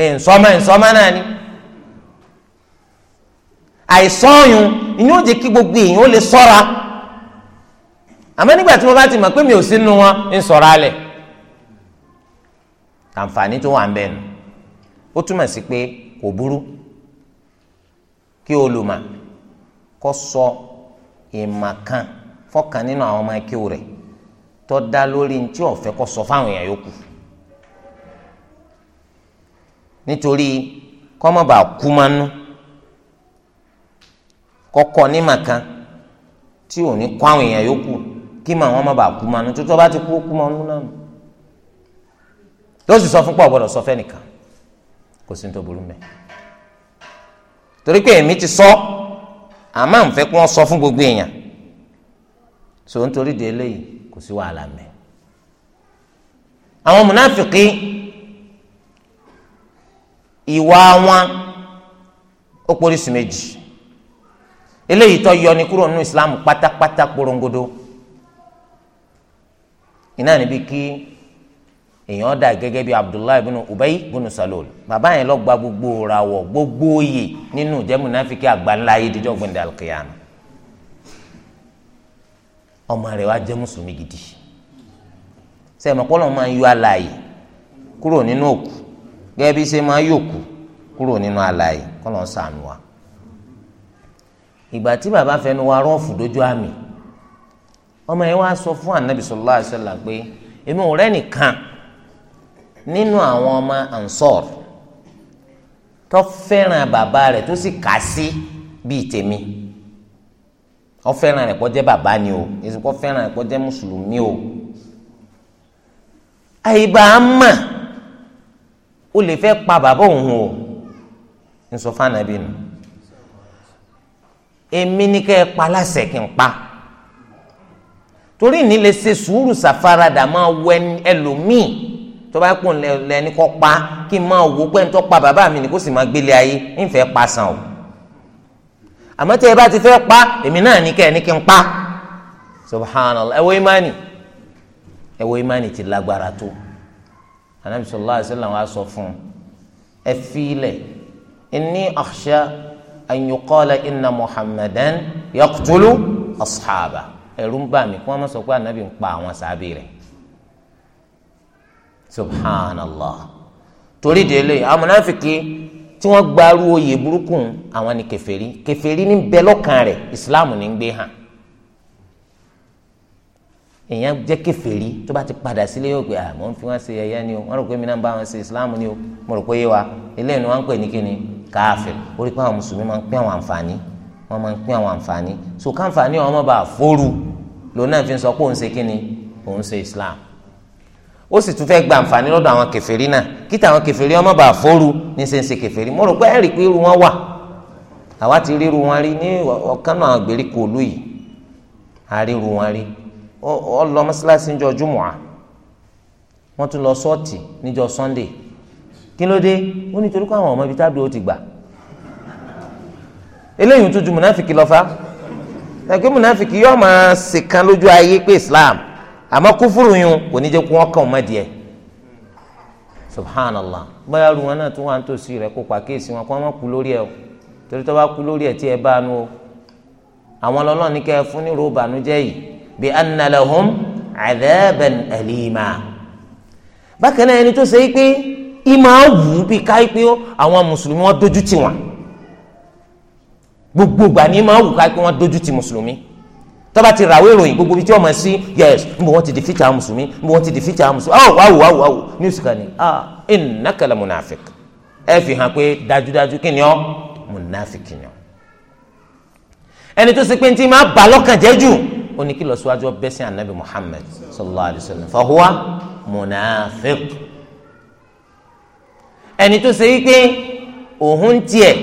eh, nsọ́mọ́ nsọ́mọ́ náà ni àìsọ́yún ìyóò jẹ́ kí gbogbo èèyàn ó lè sọ́ra àmọ́ nígbà tí mo bá ti mọ̀ pé mi ò sínú wọn ń sọ̀rọ̀ alẹ̀ àǹfààní tó wà ń bẹ̀ nù ó túmọ̀ sí pé kò burú kí olùmọ̀ kó sọ ìmọ̀ kan fọ́kàn nínú àwọn ọmọ ẹkẹ́ rẹ̀ tó dá lórí ní tí kó sọ fáwọn èèyàn yòókù nítorí kọ́mọ̀bà kú mánú kọ́kọ́ ní màkàn tí ò ní kọ́ àwọn èèyàn yòókù kí màwọn ọmọ bàa kú mánú tuntun bá ti kú kú mánú náà nù yóò sì sọ fún pọ̀ gbọ́dọ̀ sọ fẹ́nìkan kò sí ní tó burú mẹ́ torí pé èmi ti sọ àmọ́ à kí wọ́n sọ fún gbogbo èèyàn so nítorí de eléyìí kò sí wàhálà mẹ́ àwọn mùnáfìkì ìwà wọn ó poríṣi méjì eléyìí tó yọ ni kúrò nínú islam pátápátá porongodo iná níbi kí èèyàn dà gẹ́gẹ́ bí abdullahi bin ubay bin salol bàbá yẹn lọ gba gbogbo ràwọ̀ gbogbo oyè nínú jẹ́múnáfíkì àgbáńlá yìí díjọ́ gbẹ̀ndẹ̀ alkiyama ọmọ rẹ̀ wá jẹ́ mùsùlùmí gidi sẹ́yìn máa ń yọ àlàyé kúrò nínú òkú gẹ́gẹ́ bí ṣe máa yòókù kúrò nínú àlàyé kọ́ lọ́n sànù wa. ìgbà tí bàbá fẹnu wa rọ́ọ̀fù dójú àmì ọmọ yẹn wá sọ fún anabi sallallahu alaihi wasallam pé èmi ò rẹ́ nìkan nínú àwọn ọmọ ansor tó fẹ́ràn bàbá rẹ̀ tó sì kà sí bíi tèmi ó fẹ́ràn rẹ̀ kó jẹ́ bàbá ni o èsì kó fẹ́ràn rẹ̀ kó jẹ́ mùsùlùmí o àyíbá á mà ó lè fẹ́ pa bàbá òun o ń sọ fún anabi nù èmi ní kẹ́ ẹ pa láṣẹ kí n pa torí ní lè ṣe sùúrù ṣàfaradà máa wọ ẹlòmíì tó bá kún lẹni kọ́ pa kí n máa wò pé ń tọ́ pa bàbá mi ni kó sì máa gbélé ayé ń fẹ́ pa san o àmọ́ tí ẹ bá ti fẹ́ pa èmi náà ní kẹ́ ẹ ní kí n pa subhanallah ẹ wo imani ẹ wo imani ti lágbára tó anabi sallallahu alaihi wasallam á sọ fún un ẹ fi ilẹ̀ inni akhsha an yuqala inna muhammadan yaqtulu ashaba ẹ̀rù ń bà mí kí wọ́n má sọ pé anabi ń pa àwọn sábì rẹ̀ subhanallah torí délé amúnáfíkì tí wọ́n gbarú oyè burúkú àwọn ni kèfèrí kèfèrí ní bẹ́lọ́kàn rẹ̀ islam ní gbé hàn èèyàn jẹ́ kèfèrí tó bá ti padà sílé yóò pé àmọ́ ń fi wọ́n ṣe ẹ̀yẹ ni o wọ́n rò pé mi náà bá wọn ṣe islam ni o mo rò pé yé wa eléyìí ni wọ́n ń pè ní kíni káfíìn ó rí pé àwọn mùsùlùmí máa ń pín àwọn àǹfààní wọ́n máa ń pín àwọn àǹfààní so káǹfààní ọmọ bá fóru lòun náà fi sọ pé òun ṣe kíni òun ṣe islam ó sì tún fẹ́ gba àǹfààní lọ́dọ̀ àwọn kèfèrí náà kí tàwọn kèfèrí ọmọ bá fóru ní ṣe ń ṣe kèfèrí mo rò pé ẹ̀rì pé ọ lọ mọ́sálásí níjọ́ júmọ̀á wọ́n tún lọ sọ́ọ̀tì níjọ́ sunday kí ló dé ó nítorí kó àwọn ọmọ ibi tábìlì ó ti gbà eléyìí tó ju mùnáfìkì lọ fa ẹgbẹ́ mùnáfìkì yóò máa ṣèkan lójú ayé pé islam àmọ́ kúfúrú yun kò ní jẹ́ kó wọ́n kàn mọ́ díẹ̀ subhanallah bóyá ru wọn náà tún wà nítòsí rẹ̀ kó pàkíyèsí wọn kó wọn má kú lórí ẹ̀ o torí tó bá kú lórí ẹ̀ tí ẹ bá nu o àwọn ọlọ́ọ̀ni kẹ́ fún ní ròbànújẹ́ yìí bi anna lahum adhaban alima bákan náà ẹni tó ṣe é pé ìmọ̀ àwù bíi káyí pé àwọn mùsùlùmí wọn dojú tì wọn gbogbo ìgbà ní ìmọ̀ àwù káyí wọn dojú tì mùsùlùmí tọ́ba ti ràwé ìròyìn gbogbo ibi tí wọ́n mọ̀ sí yes nbọ̀ wọ́n ti di fíjà mùsùlùmí nbọ̀ wọ́n ti di fíjà mùsùlùmí awo awo awo awo news kan ni ah innaka la munafik ẹ fi hàn pé dájúdájú kí ni ọ munafik ni ọ ẹni tó ṣe pé ntí máa bà lọ́kàn jẹ́ jù oníkí lọ síwájú ọbẹ̀sí anabi muhammed sallallahu alayhi wa sallam fahuwa munafiq ẹni tó ṣe wípé òun tiẹ̀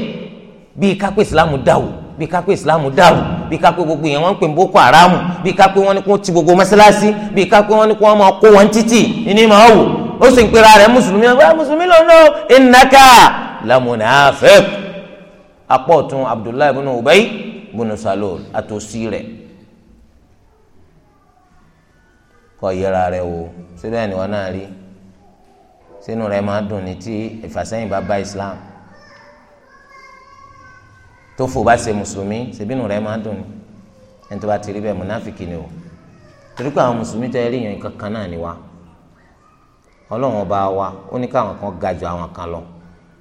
bíi kápẹ́ ìsìlámù dáwò bíi kápẹ́ ìsìlámù dáwò bíi kápẹ́ gbogbo yẹn wọ́n ń pè ní boko haram bíi kápẹ́ wọ́n ní kó ti gbogbo mọ́sálásí bíi kápẹ́ wọ́n ní kó wọ́n máa kó wọn títì ní màá wò ó sì ń pera rẹ̀ mùsùlùmí ọgbà mùsùlùmí lọ́nà ìnáka lamunafiq apọ̀ abdullahi ibùnú ubay ibùnú salol àtòsí rẹ̀ kọ́ yẹra rẹ wò síbẹ̀ ni wọ́n náà rí sínú rẹ máa dùn ní tí ìfàsẹ́yìn bá bá Islam tó fò bá ṣe mùsùlùmí ṣèbínú rẹ máa dùn ní ẹni tó bá ti rí bẹ́ẹ̀ mùnáfìkì ni o torí pé àwọn mùsùlùmí tẹ́ rí yan kankan náà ni wa ọlọ́run ọba wa ó ní káwọn kan ga ju àwọn kan lọ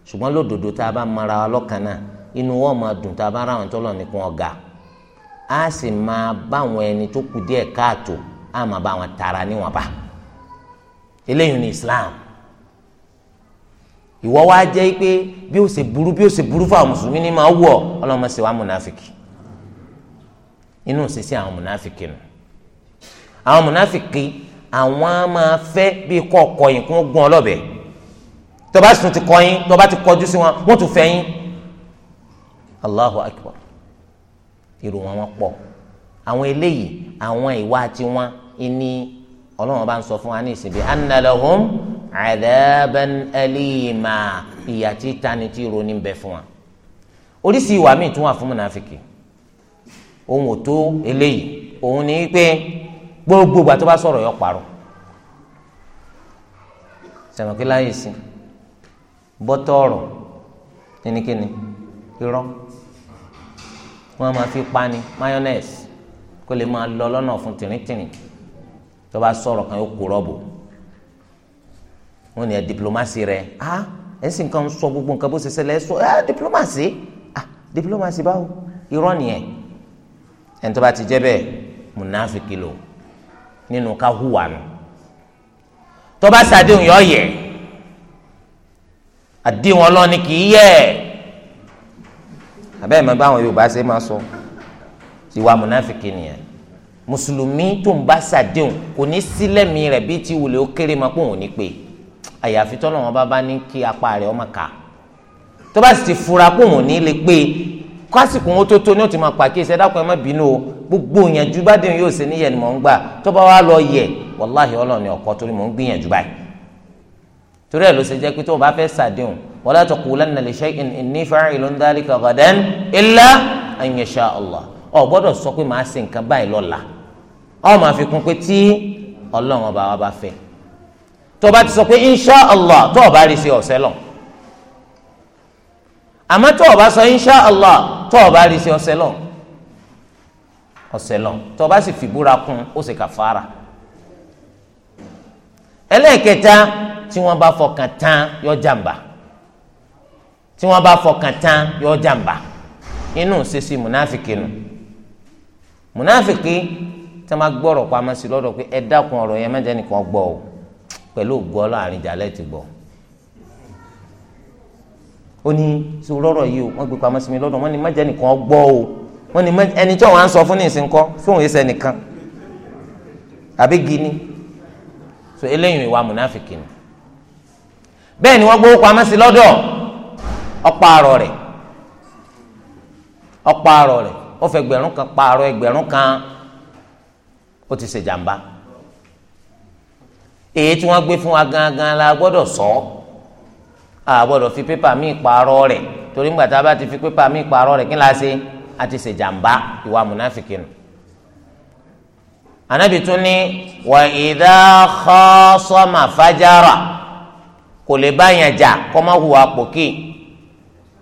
ṣùgbọ́n lódodo tá a bá mara wa lọ́kàn náà inú wọn máa dùn tá a bá ráwọn tó lọ nìkan ọ̀gá a sì máa báwọn ẹni tó kù díẹ̀ káàtó á máa bá wọn tara níwọ̀nba eléyìí ní islam ìwọ wa jẹ́ pé bí ó ṣe burú bí ó ṣe burú fáwọn mùsùlùmí ni máa wọ̀ ọlọ́mọ sì wá múnáfìkì inú sísí àwọn múnáfìkì nù àwọn múnáfìkì àwọn á máa fẹ́ bí kọ́ kọyìn kún gún ọlọ́bẹ̀ tó bá sùn ti kọyìn tó bá ti kọjú sí wọn wọ́n tún fẹ́ yín allahu akbar irú wọn wọn pọ̀ àwọn eléyìí àwọn ìwà tiwọn ìní ọlọ́run bá ń sọ fún wa ní ìsìn bíi anna lahum adhaban alima ìyà tí tani ti roni bẹ fún wa oríṣi ìwà míì tún wà fún mùnàfíkì ohun ò tó eléyìí òun ni pé gbogbo ìgbà tó bá sọ̀rọ̀ yọ parọ́ sẹ̀mọ̀kí láyé sí bọ́tọ̀ ọ̀rọ̀ irọ́ wọ́n máa fi pani mayonnaise kó lè máa lọ lọ́nà fún tìrìntìrìn tó bá sọ̀rọ̀ kan yóò kó rọ́ọ̀bù wọn ni ẹ diplomasi rẹ ah ẹsìn kan sọ gbogbo nǹkan bó ṣe ṣẹlẹ̀ ẹ sọ ẹ diplomasi ah diplomasi báwo irọ́ nìyẹn ẹni tó bá ti jẹ́ bẹ́ẹ̀ munafiki lò nínú ká hùwà nù tó bá ṣàdéhùn yọ yẹ àdéhùn ọlọ́ni kì í yẹ abẹ́ẹ̀ mọ báwọn Yorùbá ṣe máa sọ. So. tiwa munafiki nìyẹn mùsùlùmí tó ń bá ṣàdéhùn kò ní sílẹ̀mí rẹ̀ bí ti wùlé ó kéré ma pọ̀ òun ní pé àyàfi tọ́lọ̀ wọn bá bá ní kí apá rẹ̀ ọmọ tó bá ti fura pọ̀ òun ní lè pé kásìkò wọn tó tó ní òtún máa pàkíyèsí ẹ̀dàpọ̀ o gbogbo ìyànjú bá yóò ṣe ni mò ń gbà tó bá lọ yẹ wàláhì ọlọ́ọ̀ni ọ̀kọ́ torí mò ń gbìyànjú báyìí torí ló ṣe jẹ́ pé tó o bá fẹ́ ọ gbọ́dọ̀ sọ pé màá ṣe nǹkan báyìí lọ́la ọ máa fi kún pé tí Ọlọ́run ọba wa bá fẹ́ tó o bá ti sọ pé insha allah tó o bá rí ṣe ọ̀sẹ̀ lọ àmọ́ tó o bá sọ insha allah tó o bá rí ṣe ọ̀sẹ̀ lọ ọ̀sẹ̀ lọ tó o bá sì fìbúra kún ó sì kàfàrà ẹlẹ́ẹ̀kẹta tí wọ́n bá fọkàn tán yọ jàǹbá tí wọ́n bá fọkàn tán yọ jàǹbá inú ṣe sí munafiki nù. No munafiki tí a máa gbọ́rọ̀ pamọ́ sí lọ́dọ̀ pé ẹ dákun ọ̀rọ̀ yẹn mẹ́jẹ nìkan gbọ́ o pẹ̀lú ògbọ́ láàrin ìjàlẹ̀ ti gbọ́ ó ní sọ lọ́rọ̀ yìí o wọ́n gbé pamọ́ sí mi lọ́dọ̀ wọ́n ní mẹ́jẹ nìkan gbọ́ o wọ́n ní ẹni tí wọ́n á sọ fún ní ìsìnkọ́ fóun ẹsẹ̀ nìkan àbí gini so eléyìí ìwà munafiki ni bẹ́ẹ̀ ni wọ́n gbowó pamọ́ sí lọ́dọ̀ ọ̀pọ̀ àrọ̀ rẹ̀ ọ̀pọ̀ àrọ̀ rẹ̀ ó fẹ́ ẹgbẹ̀rún kan pààrọ̀ ẹgbẹ̀rún kan ó ti ṣe jàǹbá èyí tí wọ́n gbé fún wa gangan la gbọ́dọ̀ sọ a gbọ́dọ̀ fi pépà míì pààrọ̀ rẹ̀ torí ńgbà tá a bá ti fi pépà míì pààrọ̀ rẹ̀ kí la ṣe a ti ṣe jàǹbá ìwà múnáfìkì nù anabi tún ní wà ìdá xọ́sọ́mà fàjàrà kò lè bá jà kọ́ hùwà pòkì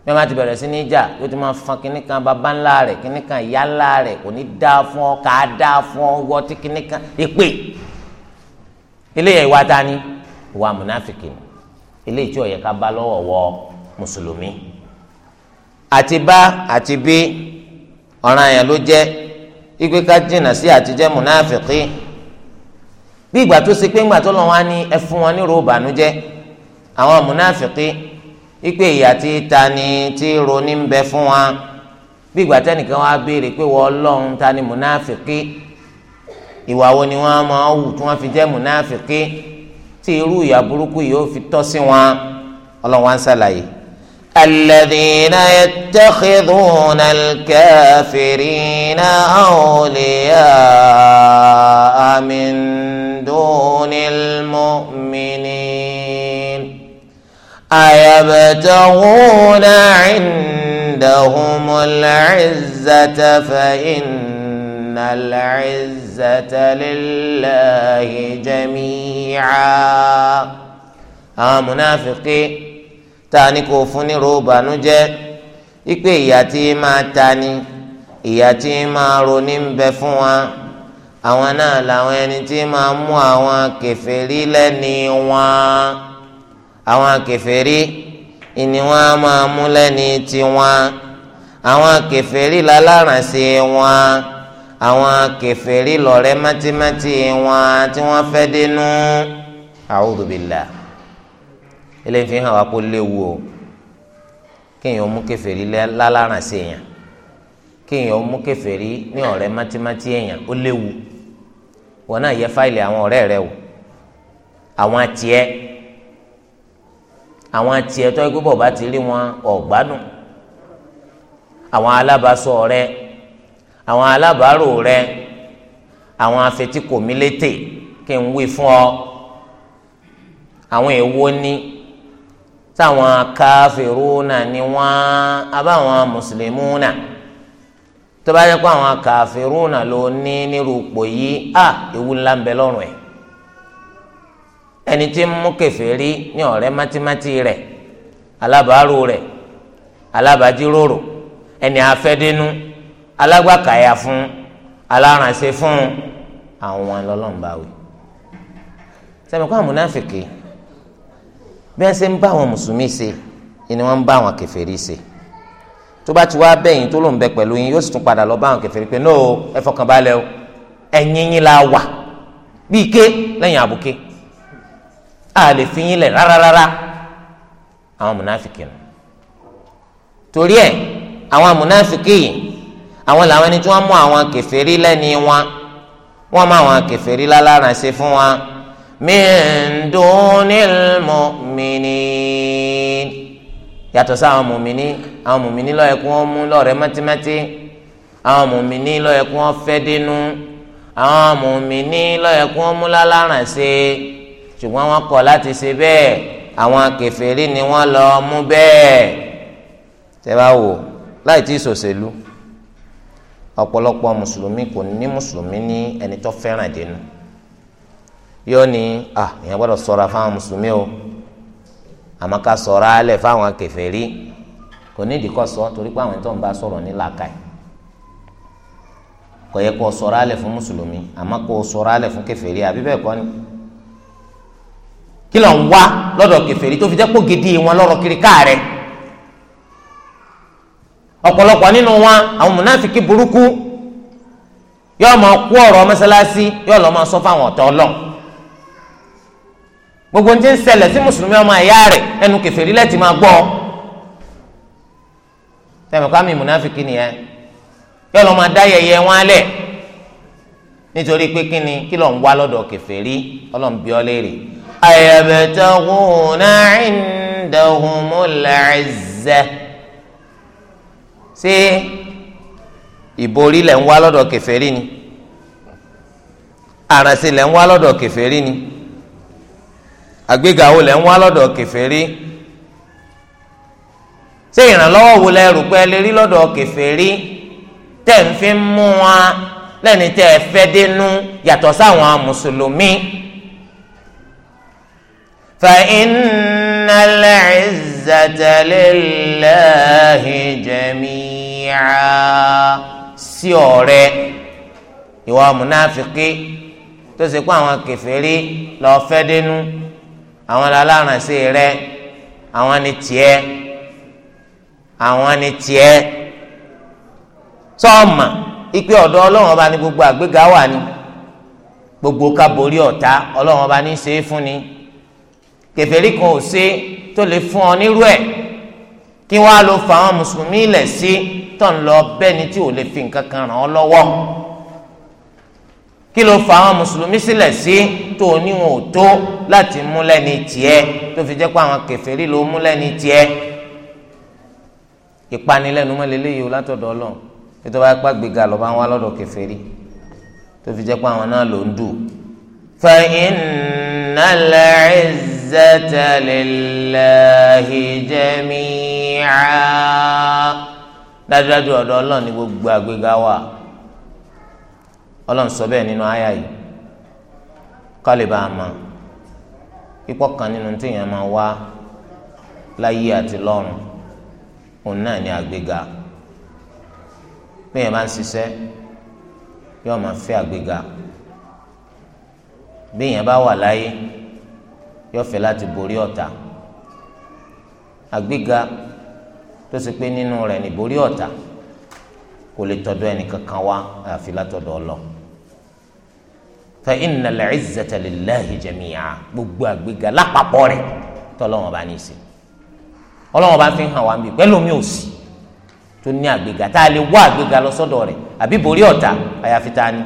bí wọn ti bẹ̀rẹ̀ sí ní jà yóò ti máa fan kínní kan bàbá ńlá rẹ̀ kínní kan ìyá ńlá rẹ̀ kò ní dáa fún ọ kà á dáa fún ọ wọ tí kínní kan èpè eléyà ìwà ta ni ìwà múnáfìkì ni eléyìí tí ó yẹ ká bá lọ́wọ́ wọ mùsùlùmí àti bá àti bí ọ̀ràn yẹn ló jẹ́ igbe ká jìnnà sí àtijẹ́ múnáfìkì bí ìgbà tó ṣe pé ńgbà tó lọ́wọ́ á ní ẹ wọn ní ròbànújẹ́ àwọn múnáfìkì ipe ìyà tí ta ni tí roni ń bẹ fún wa bí ìgbà tẹnìkan wá béèrè pé wọ́n ọlọ́run ta ni mùnáfìkì ìwà wo ni wọ́n máa wù tí wọ́n fi jẹ́ mùnáfìkì tí irú ìyà burúkú yìí ó fi tọ́ sí wọn ọlọ́run wá ṣàlàyé. الذين يتخذون الكافرين أولياء من دون المؤمنين أيبتغون عندهم العزة فإن العزة لله جميعا àwọn munafiki ta ni kò fún ní ròbànú jẹ́ ipe ìyà tí máa ta ni tí máa roni ń bẹ fún wa àwọn náà làwọn ẹni tí máa mú àwọn kèfèrí lẹ́ni wọn àwọn kèfèrí ìní wọn á máa mú lẹ́ni tiwọn àwọn kèfèrí lálàránṣẹ́ wọn àwọn kèfèrí lọ́rẹ́ mátímátí wọn tí wọ́n fẹ́ dénú a'udhu billah eléyìí fi hàn wá kó léwu o kéèyàn mú kèfèrí lálàránṣẹ́ yẹn kéèyàn mú kèfèrí ní ọ̀rẹ́ mátímátí èèyàn ó léwu wọn náà yẹ fáìlì àwọn ọ̀rẹ́ rẹ o àwọn tiẹ̀ àwọn tiẹ̀ tọ́ ẹgbẹ́ bọ̀ bá ti rí wọn ọ̀gbádùn àwọn alábàásọ rẹ àwọn alábàárò rẹ àwọn afetíkòmílétè kí n wí fún ọ àwọn èèwo ni táwọn káfírúnà ni wọn abáwọn mùsùlùmúnà tó bá yẹ kó àwọn káfírúnà ló ní nírú yìí à ewu ńlá ń bẹ lọ́rùn ẹ̀ ẹni tí ń mú kèfèrí ní ọ̀rẹ́ mátímátí rẹ̀ alábàárò rẹ̀ alábàájíròrò ẹni afẹ́dínú alágbàkàyà fún alárànṣe fún àwọn ọlọ́nbáwí sẹ́mi kó àwọn múnáfìkì bí wọ́n ṣe ń bá àwọn mùsùlùmí ṣe ni wọ́n ń bá àwọn kèfèrí ṣe tó bá ti wá bẹ́yìn tó ló bẹ pẹ̀lú yín yóò sì tún padà lọ bá àwọn kèfèrí pé nóò ẹ fọkàn balẹ̀ ẹ̀yìn yín la wà bíi ké lẹ́yìn àbùké a lè fi yín lẹ̀ rárárárá àwọn múnáfìkì nù torí ẹ̀ àwọn munafiki. yìí àwọn làwọn ẹni tí wọ́n mú àwọn kèfèrí lẹ́ni wọn wọ́n mú àwọn kèfèrí lálára ṣe fún wọn min dunil mu'minin yàtọ̀ sí àwọn mùmíní àwọn mùmíní ló yẹ kí wọ́n mú lọ́rẹ̀ẹ́ mọ́tímọ́tí àwọn mùmíní ló yẹ kí wọ́n fẹ́ dínú àwọn mùmíní ló kí wọ́n mú lálára ṣe ṣùgbọ́n wọ́n kọ̀ láti ṣe bẹ́ẹ̀ àwọn kèfèrí ni wọ́n lọ mú bẹ́ẹ̀ tẹ́ bá wò láì tí ì ṣòṣèlú ọ̀pọ̀lọpọ̀ mùsùlùmí kò ní mùsùlùmí ní ẹni tó fẹ́ràn dénú yóò ní à èèyàn gbọ́dọ̀ ṣọ́ra fáwọn mùsùlùmí o àmọ́ ká ṣọ́ra alẹ̀ fáwọn kèfèrí kò ní ìdíkọ̀ sọ torí pé àwọn ẹni ń bá sọ̀rọ̀ ní làákàyè kò yẹ kó ṣọ́ra alẹ̀ fún mùsùlùmí àmọ́ kó ṣọ́ra alẹ̀ fún kèfèrí àbí bẹ́ẹ̀ kọ́ ni kí ló ń wá lọ́dọ̀ kèfèrí tó fi jẹ́ kó gidi wọn lọ́rọ̀ kiri káàrẹ̀ ọ̀pọ̀lọpọ̀ nínú wọn àwọn mùnáfíkì burúkú yóò máa kú ọ̀rọ̀ mọ́sálásí yóò lọ́ọ́ máa sọ fáwọn ọ̀tọ̀ ọlọ́ gbogbo ní ti ń ṣẹlẹ̀ sí mùsùlùmí ọmọ ẹ̀yà rẹ̀ ẹnu kèfèrí lẹ́tì máa gbọ́ tẹ̀mí kwami mùnáfíkì nìyẹn yóò lọ́ọ́ máa dá yẹ̀yẹ́ wọn alẹ̀ nítorí pé kíni kí ló ń wá lọ́dọ̀ kèfèrí ọlọ́ọ̀ ń ayabtaguna indahumul izza ṣé ìborí lẹ̀ ń wá lọ́dọ̀ kèfèrí ni àrànṣe lẹ̀ ń wá lọ́dọ̀ kèfèrí ni àgbéga wo ń wá lọ́dọ̀ kèfèrí ṣé ìrànlọ́wọ́ wo lẹ rò pé ẹ lè rí lọ́dọ̀ kèfèrí tẹ̀ ń fi mú wa lẹ́ni tẹ́ ẹ fẹ́ dénú yàtọ̀ sáwọn mùsùlùmí. فإن العزة لله جميعا sí ọ̀rẹ́ ìwà múnáfíkì tó ṣe pé àwọn kèfèrí lọ àwọn rẹ àwọn ni tiẹ̀ àwọn ni tiẹ̀ sọ́ọ̀mà ìpè ọba ni gbogbo àgbéga wà ní gbogbo ká ọta ọba ni. kèfèrí kan ò ṣe tó lè fún ọ nírú ẹ̀ kí wọ́n á lọ fa àwọn mùsùlùmí ilẹ̀ sí tó ń lọ bẹ́ni tí ò lè fi nǹkan kan ràn ọ́ lọ́wọ́ kí ló fa àwọn mùsùlùmí sílẹ̀ sí tó níwọn ò tó láti mú lẹ́ni tiẹ̀ tó fi jẹ́ pé àwọn kèfèrí ló mú lẹ́ni tiẹ̀ ìpanilẹ́nu mọ́lẹ́lẹ́yìí o látọ̀dọ̀ ọlọ́run tó bá gbàgbé ga lọ́ba wọn lọ́dọ̀ tó fi jẹ́ pé àwọn náà ló ń dùn. فإن العزة لله جميعا dájúdájú ọ̀dọ̀ Ọlọ́run ni gbogbo àgbéga wà Ọlọ́run sọ bẹ́ẹ̀ nínú àyà yìí kálíbà àmọ́ pípọ̀ kan nínú téèyàn máa wá láyé àti lọ́run òun náà ni àgbéga péèyàn bá ń ṣiṣẹ́ yóò máa fẹ́ àgbéga béèyàn bá wà láyé yóò fẹ́ láti borí ọ̀tá àgbéga tó ṣe pé nínú rẹ̀ ní borí ọ̀tá kò lè tọ̀dọ̀ ẹnìkankan wá àfi látọ̀dọ̀ Ọlọ́run fa innal izzata lillahi jami'a gbogbo àgbéga lápapọ̀ rẹ̀ tọ́lọ́wọ́n bá ní í ṣe Ọlọ́run bá fi hàn wá mi pẹ́lú mi ò sí tó ní àgbéga tá a lè wá àgbéga lọ sọ́dọ̀ rẹ̀ àbí borí ọ̀tá àyàfi ta ni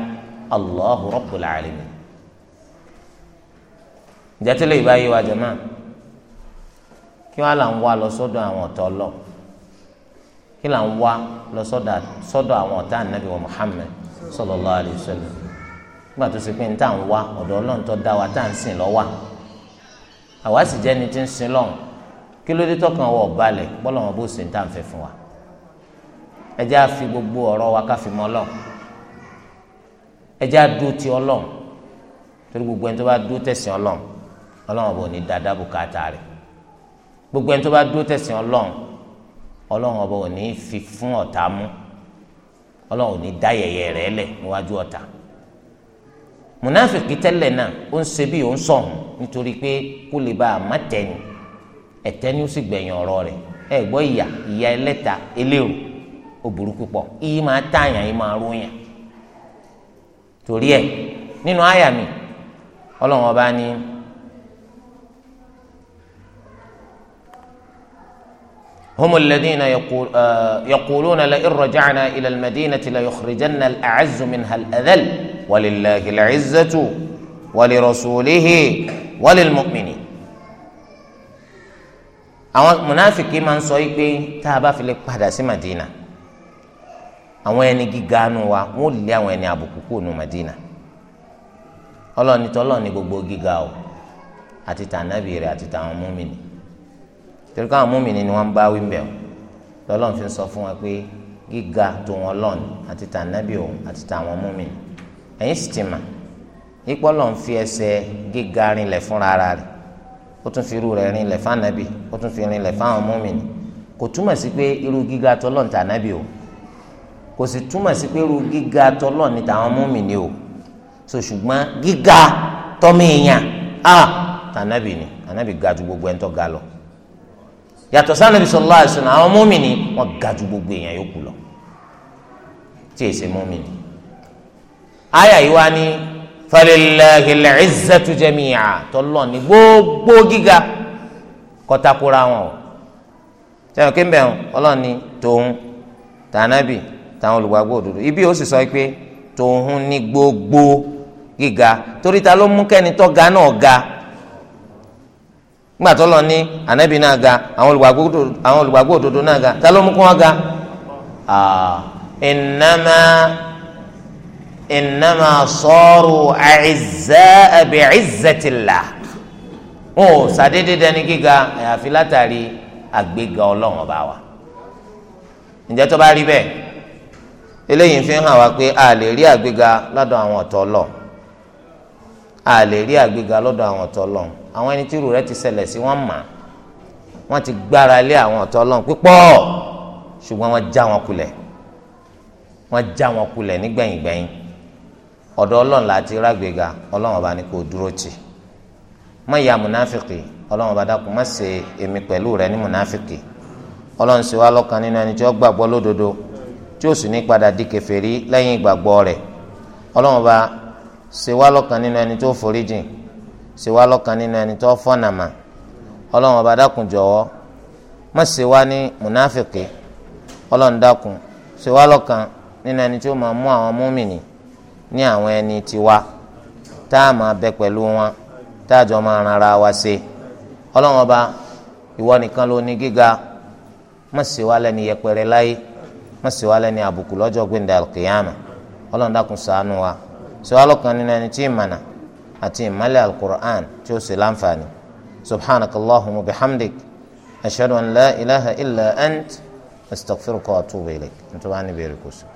Allahu rabbul alamin ìjẹ́tẹ́lẹ̀ ìbáyé wa jẹ̀ máa kí wọ́n á là ń wá lọ sọ́dọ̀ àwọn ọ̀tọ̀ lọ kí là ń wá lọ sọ́dọ̀ àwọn ọ̀tá ànábì wa Muhammad sallallahu alayhi wa sallam nígbà tó ṣe pé ní tá à ń wá ọ̀dọ̀ ọlọ́run tó dá wa tá à ń sìn lọ́wọ́ àwa sì jẹ́ ni tí ń sin lọ́hùn kí ló dé tọkàn wọ balẹ̀ bọ́lá wọn bó sin tá à ń fẹ́ fún wa ẹ jẹ́ fi gbogbo ọ̀rọ̀ wa ká fi mọ́ ọlọ́run ẹ jẹ́ dúró ti ọlọ́run torí gbogbo ẹni tó bá dúró tẹ̀sìn ọlọ́run ọlọ́run bò ní dáadáa bùkátà gbogbo tó bá dúró tẹ̀sìn ọlọ́run ọlọ́run ọba ò ní fi fún ọ̀tá mú ò ní dá rẹ̀ lẹ̀ níwájú ọ̀tá mùnáfìkì tẹ́lẹ̀ náà ó ń ṣe ó ń sọ̀hún nítorí pé kó lè bá a má ọ̀rọ̀ rẹ̀ ẹ ìyà ìyà ó هم الذين يقول آه يقولون لئن رجعنا إلى المدينة ليخرجن الأعز منها الأذل ولله العزة ولرسوله وللمؤمنين àwọn munafiki máa ń sọ yìí pé tá a bá fi lè padà sí Madina àwọn ẹni gíga nu wa wọn ò lé àwọn ẹni àbùkù kù nu Madina ọlọ́ọ̀ni tọ́lọ́ọ̀ni gbogbo gíga o àti tànàbì rẹ̀ àti tàwọn múmi ni torí káwọn múmìnì ni wọ́n bá wí mbẹ́ o lọ́lọ́run fi sọ fún wa pé gíga tó wọn lọ́n àti tànàbí òun àti tàwọn múmìnì ẹ̀yìn sì ti mà ipò lọ́n fi ẹsẹ̀ gíga rinlẹ̀ fúnra ara rẹ̀ ó tún fi irú rẹ̀ rinlẹ̀ fànàbí ó tún fi rinlẹ̀ fáwọn múmìnì kò túmọ̀ sí pé irú gíga tó lọ́n tànàbí o kò sì túmọ̀ sí pé irú gíga tó lọ́n ní tàwọn múmìnì o so ṣùgbọ́n gíga tọ́mí èèyàn a tànàbí ni tànàbí ga ju gbogbo ẹni tó ga lọ yàtọ̀ sáà nàbì sọlá àìsàn àwọn mọ́mìnì wọ́n ga ju gbogbo èèyàn yòókù lọ tí èsè mọ́mìnì. àyà yìí wá ní falillahil izzatu jami'a tọ́lọ́ ní gbogbo gíga kọ́takura wọn o sẹ́wọ̀n kí n bẹ̀rù ọlọ́ọ̀ni tòun tànàbì táwọn olùgbàgbọ́ òdodo ibi ó sì sọ pé tòun ní gbogbo gíga torí ta ló mú kẹ́ni tó ga náà ga nígbà tó lọ ní ànábì náà ga àwọn olùgbàgbọ́ òdodo náà ga ta ló mú kó wọn ga ìnáma ìnáma sọ́ọ̀rù àìzẹ́ ẹ̀bì àìzẹ́tìlá wọn ò sàdédé dẹni gíga àyàfi látàrí àgbéga ọlọ́run ọba wa ǹjẹ́ tó bá rí bẹ́ẹ̀ eléyìí fi hàn wá pé a lè rí àgbéga lọ́dọ̀ àwọn ọ̀tọ̀ ọlọ́run a lè rí àgbéga lọ́dọ̀ àwọn ọ̀tọ̀ ọlọ́run àwọn ẹni tí irú rẹ̀ ti ṣẹlẹ̀ sí wọ́n mà wọ́n ti gbára lé àwọn ọ̀tọ̀ ọlọ́run pípọ̀ ṣùgbọ́n wọ́n já wọn kulẹ̀ wọ́n já wọn kulẹ̀ nígbẹ̀yìngbẹ̀yìn ọ̀dọ̀ ọlọ́run láti rágbèga ọlọ́run ọba ni kò dúró tì mọ ìyá munafiki ọlọ́run ọba dákun má ṣe èmi pẹ̀lú rẹ ní munafiki ọlọ́run sì wá lọ́kàn nínú ẹni tí ó gbàgbọ́ lódodo tí ó sì ní padà di kèfèrí lẹ́yìn ìgbàgbọ́ rẹ̀ ọlọ́run ọba sì wá lọ́kàn nínú ẹni tó foríjìn ṣe wá lọ́kàn nínú ẹni tó fọ́nà mà ọlọ́run ọba dákun jọ̀wọ́ má ṣe wá ní mùnáfìkì ọlọ́run dákun ṣe wá lọ́kàn nínú ẹni máa mú àwọn múmìnì ní àwọn ẹni tiwa tá a máa bẹ pẹ̀lú wọn tá a wa ṣe ọlọ́run ọba ìwọ nìkan ló ní gíga má ṣe wá lẹ́ni yẹpẹrẹ láyé má ṣe wá lẹ́ni àbùkù lọ́jọ́ ọlọ́run dákun ṣàánú àti ìmọ́lẹ̀ alukur'an tí ó sì láǹfààní subhanaka allahumma bihamdik ashhadu an la ilaha illa ant astaghfiruka wa atubu ilayk nítorí wàá níbi èrè kò sí.